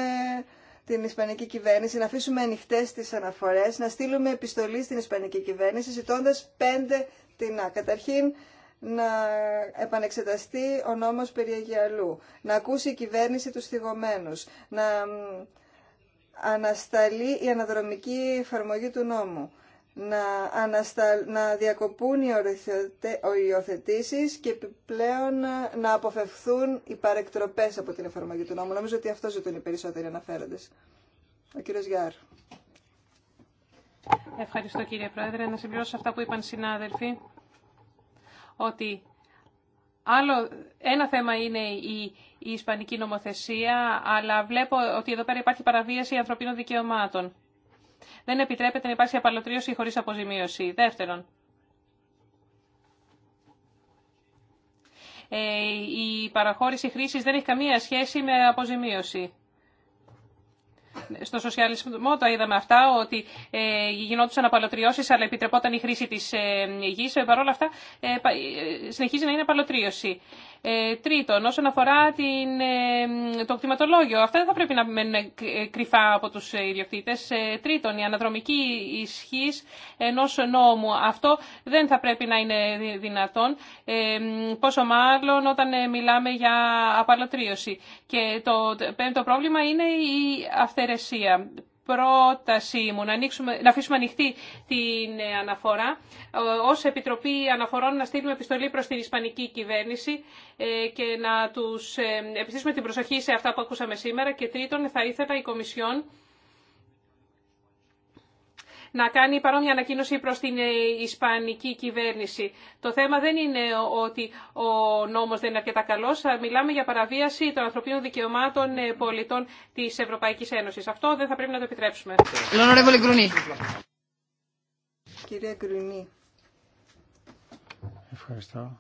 την Ισπανική κυβέρνηση, να αφήσουμε ανοιχτέ τι αναφορέ, να στείλουμε επιστολή στην Ισπανική κυβέρνηση ζητώντα πέντε τεινά. Καταρχήν, να επανεξεταστεί ο νόμος περί Αγιαλού, να ακούσει η κυβέρνηση τους θυγωμένους, να ανασταλεί η αναδρομική εφαρμογή του νόμου, να, ανασταλ, να διακοπούν οι οριοθετήσει και επιπλέον ε, να αποφευχθούν οι παρεκτροπές από την εφαρμογή του νόμου. Νομίζω ότι αυτό ζητούν οι περισσότεροι αναφέροντες. Ο κύριος Γιάρ. Ευχαριστώ κύριε Πρόεδρε. Να συμπληρώσω αυτά που είπαν συνάδελφοι, ότι Άλλο ένα θέμα είναι η, η ισπανική νομοθεσία, αλλά βλέπω ότι εδώ πέρα υπάρχει παραβίαση ανθρωπίνων δικαιωμάτων. Δεν επιτρέπεται να υπάρξει απαλωτρίωση χωρίς αποζημίωση. Δεύτερον, ε, η παραχώρηση χρήσης δεν έχει καμία σχέση με αποζημίωση. Στο σοσιαλισμό τα είδαμε αυτά, ότι ε, γινόντουσαν απαλωτριώσεις αλλά επιτρεπόταν η χρήση της ε, γης. Ε, Παρ' όλα αυτά ε, συνεχίζει να είναι απαλωτρίωση. Ε, τρίτον, όσον αφορά την, ε, το κτηματολόγιο, αυτά δεν θα πρέπει να μένουν ε, κρυφά από τους ιδιοκτήτες. τρίτον, η αναδρομική ισχύς ενός νόμου. Αυτό δεν θα πρέπει να είναι δυνατόν, πόσο μάλλον όταν μιλάμε για απαλωτρίωση. Και το πέμπτο πρόβλημα είναι η αυθαιρεσία πρότασή μου να, ανοίξουμε, να αφήσουμε ανοιχτή την ε, αναφορά. Ως Επιτροπή Αναφορών να στείλουμε επιστολή προς την Ισπανική κυβέρνηση ε, και να τους ε, επιστήσουμε την προσοχή σε αυτά που ακούσαμε σήμερα. Και τρίτον, θα ήθελα η Κομισιόν να κάνει παρόμοια ανακοίνωση προς την ε, Ισπανική κυβέρνηση. Το θέμα δεν είναι ότι ο νόμος δεν είναι αρκετά καλός. Μιλάμε για παραβίαση των ανθρωπίνων δικαιωμάτων ε, πολιτών της Ευρωπαϊκής Ένωσης. Αυτό δεν θα πρέπει να το επιτρέψουμε. Κυρία Γκρουνή. Ευχαριστώ.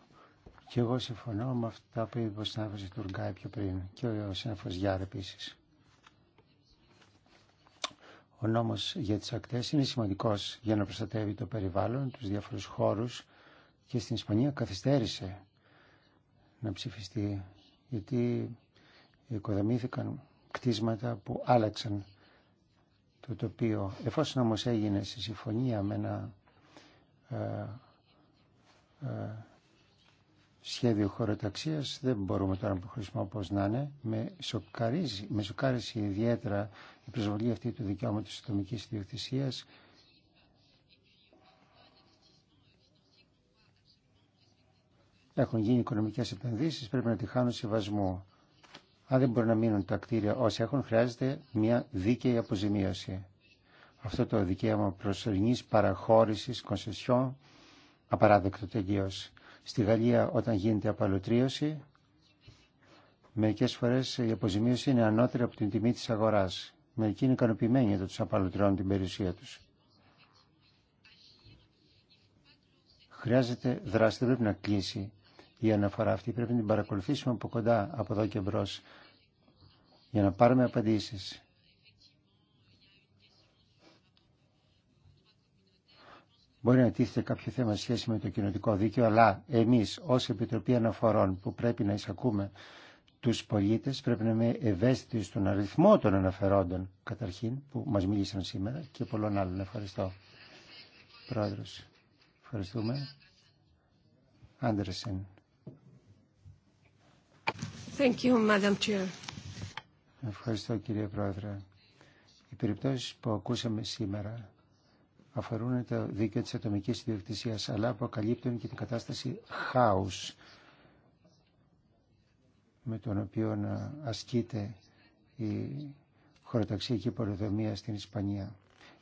Και εγώ συμφωνώ με αυτά που είπε ο συνάδελφο Τουρκάη πιο πριν και ο συνάδελφο Γιάρ επίση. Ο νόμος για τις ακτές είναι σημαντικός για να προστατεύει το περιβάλλον, τους διάφορους χώρους και στην Ισπανία καθυστέρησε να ψηφιστεί γιατί οικοδομήθηκαν κτίσματα που άλλαξαν το τοπίο. Εφόσον όμως έγινε σε συμφωνία με ένα ε, ε, σχέδιο χωροταξίας δεν μπορούμε τώρα να προχωρήσουμε όπως να είναι. Με, με σοκάρισε ιδιαίτερα η προσβολή αυτή του δικαιώματος της ατομικής ιδιοκτησίας Έχουν γίνει οικονομικές επενδύσεις, πρέπει να τη χάνουν συμβασμού. Αν δεν μπορούν να μείνουν τα κτίρια όσοι έχουν, χρειάζεται μια δίκαιη αποζημίωση. Αυτό το δικαίωμα προσωρινής παραχώρησης κονσεσιών απαράδεκτο τελείως. Στη Γαλλία όταν γίνεται απαλωτρίωση, μερικές φορές η αποζημίωση είναι ανώτερη από την τιμή της αγοράς. Μερικοί είναι ικανοποιημένοι όταν τους απαλωτριώνουν την περιουσία τους. Χρειάζεται δράση, δεν πρέπει να κλείσει η αναφορά αυτή. Πρέπει να την παρακολουθήσουμε από κοντά, από εδώ και μπρος, για να πάρουμε απαντήσεις. Μπορεί να τίθεται κάποιο θέμα σχέση με το κοινοτικό δίκαιο, αλλά εμείς ως Επιτροπή Αναφορών που πρέπει να εισακούμε τους πολίτες πρέπει να είμαι ευαίσθητοι στον αριθμό των αναφερόντων καταρχήν που μας μίλησαν σήμερα και πολλών άλλων. Ευχαριστώ. Πρόεδρος, ευχαριστούμε. Άντερσεν. Thank you, Madam Chair. Ευχαριστώ κύριε Πρόεδρε. Οι περιπτώσεις που ακούσαμε σήμερα αφορούν το δίκαιο της ατομικής ιδιοκτησίας, αλλά αποκαλύπτουν και την κατάσταση χάους με τον οποίο ε, ασκείται η χωροταξιακή πολυδομία στην Ισπανία.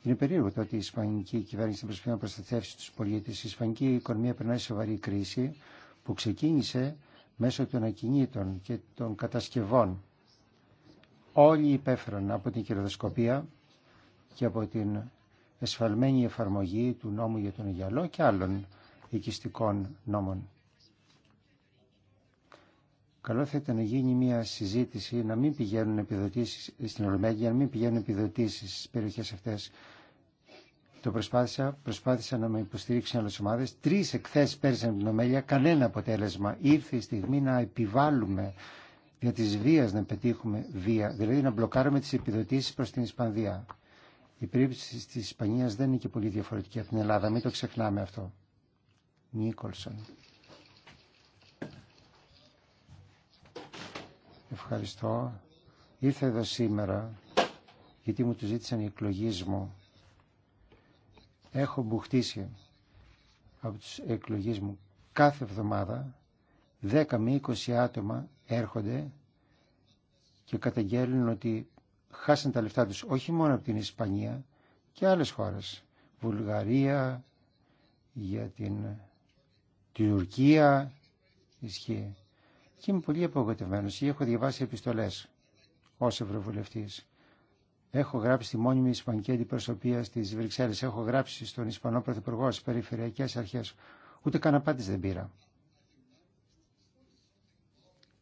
Είναι περίεργο το ότι η Ισπανική κυβέρνηση προσπαθεί να προστατεύσει του πολίτε. Η Ισπανική οικονομία περνάει σοβαρή κρίση που ξεκίνησε μέσω των ακινήτων και των κατασκευών. Όλοι υπέφεραν από την κυριοδοσκοπία και από την εσφαλμένη εφαρμογή του νόμου για τον Αγιαλό και άλλων οικιστικών νόμων. Καλό θα ήταν να γίνει μια συζήτηση να μην πηγαίνουν επιδοτήσεις στην Ολομέλεια, να μην πηγαίνουν επιδοτήσεις στις περιοχές αυτές. Το προσπάθησα, προσπάθησα να με υποστηρίξουν άλλε ομάδε. Τρει εκθέσει πέρυσι από την Ομέλεια, κανένα αποτέλεσμα. Ήρθε η στιγμή να επιβάλλουμε δια τη βίας να πετύχουμε βία, δηλαδή να μπλοκάρουμε τις επιδοτήσεις προς την Ισπανδία. Η περίπτωση τη Ισπανία δεν είναι και πολύ διαφορετική από την Ελλάδα. Μην το ξεχνάμε αυτό. Νίκολσον. Ευχαριστώ. Ήρθα εδώ σήμερα γιατί μου το ζήτησαν οι εκλογείς μου. Έχω μπουχτίσει από τους εκλογείς μου κάθε εβδομάδα 10 με 20 άτομα έρχονται και καταγγέλνουν ότι χάσαν τα λεφτά τους όχι μόνο από την Ισπανία και άλλες χώρες. Βουλγαρία, για την, Τουρκία, ισχύει. Και είμαι πολύ απογοητευμένος ή έχω διαβάσει επιστολές ως Ευρωβουλευτής. Έχω γράψει τη μόνιμη Ισπανική αντιπροσωπεία στι Βρυξέλλε. Έχω γράψει στον Ισπανό Πρωθυπουργό, στι περιφερειακέ αρχέ. Ούτε καν απάντηση δεν πήρα.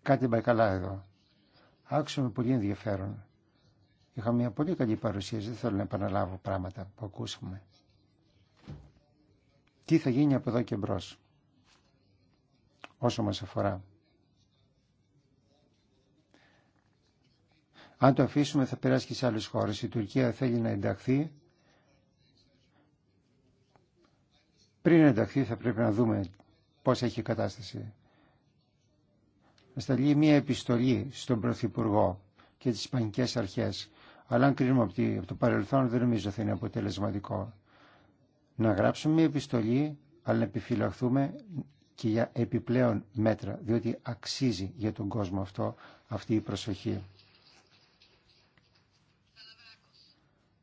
Κάτι δεν πάει καλά εδώ. Άκουσα με πολύ ενδιαφέρον Είχαμε μια πολύ καλή παρουσίαση, δεν θέλω να επαναλάβω πράγματα που ακούσαμε. Τι θα γίνει από εδώ και μπρό. όσο μας αφορά. Αν το αφήσουμε θα περάσει και σε άλλες χώρες. Η Τουρκία θέλει να ενταχθεί. Πριν ενταχθεί θα πρέπει να δούμε πώς έχει η κατάσταση. Να σταλεί μια επιστολή στον Πρωθυπουργό και τις Ισπανικές Αρχές αλλά αν κρίνουμε από το παρελθόν δεν νομίζω θα είναι αποτελεσματικό. Να γράψουμε μια επιστολή, αλλά να επιφυλαχθούμε και για επιπλέον μέτρα, διότι αξίζει για τον κόσμο αυτό αυτή η προσοχή.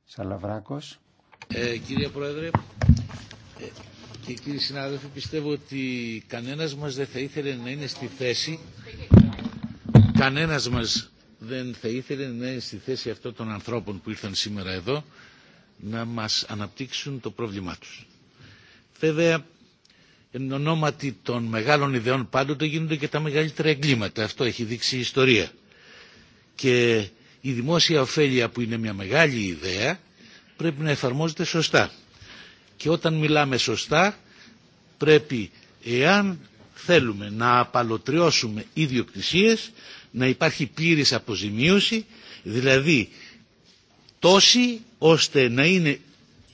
Σαλαβράκος. Ε, κύριε Πρόεδρε ε, και κύριοι συνάδελφοι, πιστεύω ότι κανένας μας δεν θα ήθελε να είναι στη θέση, κανένας μας δεν θα ήθελε να είναι στη θέση αυτών των ανθρώπων που ήρθαν σήμερα εδώ να μας αναπτύξουν το πρόβλημά τους. Βέβαια, εν ονόματι των μεγάλων ιδεών πάντοτε γίνονται και τα μεγαλύτερα εγκλήματα. Αυτό έχει δείξει η ιστορία. Και η δημόσια ωφέλεια που είναι μια μεγάλη ιδέα πρέπει να εφαρμόζεται σωστά. Και όταν μιλάμε σωστά πρέπει εάν θέλουμε να απαλωτριώσουμε ιδιοκτησίες να υπάρχει πλήρης αποζημίωση, δηλαδή τόση ώστε να είναι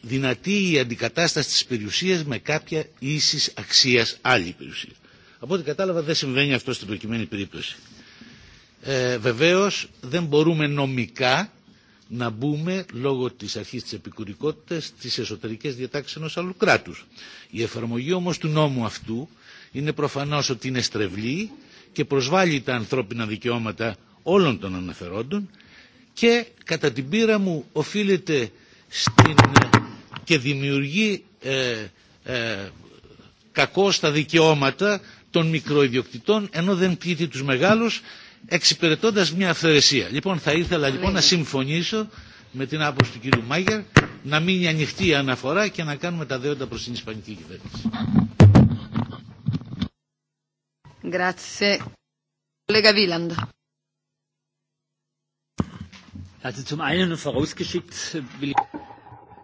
δυνατή η αντικατάσταση της περιουσίας με κάποια ίσης αξίας άλλη περιουσία. Από ό,τι κατάλαβα δεν συμβαίνει αυτό στην προκειμένη περίπτωση. Ε, βεβαίως δεν μπορούμε νομικά να μπούμε λόγω της αρχής της επικουρικότητας στις εσωτερικές διατάξεις ενός άλλου κράτους. Η εφαρμογή όμως του νόμου αυτού είναι προφανώς ότι είναι στρεβλή και προσβάλλει τα ανθρώπινα δικαιώματα όλων των αναφερόντων και κατά την πείρα μου οφείλεται στην, και δημιουργεί ε, ε, κακό στα δικαιώματα των μικροϊδιοκτητών ενώ δεν πλήττει τους μεγάλους εξυπηρετώντας μια αυθαιρεσία. Λοιπόν θα ήθελα λοιπόν να συμφωνήσω με την άποψη του κ. Μάγερ να μείνει ανοιχτή η αναφορά και να κάνουμε τα δέοντα προς την Ισπανική κυβέρνηση. Er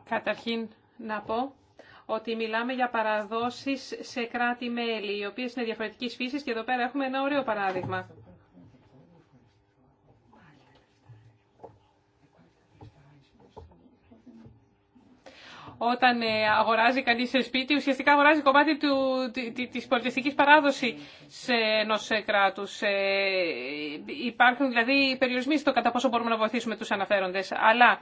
Καταρχήν να πω ότι μιλάμε για παραδόσεις σε κράτη-μέλη, οι οποίες είναι διαφορετικής φύσης και εδώ πέρα έχουμε ένα ωραίο παράδειγμα. όταν ε, αγοράζει κανεί σε σπίτι, ουσιαστικά αγοράζει κομμάτι του, της πολιτιστικής παράδοσης σε ενός ε, κράτους. Ε, υπάρχουν δηλαδή περιορισμοί στο κατά πόσο μπορούμε να βοηθήσουμε τους αναφέροντες. Αλλά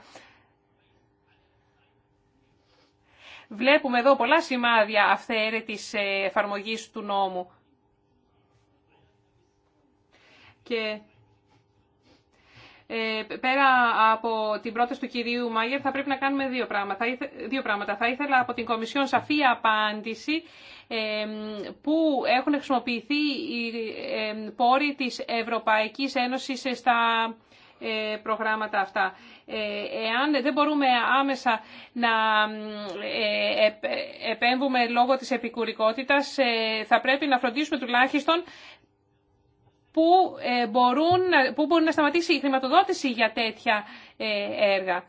βλέπουμε εδώ πολλά σημάδια αυθαίρετης εφαρμογής του νόμου. Και ε, πέρα από την πρόταση του κυρίου Μάγερ θα πρέπει να κάνουμε δύο πράγματα. Δύο πράγματα. Θα ήθελα από την Κομισιόν σαφή απάντηση ε, που έχουν χρησιμοποιηθεί οι ε, πόροι της Ευρωπαϊκής Ένωσης στα προγράμματα αυτά. Εάν δεν μπορούμε άμεσα να επέμβουμε λόγω της επικουρικότητας, θα πρέπει να φροντίσουμε τουλάχιστον που, ε, μπορούν, που μπορεί να σταματήσει η χρηματοδότηση για τέτοια ε, έργα.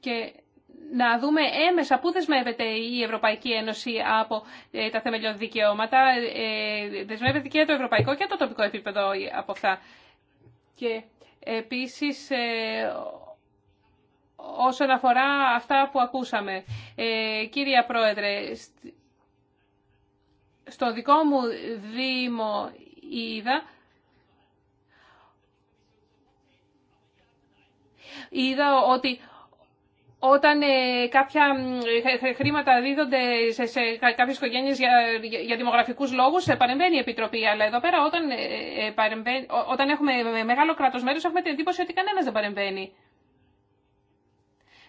Και να δούμε έμεσα πού δεσμεύεται η Ευρωπαϊκή Ένωση από ε, τα θεμελιώδη δικαιώματα. Δεσμεύεται και το ευρωπαϊκό και το τοπικό επίπεδο από αυτά. Και επίσης όσον αφορά αυτά που ακούσαμε. Κύρια Πρόεδρε, στο δικό μου Δήμο είδα είδα ότι όταν ε, κάποια ε, χρήματα δίδονται σε, σε κάποιες οικογένειες για, για δημογραφικούς λόγους, ε, παρεμβαίνει η Επιτροπή. Αλλά εδώ πέρα όταν, όταν έχουμε μεγάλο κράτος μέρος, έχουμε την εντύπωση ότι κανένας δεν παρεμβαίνει.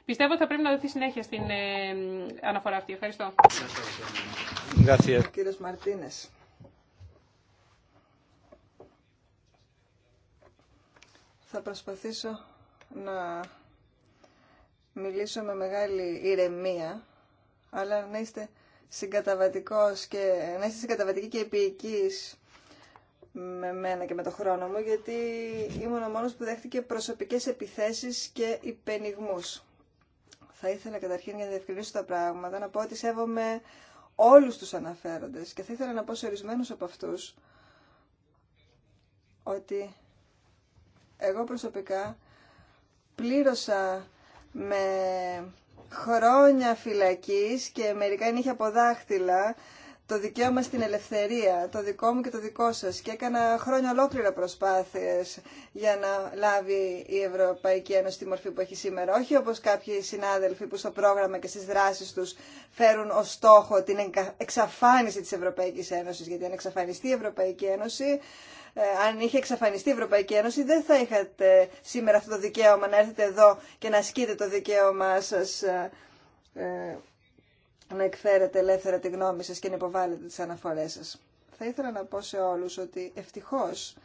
Πιστεύω ότι θα πρέπει να δοθεί συνέχεια στην ε, αναφορά αυτή. Ευχαριστώ. Κύριος Μαρτίνες. Θα προσπαθήσω να μιλήσω με μεγάλη ηρεμία, αλλά να είστε συγκαταβατικός και να είστε και επίοικείς με μένα και με το χρόνο μου, γιατί ήμουν ο μόνος που δέχτηκε προσωπικές επιθέσεις και υπενιγμούς. Θα ήθελα καταρχήν για να διευκρινίσω τα πράγματα να πω ότι σέβομαι όλους τους αναφέροντες και θα ήθελα να πω σε ορισμένους από αυτούς ότι εγώ προσωπικά πλήρωσα με χρόνια φυλακής και μερικά νύχια από δάχτυλα το δικαίωμα στην ελευθερία, το δικό μου και το δικό σας και έκανα χρόνια ολόκληρα προσπάθειες για να λάβει η Ευρωπαϊκή Ένωση τη μορφή που έχει σήμερα. Όχι όπως κάποιοι συνάδελφοι που στο πρόγραμμα και στις δράσεις τους φέρουν ως στόχο την εξαφάνιση της Ευρωπαϊκής Ένωσης, γιατί αν εξαφανιστεί η Ευρωπαϊκή Ένωση, ε, αν είχε εξαφανιστεί η Ευρωπαϊκή Ένωση, δεν θα είχατε σήμερα αυτό το δικαίωμα να έρθετε εδώ και να ασκείτε το δικαίωμά σας ε, ε να εκφέρετε ελεύθερα τη γνώμη σας και να υποβάλλετε τις αναφορές σας. Θα ήθελα να πω σε όλους ότι ευτυχώς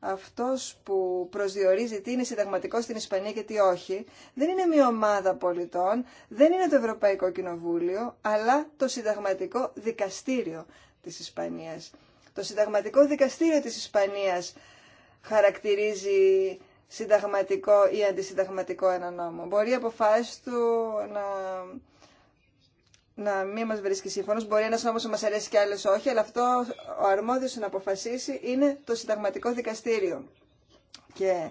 αυτός που προσδιορίζει τι είναι συνταγματικό στην Ισπανία και τι όχι, δεν είναι μια ομάδα πολιτών, δεν είναι το Ευρωπαϊκό Κοινοβούλιο, αλλά το συνταγματικό δικαστήριο της Ισπανίας. Το συνταγματικό δικαστήριο της Ισπανίας χαρακτηρίζει συνταγματικό ή αντισυνταγματικό ένα νόμο. Μπορεί η αποφάσεις του να να μην μα βρίσκει σύμφωνο. Μπορεί ένα νόμο να μα αρέσει και άλλος όχι, αλλά αυτό ο αρμόδιο να αποφασίσει είναι το συνταγματικό δικαστήριο. Και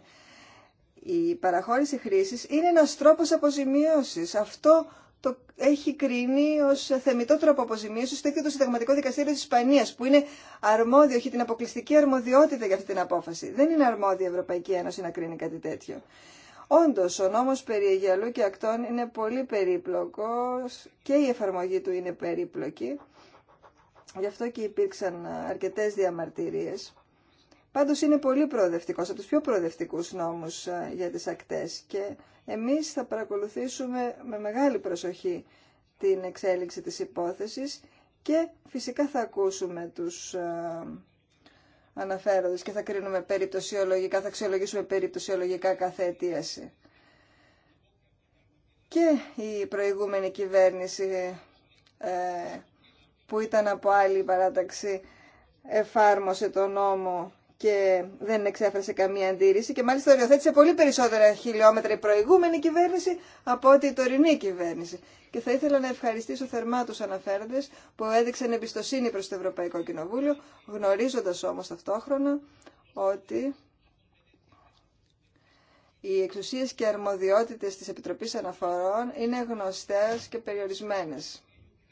η παραχώρηση χρήση είναι ένα τρόπο αποζημιώση. Αυτό το έχει κρίνει ω θεμητό τρόπο αποζημίωση το ίδιο το συνταγματικό δικαστήριο τη Ισπανία, που είναι αρμόδιο, έχει την αποκλειστική αρμοδιότητα για αυτή την απόφαση. Δεν είναι αρμόδια η Ευρωπαϊκή Ένωση να κρίνει κάτι τέτοιο. Όντως, ο νόμος περί και ακτών είναι πολύ περίπλοκος και η εφαρμογή του είναι περίπλοκη. Γι' αυτό και υπήρξαν αρκετές διαμαρτυρίες. Πάντως είναι πολύ προοδευτικός, από τους πιο προοδευτικούς νόμους ε, για τις ακτές και εμείς θα παρακολουθήσουμε με μεγάλη προσοχή την εξέλιξη της υπόθεσης και φυσικά θα ακούσουμε τους ε, και θα κρίνουμε περιπτωσιολογικά, θα αξιολογήσουμε περιπτωσιολογικά κάθε αιτίαση. Και η προηγούμενη κυβέρνηση ε, που ήταν από άλλη παράταξη εφάρμοσε τον νόμο και δεν εξέφρασε καμία αντίρρηση και μάλιστα οριοθέτησε πολύ περισσότερα χιλιόμετρα η προηγούμενη κυβέρνηση από ότι η τωρινή κυβέρνηση. Και θα ήθελα να ευχαριστήσω θερμά τους αναφέροντες που έδειξαν εμπιστοσύνη προς το Ευρωπαϊκό Κοινοβούλιο, γνωρίζοντας όμως ταυτόχρονα ότι οι εξουσίες και αρμοδιότητες της Επιτροπής Αναφορών είναι γνωστές και περιορισμένες.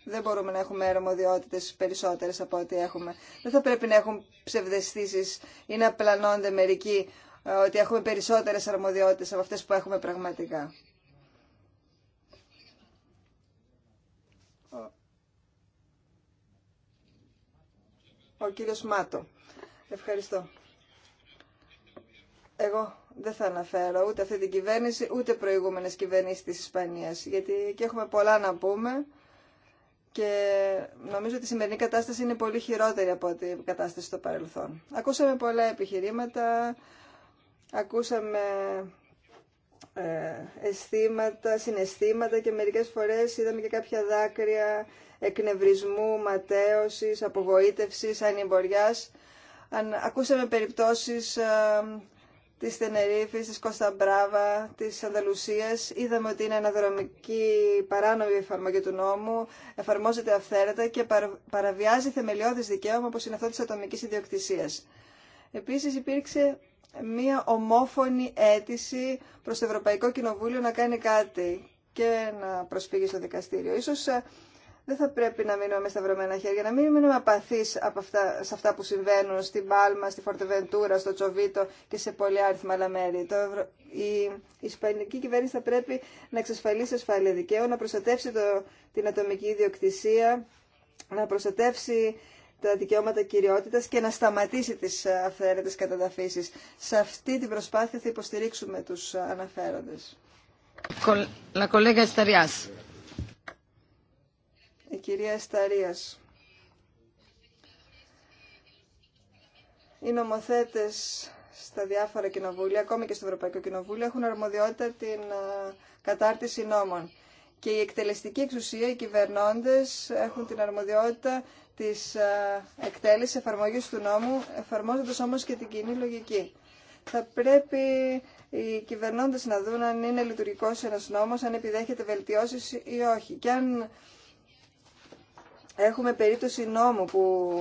Δεν μπορούμε να έχουμε αρμοδιότητε περισσότερε από ό,τι έχουμε. Δεν θα πρέπει να έχουν ψευδεστήσει ή να πλανώνται μερικοί ε, ότι έχουμε περισσότερε αρμοδιότητε από αυτέ που έχουμε πραγματικά. Ο κύριος Μάτο. Ευχαριστώ. Εγώ δεν θα αναφέρω ούτε αυτή την κυβέρνηση, ούτε προηγούμενες κυβερνήσεις της Ισπανίας, γιατί και έχουμε πολλά να πούμε και νομίζω ότι η σημερινή κατάσταση είναι πολύ χειρότερη από την κατάσταση στο παρελθόν. Ακούσαμε πολλά επιχειρήματα, ακούσαμε ε, αισθήματα, συναισθήματα και μερικές φορές είδαμε και κάποια δάκρυα εκνευρισμού, ματέωσης, απογοήτευσης, ανημποριάς. ακούσαμε περιπτώσεις ε, της τη της Μπράβα, τη Ανταλουσία. Είδαμε ότι είναι αναδρομική παράνομη εφαρμογή του νόμου, εφαρμόζεται αυθαίρετα και παραβιάζει θεμελιώδη δικαίωμα όπω είναι αυτό τη ατομική ιδιοκτησία. Επίσης υπήρξε μία ομόφωνη αίτηση προ το Ευρωπαϊκό Κοινοβούλιο να κάνει κάτι και να προσφύγει στο δικαστήριο. Ε, δεν θα πρέπει να μείνουμε με σταυρωμένα χέρια, να μην μείνουμε απαθείς από αυτά, σε αυτά που συμβαίνουν στην Πάλμα, στη Φορτεβεντούρα, στο Τσοβίτο και σε πολλοί άριθμα άλλα μέρη. Το η... Ισπανική κυβέρνηση θα πρέπει να εξασφαλίσει ασφάλεια δικαίου, να προστατεύσει το... την ατομική ιδιοκτησία, να προστατεύσει τα δικαιώματα κυριότητα και να σταματήσει τι ε, αυθαίρετε καταδαφίσει. Σε αυτή την προσπάθεια θα υποστηρίξουμε του ε, αναφέροντε. La η κυρία Σταρίας. Οι νομοθέτες στα διάφορα κοινοβούλια, ακόμη και στο Ευρωπαϊκό Κοινοβούλιο, έχουν αρμοδιότητα την κατάρτιση νόμων. Και η εκτελεστική εξουσία, οι κυβερνώντες, έχουν την αρμοδιότητα της εκτέλεσης εφαρμογής του νόμου, εφαρμόζοντας όμως και την κοινή λογική. Θα πρέπει οι κυβερνώντες να δουν αν είναι λειτουργικός ένας νόμος, αν επιδέχεται βελτιώσεις ή όχι. αν Έχουμε περίπτωση νόμου που,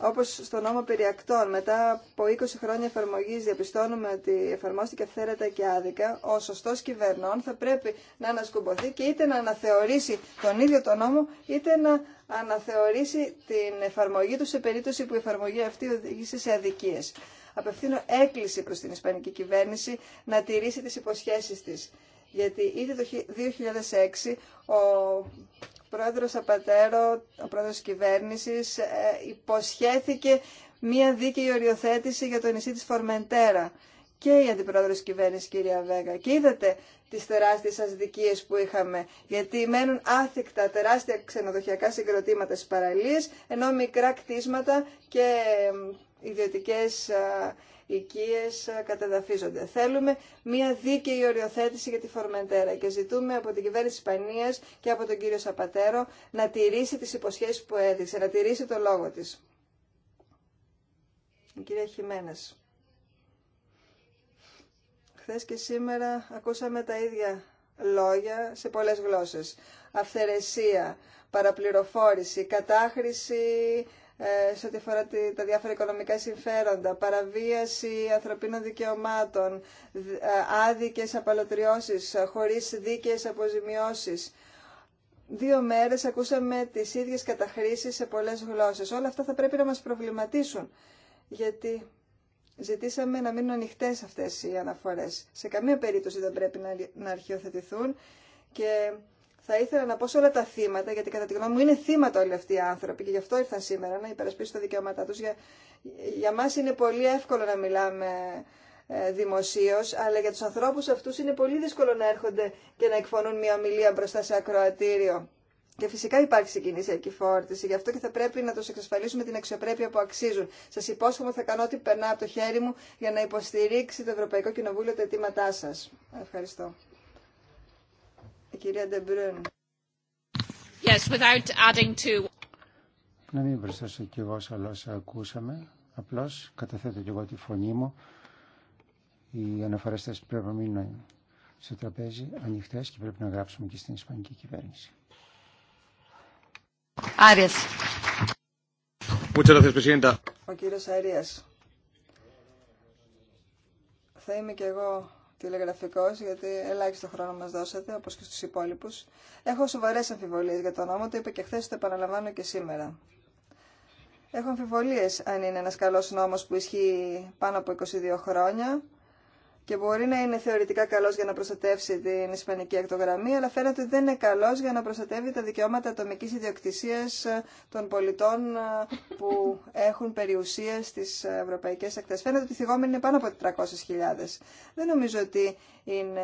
όπως στο νόμο περιακτών, μετά από 20 χρόνια εφαρμογής διαπιστώνουμε ότι εφαρμόστηκε αυθαίρετα και άδικα, ο σωστό κυβερνών θα πρέπει να ανασκουμποθεί και είτε να αναθεωρήσει τον ίδιο τον νόμο, είτε να αναθεωρήσει την εφαρμογή του σε περίπτωση που η εφαρμογή αυτή οδήγησε σε αδικίες. Απευθύνω έκκληση προς την Ισπανική κυβέρνηση να τηρήσει τις υποσχέσεις της. Γιατί ήδη το 2006 ο πρόεδρο Απατέρο, ο πρόεδρος της κυβέρνησης, ε, υποσχέθηκε μία δίκαιη οριοθέτηση για το νησί της Φορμεντέρα και η αντιπρόεδρος της κυβέρνησης κυρία Βέγα. Και είδατε τις τεράστιες ασδικίες που είχαμε, γιατί μένουν άθικτα τεράστια ξενοδοχειακά συγκροτήματα στις παραλίες, ενώ μικρά κτίσματα και ε, ιδιωτικές ε, οικίες ε, κατεδαφίζονται. Θέλουμε μια δίκαιη οριοθέτηση για τη Φορμεντέρα και ζητούμε από την κυβέρνηση Ισπανίας και από τον κύριο Σαπατέρο να τηρήσει τις υποσχέσεις που έδειξε, να τηρήσει το λόγο της. Η κυρία Χιμένες. Χθες και σήμερα ακούσαμε τα ίδια λόγια σε πολλές γλώσσες. Αυθαιρεσία, παραπληροφόρηση, κατάχρηση ε, σε ό,τι αφορά τα διάφορα οικονομικά συμφέροντα, παραβίαση ανθρωπίνων δικαιωμάτων, ε, άδικες απαλωτριώσεις, χωρίς δίκαιες αποζημιώσεις. Δύο μέρες ακούσαμε τις ίδιες καταχρήσεις σε πολλές γλώσσες. Όλα αυτά θα πρέπει να μας προβληματίσουν, γιατί ζητήσαμε να μείνουν ανοιχτέ αυτές οι αναφορές. Σε καμία περίπτωση δεν πρέπει να αρχιοθετηθούν και θα ήθελα να πω σε όλα τα θύματα, γιατί κατά τη γνώμη μου είναι θύματα όλοι αυτοί οι άνθρωποι και γι' αυτό ήρθαν σήμερα να υπερασπίσουν τα δικαιώματά τους. Για, για είναι πολύ εύκολο να μιλάμε ε, δημοσίω, αλλά για τους ανθρώπους αυτούς είναι πολύ δύσκολο να έρχονται και να εκφωνούν μια ομιλία μπροστά σε ακροατήριο. Και φυσικά υπάρχει συγκινησιακή φόρτιση, γι' αυτό και θα πρέπει να του εξασφαλίσουμε την αξιοπρέπεια που αξίζουν. Σα υπόσχομαι θα κάνω ό,τι περνά από το χέρι μου για να υποστηρίξει το Ευρωπαϊκό Κοινοβούλιο τα αιτήματά σα. Ευχαριστώ κυρία Να μην προσθέσω κι εγώ σε όσα ακούσαμε. Απλώς καταθέτω κι εγώ τη φωνή μου. Οι αναφορές πρέπει να μείνουν στο τραπέζι ανοιχτές και πρέπει να γράψουμε και στην Ισπανική κυβέρνηση. Ο κύριος Αρίας. Θα είμαι κι εγώ τηλεγραφικό, γιατί ελάχιστο χρόνο μας δώσατε, όπως και στου υπόλοιπου. Έχω σοβαρέ αμφιβολίες για τον νόμο, το είπα και χθε το επαναλαμβάνω και σήμερα. Έχω αμφιβολίε αν είναι ένας καλός νόμος που ισχύει πάνω από 22 χρόνια και μπορεί να είναι θεωρητικά καλός για να προστατεύσει την ισπανική ακτογραμμή, αλλά φαίνεται ότι δεν είναι καλός για να προστατεύει τα δικαιώματα ατομικής ιδιοκτησίας ε, των πολιτών ε, που έχουν περιουσία στις ευρωπαϊκές ακτές. Φαίνεται ότι θυγόμενοι είναι πάνω από 300.000. Δεν νομίζω ότι είναι,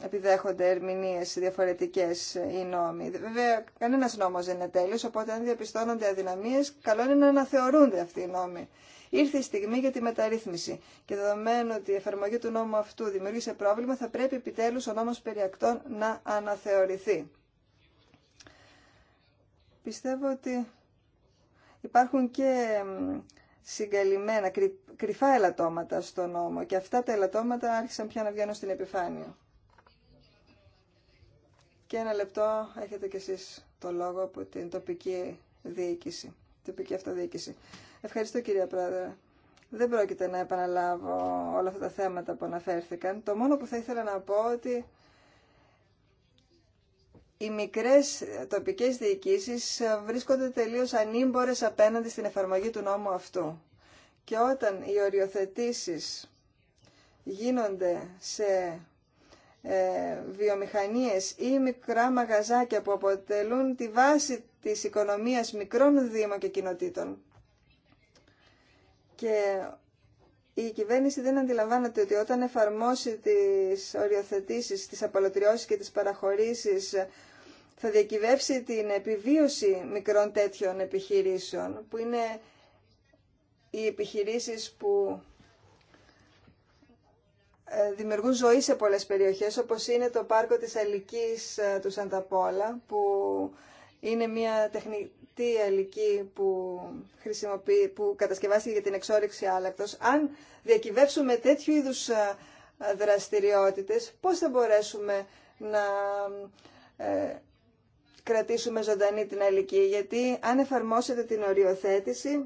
ε, επιδέχονται ερμηνείε, διαφορετικές οι νόμοι. Βέβαια, κανένας νόμος δεν είναι τέλειος, οπότε αν διαπιστώνονται αδυναμίες, καλό είναι να αναθεωρούνται αυτοί οι νόμοι. Ήρθε η στιγμή για τη μεταρρύθμιση και δεδομένου ότι η εφαρμογή του νόμου αυτού δημιούργησε πρόβλημα, θα πρέπει επιτέλου ο νόμο περιακτών να αναθεωρηθεί. Πιστεύω ότι υπάρχουν και συγκαλυμμένα, κρυφά ελαττώματα στο νόμο και αυτά τα ελαττώματα άρχισαν πια να βγαίνουν στην επιφάνεια. Και ένα λεπτό έχετε κι εσείς το λόγο από την τοπική διοίκηση, τοπική αυτοδιοίκηση. Ευχαριστώ κυρία Πρόεδρε. Δεν πρόκειται να επαναλάβω όλα αυτά τα θέματα που αναφέρθηκαν. Το μόνο που θα ήθελα να πω ότι οι μικρές τοπικές διοικήσεις βρίσκονται τελείως ανήμπορες απέναντι στην εφαρμογή του νόμου αυτού. Και όταν οι οριοθετήσεις γίνονται σε ε, βιομηχανίες ή μικρά μαγαζάκια που αποτελούν τη βάση της οικονομίας μικρών δήμων και κοινοτήτων και η κυβέρνηση δεν αντιλαμβάνεται ότι όταν εφαρμόσει τις οριοθετήσεις, τις απαλωτριώσεις και τις παραχωρήσεις θα διακυβεύσει την επιβίωση μικρών τέτοιων επιχειρήσεων που είναι οι επιχειρήσεις που ε, δημιουργούν ζωή σε πολλές περιοχές όπως είναι το πάρκο της Αλικής ε, του Σανταπόλα που είναι μια τη η αλική που, χρησιμοποιεί, που κατασκευάστηκε για την εξόρυξη άλακτος, αν διακυβεύσουμε τέτοιου είδους ε, δραστηριότητες, πώς θα μπορέσουμε να ε, κρατήσουμε ζωντανή την αλική, γιατί αν εφαρμόσετε την οριοθέτηση,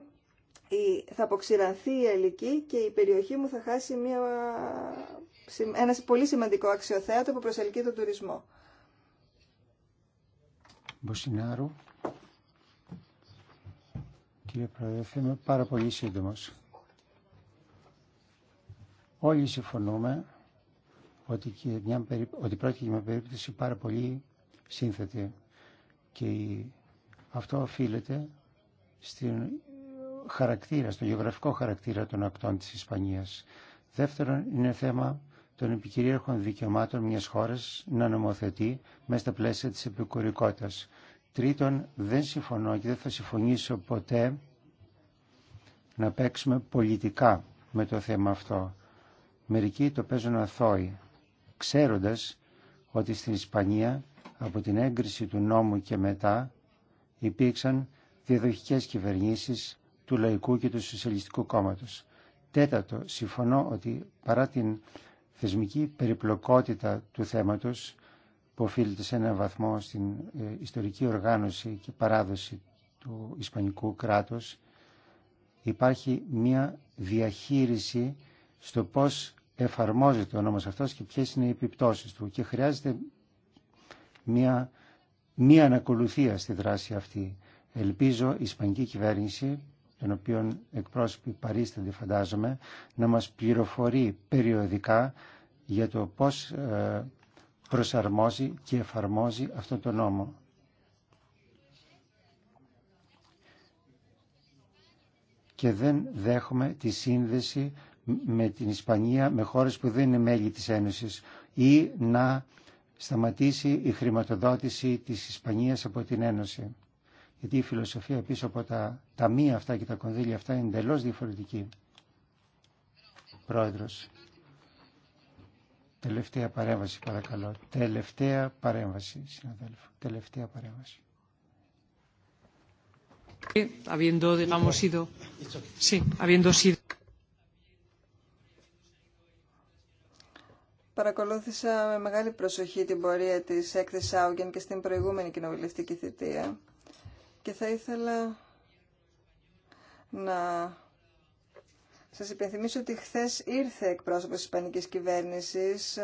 θα αποξηρανθεί η αλική και η περιοχή μου θα χάσει μια, ένα πολύ σημαντικό αξιοθέατο που προσελκύει τον τουρισμό κύριε Πρόεδρε. είμαι πάρα πολύ σύντομο. Όλοι συμφωνούμε ότι, και μια περί... ότι πρόκειται για μια περίπτωση πάρα πολύ σύνθετη και αυτό οφείλεται στην χαρακτήρα, στο γεωγραφικό χαρακτήρα των ακτών της Ισπανίας. Δεύτερον, είναι θέμα των επικυρίαρχων δικαιωμάτων μιας χώρας να νομοθετεί μέσα στα πλαίσια της επικουρικότητας. Τρίτον, δεν συμφωνώ και δεν θα συμφωνήσω ποτέ να παίξουμε πολιτικά με το θέμα αυτό. Μερικοί το παίζουν αθώοι, ξέροντας ότι στην Ισπανία από την έγκριση του νόμου και μετά υπήρξαν διαδοχικές κυβερνήσεις του Λαϊκού και του Σοσιαλιστικού Κόμματος. Τέτατο, συμφωνώ ότι παρά την θεσμική περιπλοκότητα του θέματος που οφείλεται σε έναν βαθμό στην ε, ιστορική οργάνωση και παράδοση του Ισπανικού κράτους υπάρχει μια διαχείριση στο πώς εφαρμόζεται ο νόμος αυτός και ποιες είναι οι επιπτώσεις του και χρειάζεται μια, μια ανακολουθία στη δράση αυτή. Ελπίζω η Ισπανική κυβέρνηση, τον οποίων εκπρόσωποι παρίστανται φαντάζομαι, να μας πληροφορεί περιοδικά για το πώς ε, προσαρμόζει και εφαρμόζει αυτό το νόμο. και δεν δέχουμε τη σύνδεση με την Ισπανία, με χώρες που δεν είναι μέλη της Ένωσης ή να σταματήσει η χρηματοδότηση της Ισπανίας από την Ένωση. Γιατί η φιλοσοφία πίσω από τα ταμεία αυτά και τα κονδύλια αυτά είναι εντελώ διαφορετική. Πρόεδρος. Τελευταία παρέμβαση, παρακαλώ. Τελευταία παρέμβαση, συναδέλφου. Τελευταία παρέμβαση. Παρακολούθησα με μεγάλη προσοχή την πορεία της έκθεσης Άουγεν και στην προηγούμενη κοινοβουλευτική θητεία και θα ήθελα να σας υπενθυμίσω ότι χθες ήρθε εκπρόσωπος της Ισπανικής κυβέρνησης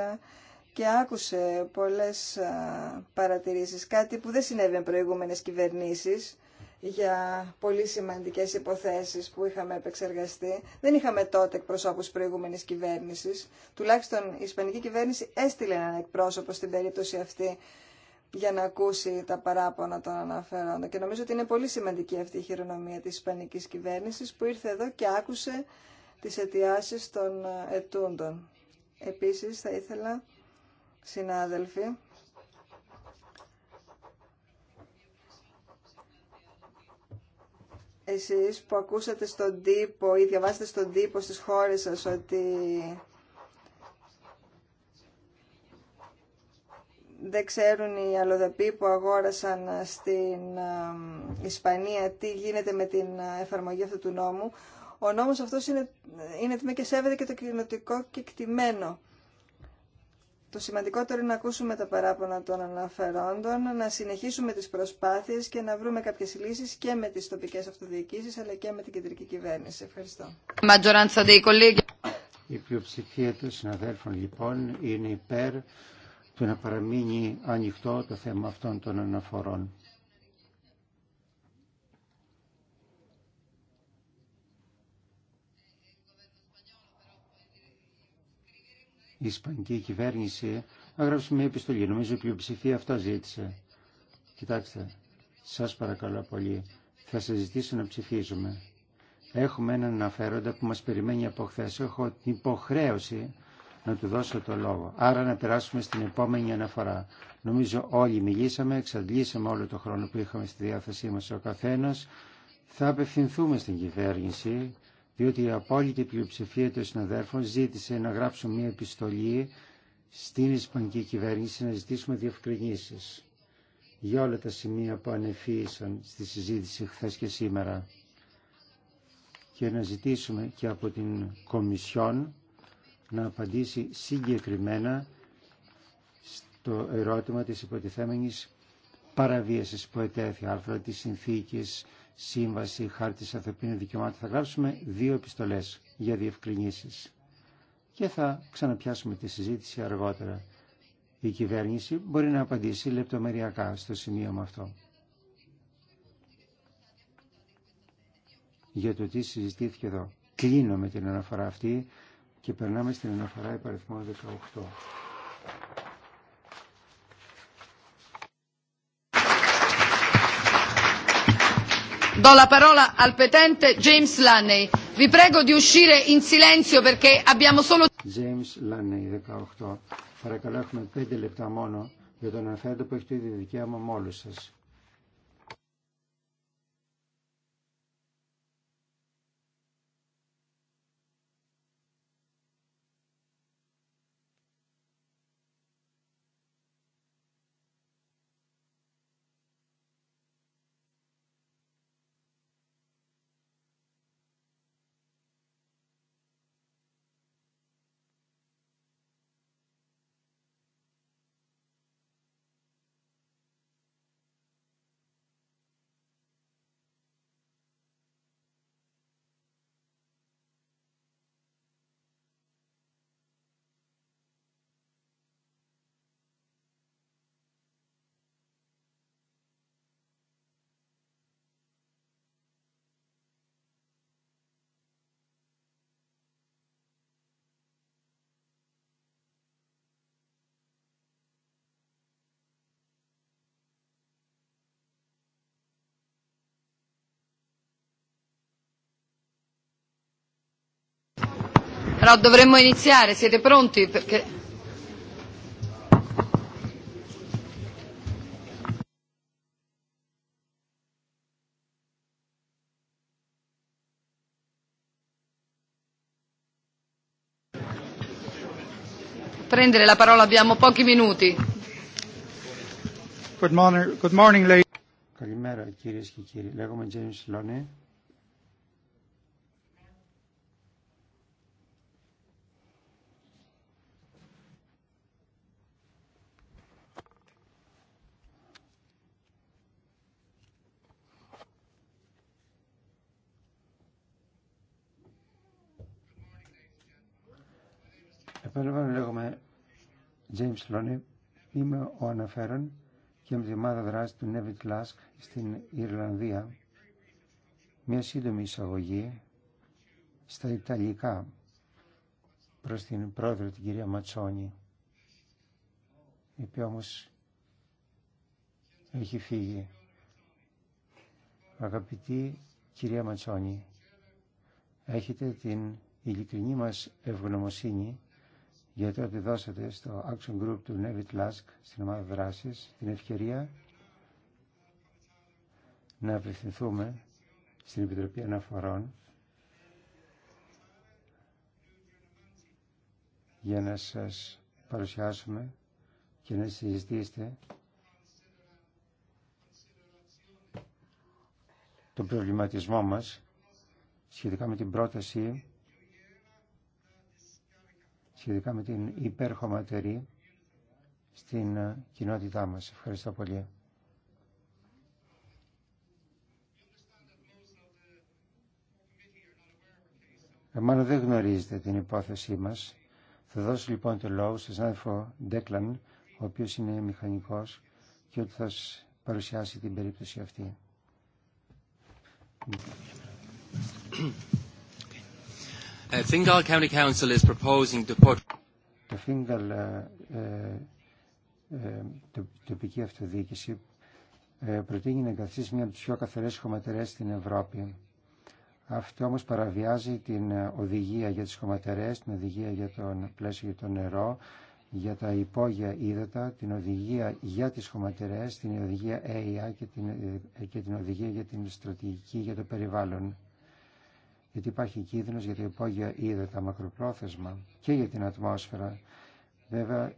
και άκουσε πολλές παρατηρήσεις, κάτι που δεν συνέβαινε προηγούμενες κυβερνήσεις για πολύ σημαντικές υποθέσεις που είχαμε επεξεργαστεί. Δεν είχαμε τότε εκπροσώπους προηγούμενης κυβέρνησης. Τουλάχιστον η Ισπανική κυβέρνηση έστειλε έναν εκπρόσωπο στην περίπτωση αυτή για να ακούσει τα παράπονα των αναφέροντων. Και νομίζω ότι είναι πολύ σημαντική αυτή η χειρονομία της Ισπανικής κυβέρνησης που ήρθε εδώ και άκουσε τις αιτιάσεις των ετούντων. Επίσης θα ήθελα, συνάδελφοι, εσείς που ακούσατε στον τύπο ή διαβάσατε στον τύπο στις χώρες σας ότι δεν ξέρουν οι αλλοδαποί που αγόρασαν στην Ισπανία τι γίνεται με την εφαρμογή αυτού του νόμου. Ο νόμος αυτός είναι, είναι και σέβεται και το κοινωτικό κεκτημένο. Το σημαντικότερο είναι να ακούσουμε τα παράπονα των αναφερόντων, να συνεχίσουμε τις προσπάθειες και να βρούμε κάποιες λύσεις και με τις τοπικές αυτοδιοικήσεις αλλά και με την κεντρική κυβέρνηση. Ευχαριστώ. Η πλειοψηφία των συναδέλφων λοιπόν είναι υπέρ του να παραμείνει ανοιχτό το θέμα αυτών των αναφορών. η Ισπανική κυβέρνηση να γράψει μια επιστολή. Νομίζω η πλειοψηφία αυτό ζήτησε. Κοιτάξτε, σας παρακαλώ πολύ, θα σας ζητήσω να ψηφίζουμε. Έχουμε έναν αναφέροντα που μας περιμένει από χθε. Έχω την υποχρέωση να του δώσω το λόγο. Άρα να περάσουμε στην επόμενη αναφορά. Νομίζω όλοι μιλήσαμε, εξαντλήσαμε όλο το χρόνο που είχαμε στη διάθεσή μας ο καθένας. Θα απευθυνθούμε στην κυβέρνηση διότι η απόλυτη πλειοψηφία των συναδέρφων ζήτησε να γράψουν μια επιστολή στην Ισπανική κυβέρνηση να ζητήσουμε διευκρινήσει για όλα τα σημεία που ανεφίησαν στη συζήτηση χθε και σήμερα και να ζητήσουμε και από την Κομισιόν να απαντήσει συγκεκριμένα στο ερώτημα της υποτιθέμενης παραβίασης που ετέθη άρθρα της συνθήκης Σύμβαση Χάρτης Ανθρωπίνων Δικαιωμάτων θα γράψουμε δύο επιστολές για διευκρινήσεις. Και θα ξαναπιάσουμε τη συζήτηση αργότερα. Η κυβέρνηση μπορεί να απαντήσει λεπτομεριακά στο σημείο με αυτό. Για το τι συζητήθηκε εδώ. Κλείνω με την αναφορά αυτή και περνάμε στην αναφορά υπαριθμό 18. do la parola al petente James Lanney. Vi prego di uscire in silenzio perché abbiamo solo... James Lanney, 18. Παρακαλώ, έχουμε 5 λεπτά μόνο για τον αναφέροντα που έχει το δικαίωμα με όλους σας. Però dovremmo iniziare, siete pronti? Perché... Prendere la parola abbiamo pochi minuti. Good morning, good morning, Καλημέρα κυρίε και κύριοι. Λέγομαι James Loney Παρακαλώ, λέγομαι James Loney, είμαι ο αναφέρον και με τη ομάδα δράση του Nevit Lask στην Ιρλανδία. Μια σύντομη εισαγωγή στα Ιταλικά προς την πρόεδρο την κυρία Ματσόνη, η οποία όμως έχει φύγει. Αγαπητή κυρία Ματσόνη, έχετε την ειλικρινή μας ευγνωμοσύνη γιατί ότι δώσατε στο Action Group του Nevit Lask στην ομάδα δράσης την ευκαιρία να απευθυνθούμε στην Επιτροπή Αναφορών για να σας παρουσιάσουμε και να συζητήσετε τον προβληματισμό μας σχετικά με την πρόταση σχετικά με την υπερχοματερή στην ε, κοινότητά μας. Ευχαριστώ πολύ. Ε, μάλλον δεν γνωρίζετε την υπόθεσή μας. Θα δώσω λοιπόν το λόγο στον συνάδελφο Ντέκλαν, ο οποίος είναι μηχανικός και ότι θα παρουσιάσει την περίπτωση αυτή. Uh, Fingal County Council is proposing to put... Το Φίνγκαλ ε, ε, ε, το, τοπική αυτοδιοίκηση ε, προτείνει να εγκαθίσει μια από τι πιο καθαρέ χωματερέ στην Ευρώπη. Αυτό όμω παραβιάζει ε, την οδηγία για τι χωματερέ, την οδηγία για το πλαίσιο για το νερό, για τα υπόγεια ύδατα, την οδηγία για τι χωματερέ, την οδηγία ΑΕΑ και ε, και την οδηγία για την στρατηγική για το περιβάλλον γιατί υπάρχει κίνδυνος για υπόγεια είδα, τα μακροπρόθεσμα και για την ατμόσφαιρα. Βέβαια,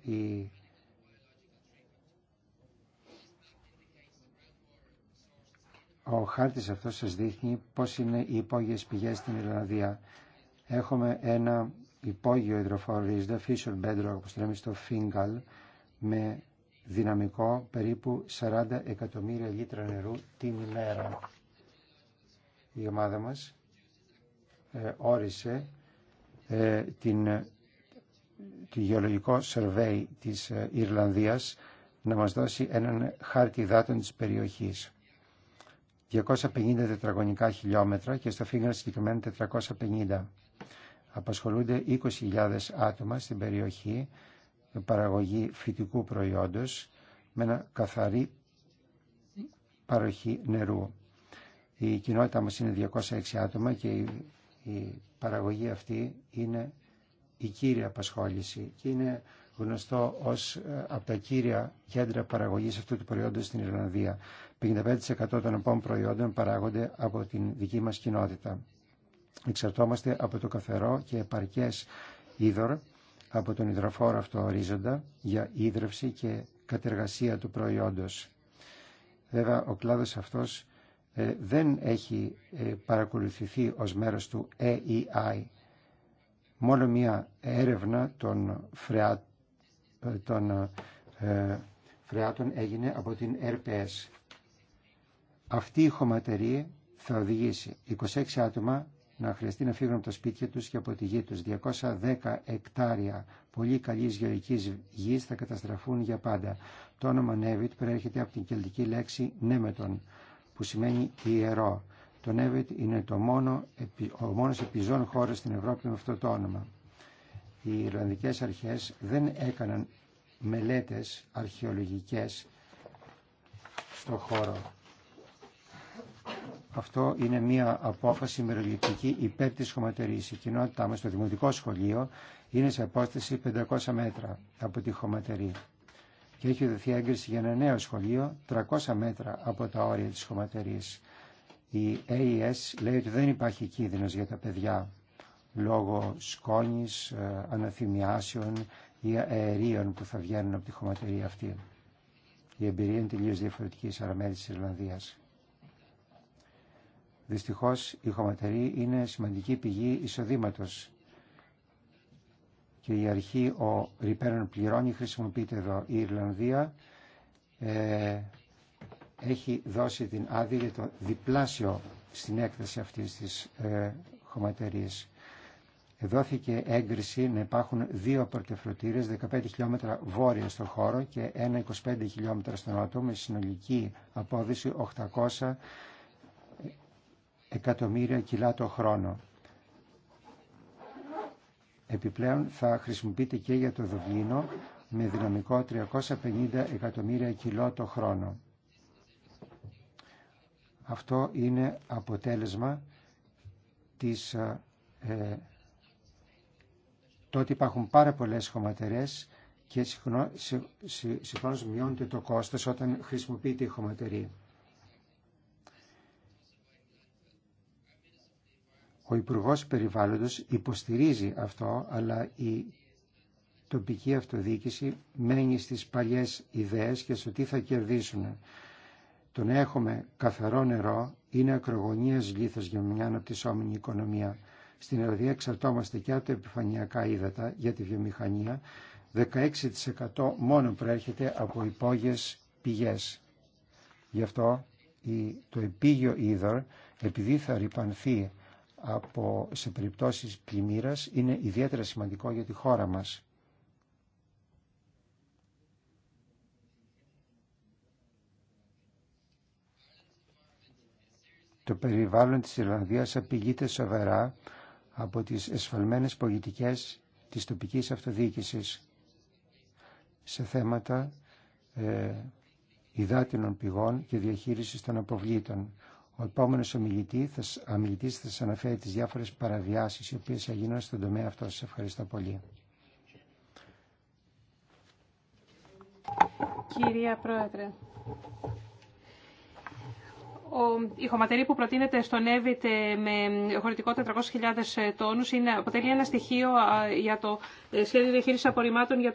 Ο χάρτης αυτός σας δείχνει πώς είναι οι υπόγειες πηγές στην Ιρλανδία. Έχουμε ένα υπόγειο υδροφορίζοντα, Fisher Bedrock, όπως λέμε στο Fingal, με δυναμικό περίπου 40 εκατομμύρια λίτρα νερού την ημέρα. Η ομάδα μας ε, όρισε ε, την, γεωλογικό survey της ε, Ιρλανδίας να μας δώσει έναν χάρτη δάτων της περιοχής. 250 τετραγωνικά χιλιόμετρα και στο Φίγγαν συγκεκριμένα 450. Απασχολούνται 20.000 άτομα στην περιοχή με παραγωγή φυτικού προϊόντος με ένα καθαρή παροχή νερού. Η κοινότητα μας είναι 206 άτομα και η η παραγωγή αυτή είναι η κύρια απασχόληση και είναι γνωστό ως ε, από τα κύρια κέντρα παραγωγής αυτού του προϊόντος στην Ιρλανδία. 55% των επόμενων προϊόντων παράγονται από την δική μας κοινότητα. Εξαρτώμαστε από το καθερό και επαρκές είδωρ, από τον υδροφόρο αυτό ορίζοντα για ίδρυυση και κατεργασία του προϊόντος. Βέβαια, ο κλάδος αυτός ε, δεν έχει ε, παρακολουθηθεί ως μέρος του AEI. Μόνο μια έρευνα ε, των, ε, φρεάτων έγινε από την RPS. Αυτή η χωματερή θα οδηγήσει 26 άτομα να χρειαστεί να φύγουν από τα σπίτια τους και από τη γη τους. 210 εκτάρια πολύ καλής γεωργικής γης θα καταστραφούν για πάντα. Το όνομα Νέβιτ προέρχεται από την κελτική λέξη Νέμετον, που σημαίνει ιερό. Το Νέβετ είναι το μόνο, ο μόνος επιζών χώρο στην Ευρώπη με αυτό το όνομα. Οι Ιρλανδικές αρχές δεν έκαναν μελέτες αρχαιολογικές στο χώρο. Αυτό είναι μια απόφαση μεροληπτική υπέρ της χωματερής. Η κοινότητά μας στο δημοτικό σχολείο είναι σε απόσταση 500 μέτρα από τη χωματερή και έχει δοθεί έγκριση για ένα νέο σχολείο 300 μέτρα από τα όρια της χωματερής. Η AES λέει ότι δεν υπάρχει κίνδυνος για τα παιδιά λόγω σκόνης, ε, αναθυμιάσεων ή αερίων που θα βγαίνουν από τη χωματερή αυτή. Η εμπειρία είναι τελείως διαφορετική σε άλλα της Ιρλανδίας. Δυστυχώς η χωματερή είναι σημαντική πηγή εισοδήματος και η αρχή ο Ριπέρον πληρώνει χρησιμοποιείται εδώ. Η Ιρλανδία ε, έχει δώσει την άδεια για το διπλάσιο στην έκθεση αυτής της ε, χωματερίας. Δόθηκε έγκριση να υπάρχουν δύο πορτεφροτήρες 15 χιλιόμετρα βόρεια στον χώρο και ένα 25 χιλιόμετρα στον νότο με συνολική απόδοση 800 εκατομμύρια κιλά το χρόνο. Επιπλέον θα χρησιμοποιείται και για το Δουβλίνο με δυναμικό 350 εκατομμύρια κιλό το χρόνο. Αυτό είναι αποτέλεσμα της, ε, ε, το ότι υπάρχουν πάρα πολλές χωματερές και συγχρόνως μειώνεται το κόστος όταν χρησιμοποιείται η χωματερή. Ο Υπουργός Περιβάλλοντος υποστηρίζει αυτό, αλλά η τοπική αυτοδιοίκηση μένει στις παλιές ιδέες και στο τι θα κερδίσουν. Το να έχουμε καθαρό νερό είναι ακρογωνίας λίθος για μια αναπτυσσόμενη οικονομία. Στην Ελλάδα εξαρτώμαστε και από τα επιφανειακά ύδατα για τη βιομηχανία. 16% μόνο προέρχεται από υπόγειες πηγές. Γι' αυτό το επίγειο είδωρ, επειδή θα ρηπανθεί από, σε περιπτώσεις πλημμύρας είναι ιδιαίτερα σημαντικό για τη χώρα μας. Το περιβάλλον της Ιρλανδίας απειλείται σοβαρά από τις εσφαλμένες πολιτικές της τοπικής αυτοδιοίκησης σε θέματα ε, υδάτινων πηγών και διαχείρισης των αποβλήτων. Ο επόμενο ομιλητή θα σα αναφέρει τι διάφορε παραβιάσει οι οποίε έγιναν στον τομέα αυτό. Σα ευχαριστώ πολύ. Κυρία Πρόεδρε, ο, η χωματερή που προτείνεται στον ΕΒΙΤ με χωρητικό 400.000 τόνους είναι, αποτελεί ένα στοιχείο για το ε, σχέδιο διαχείρισης απορριμμάτων για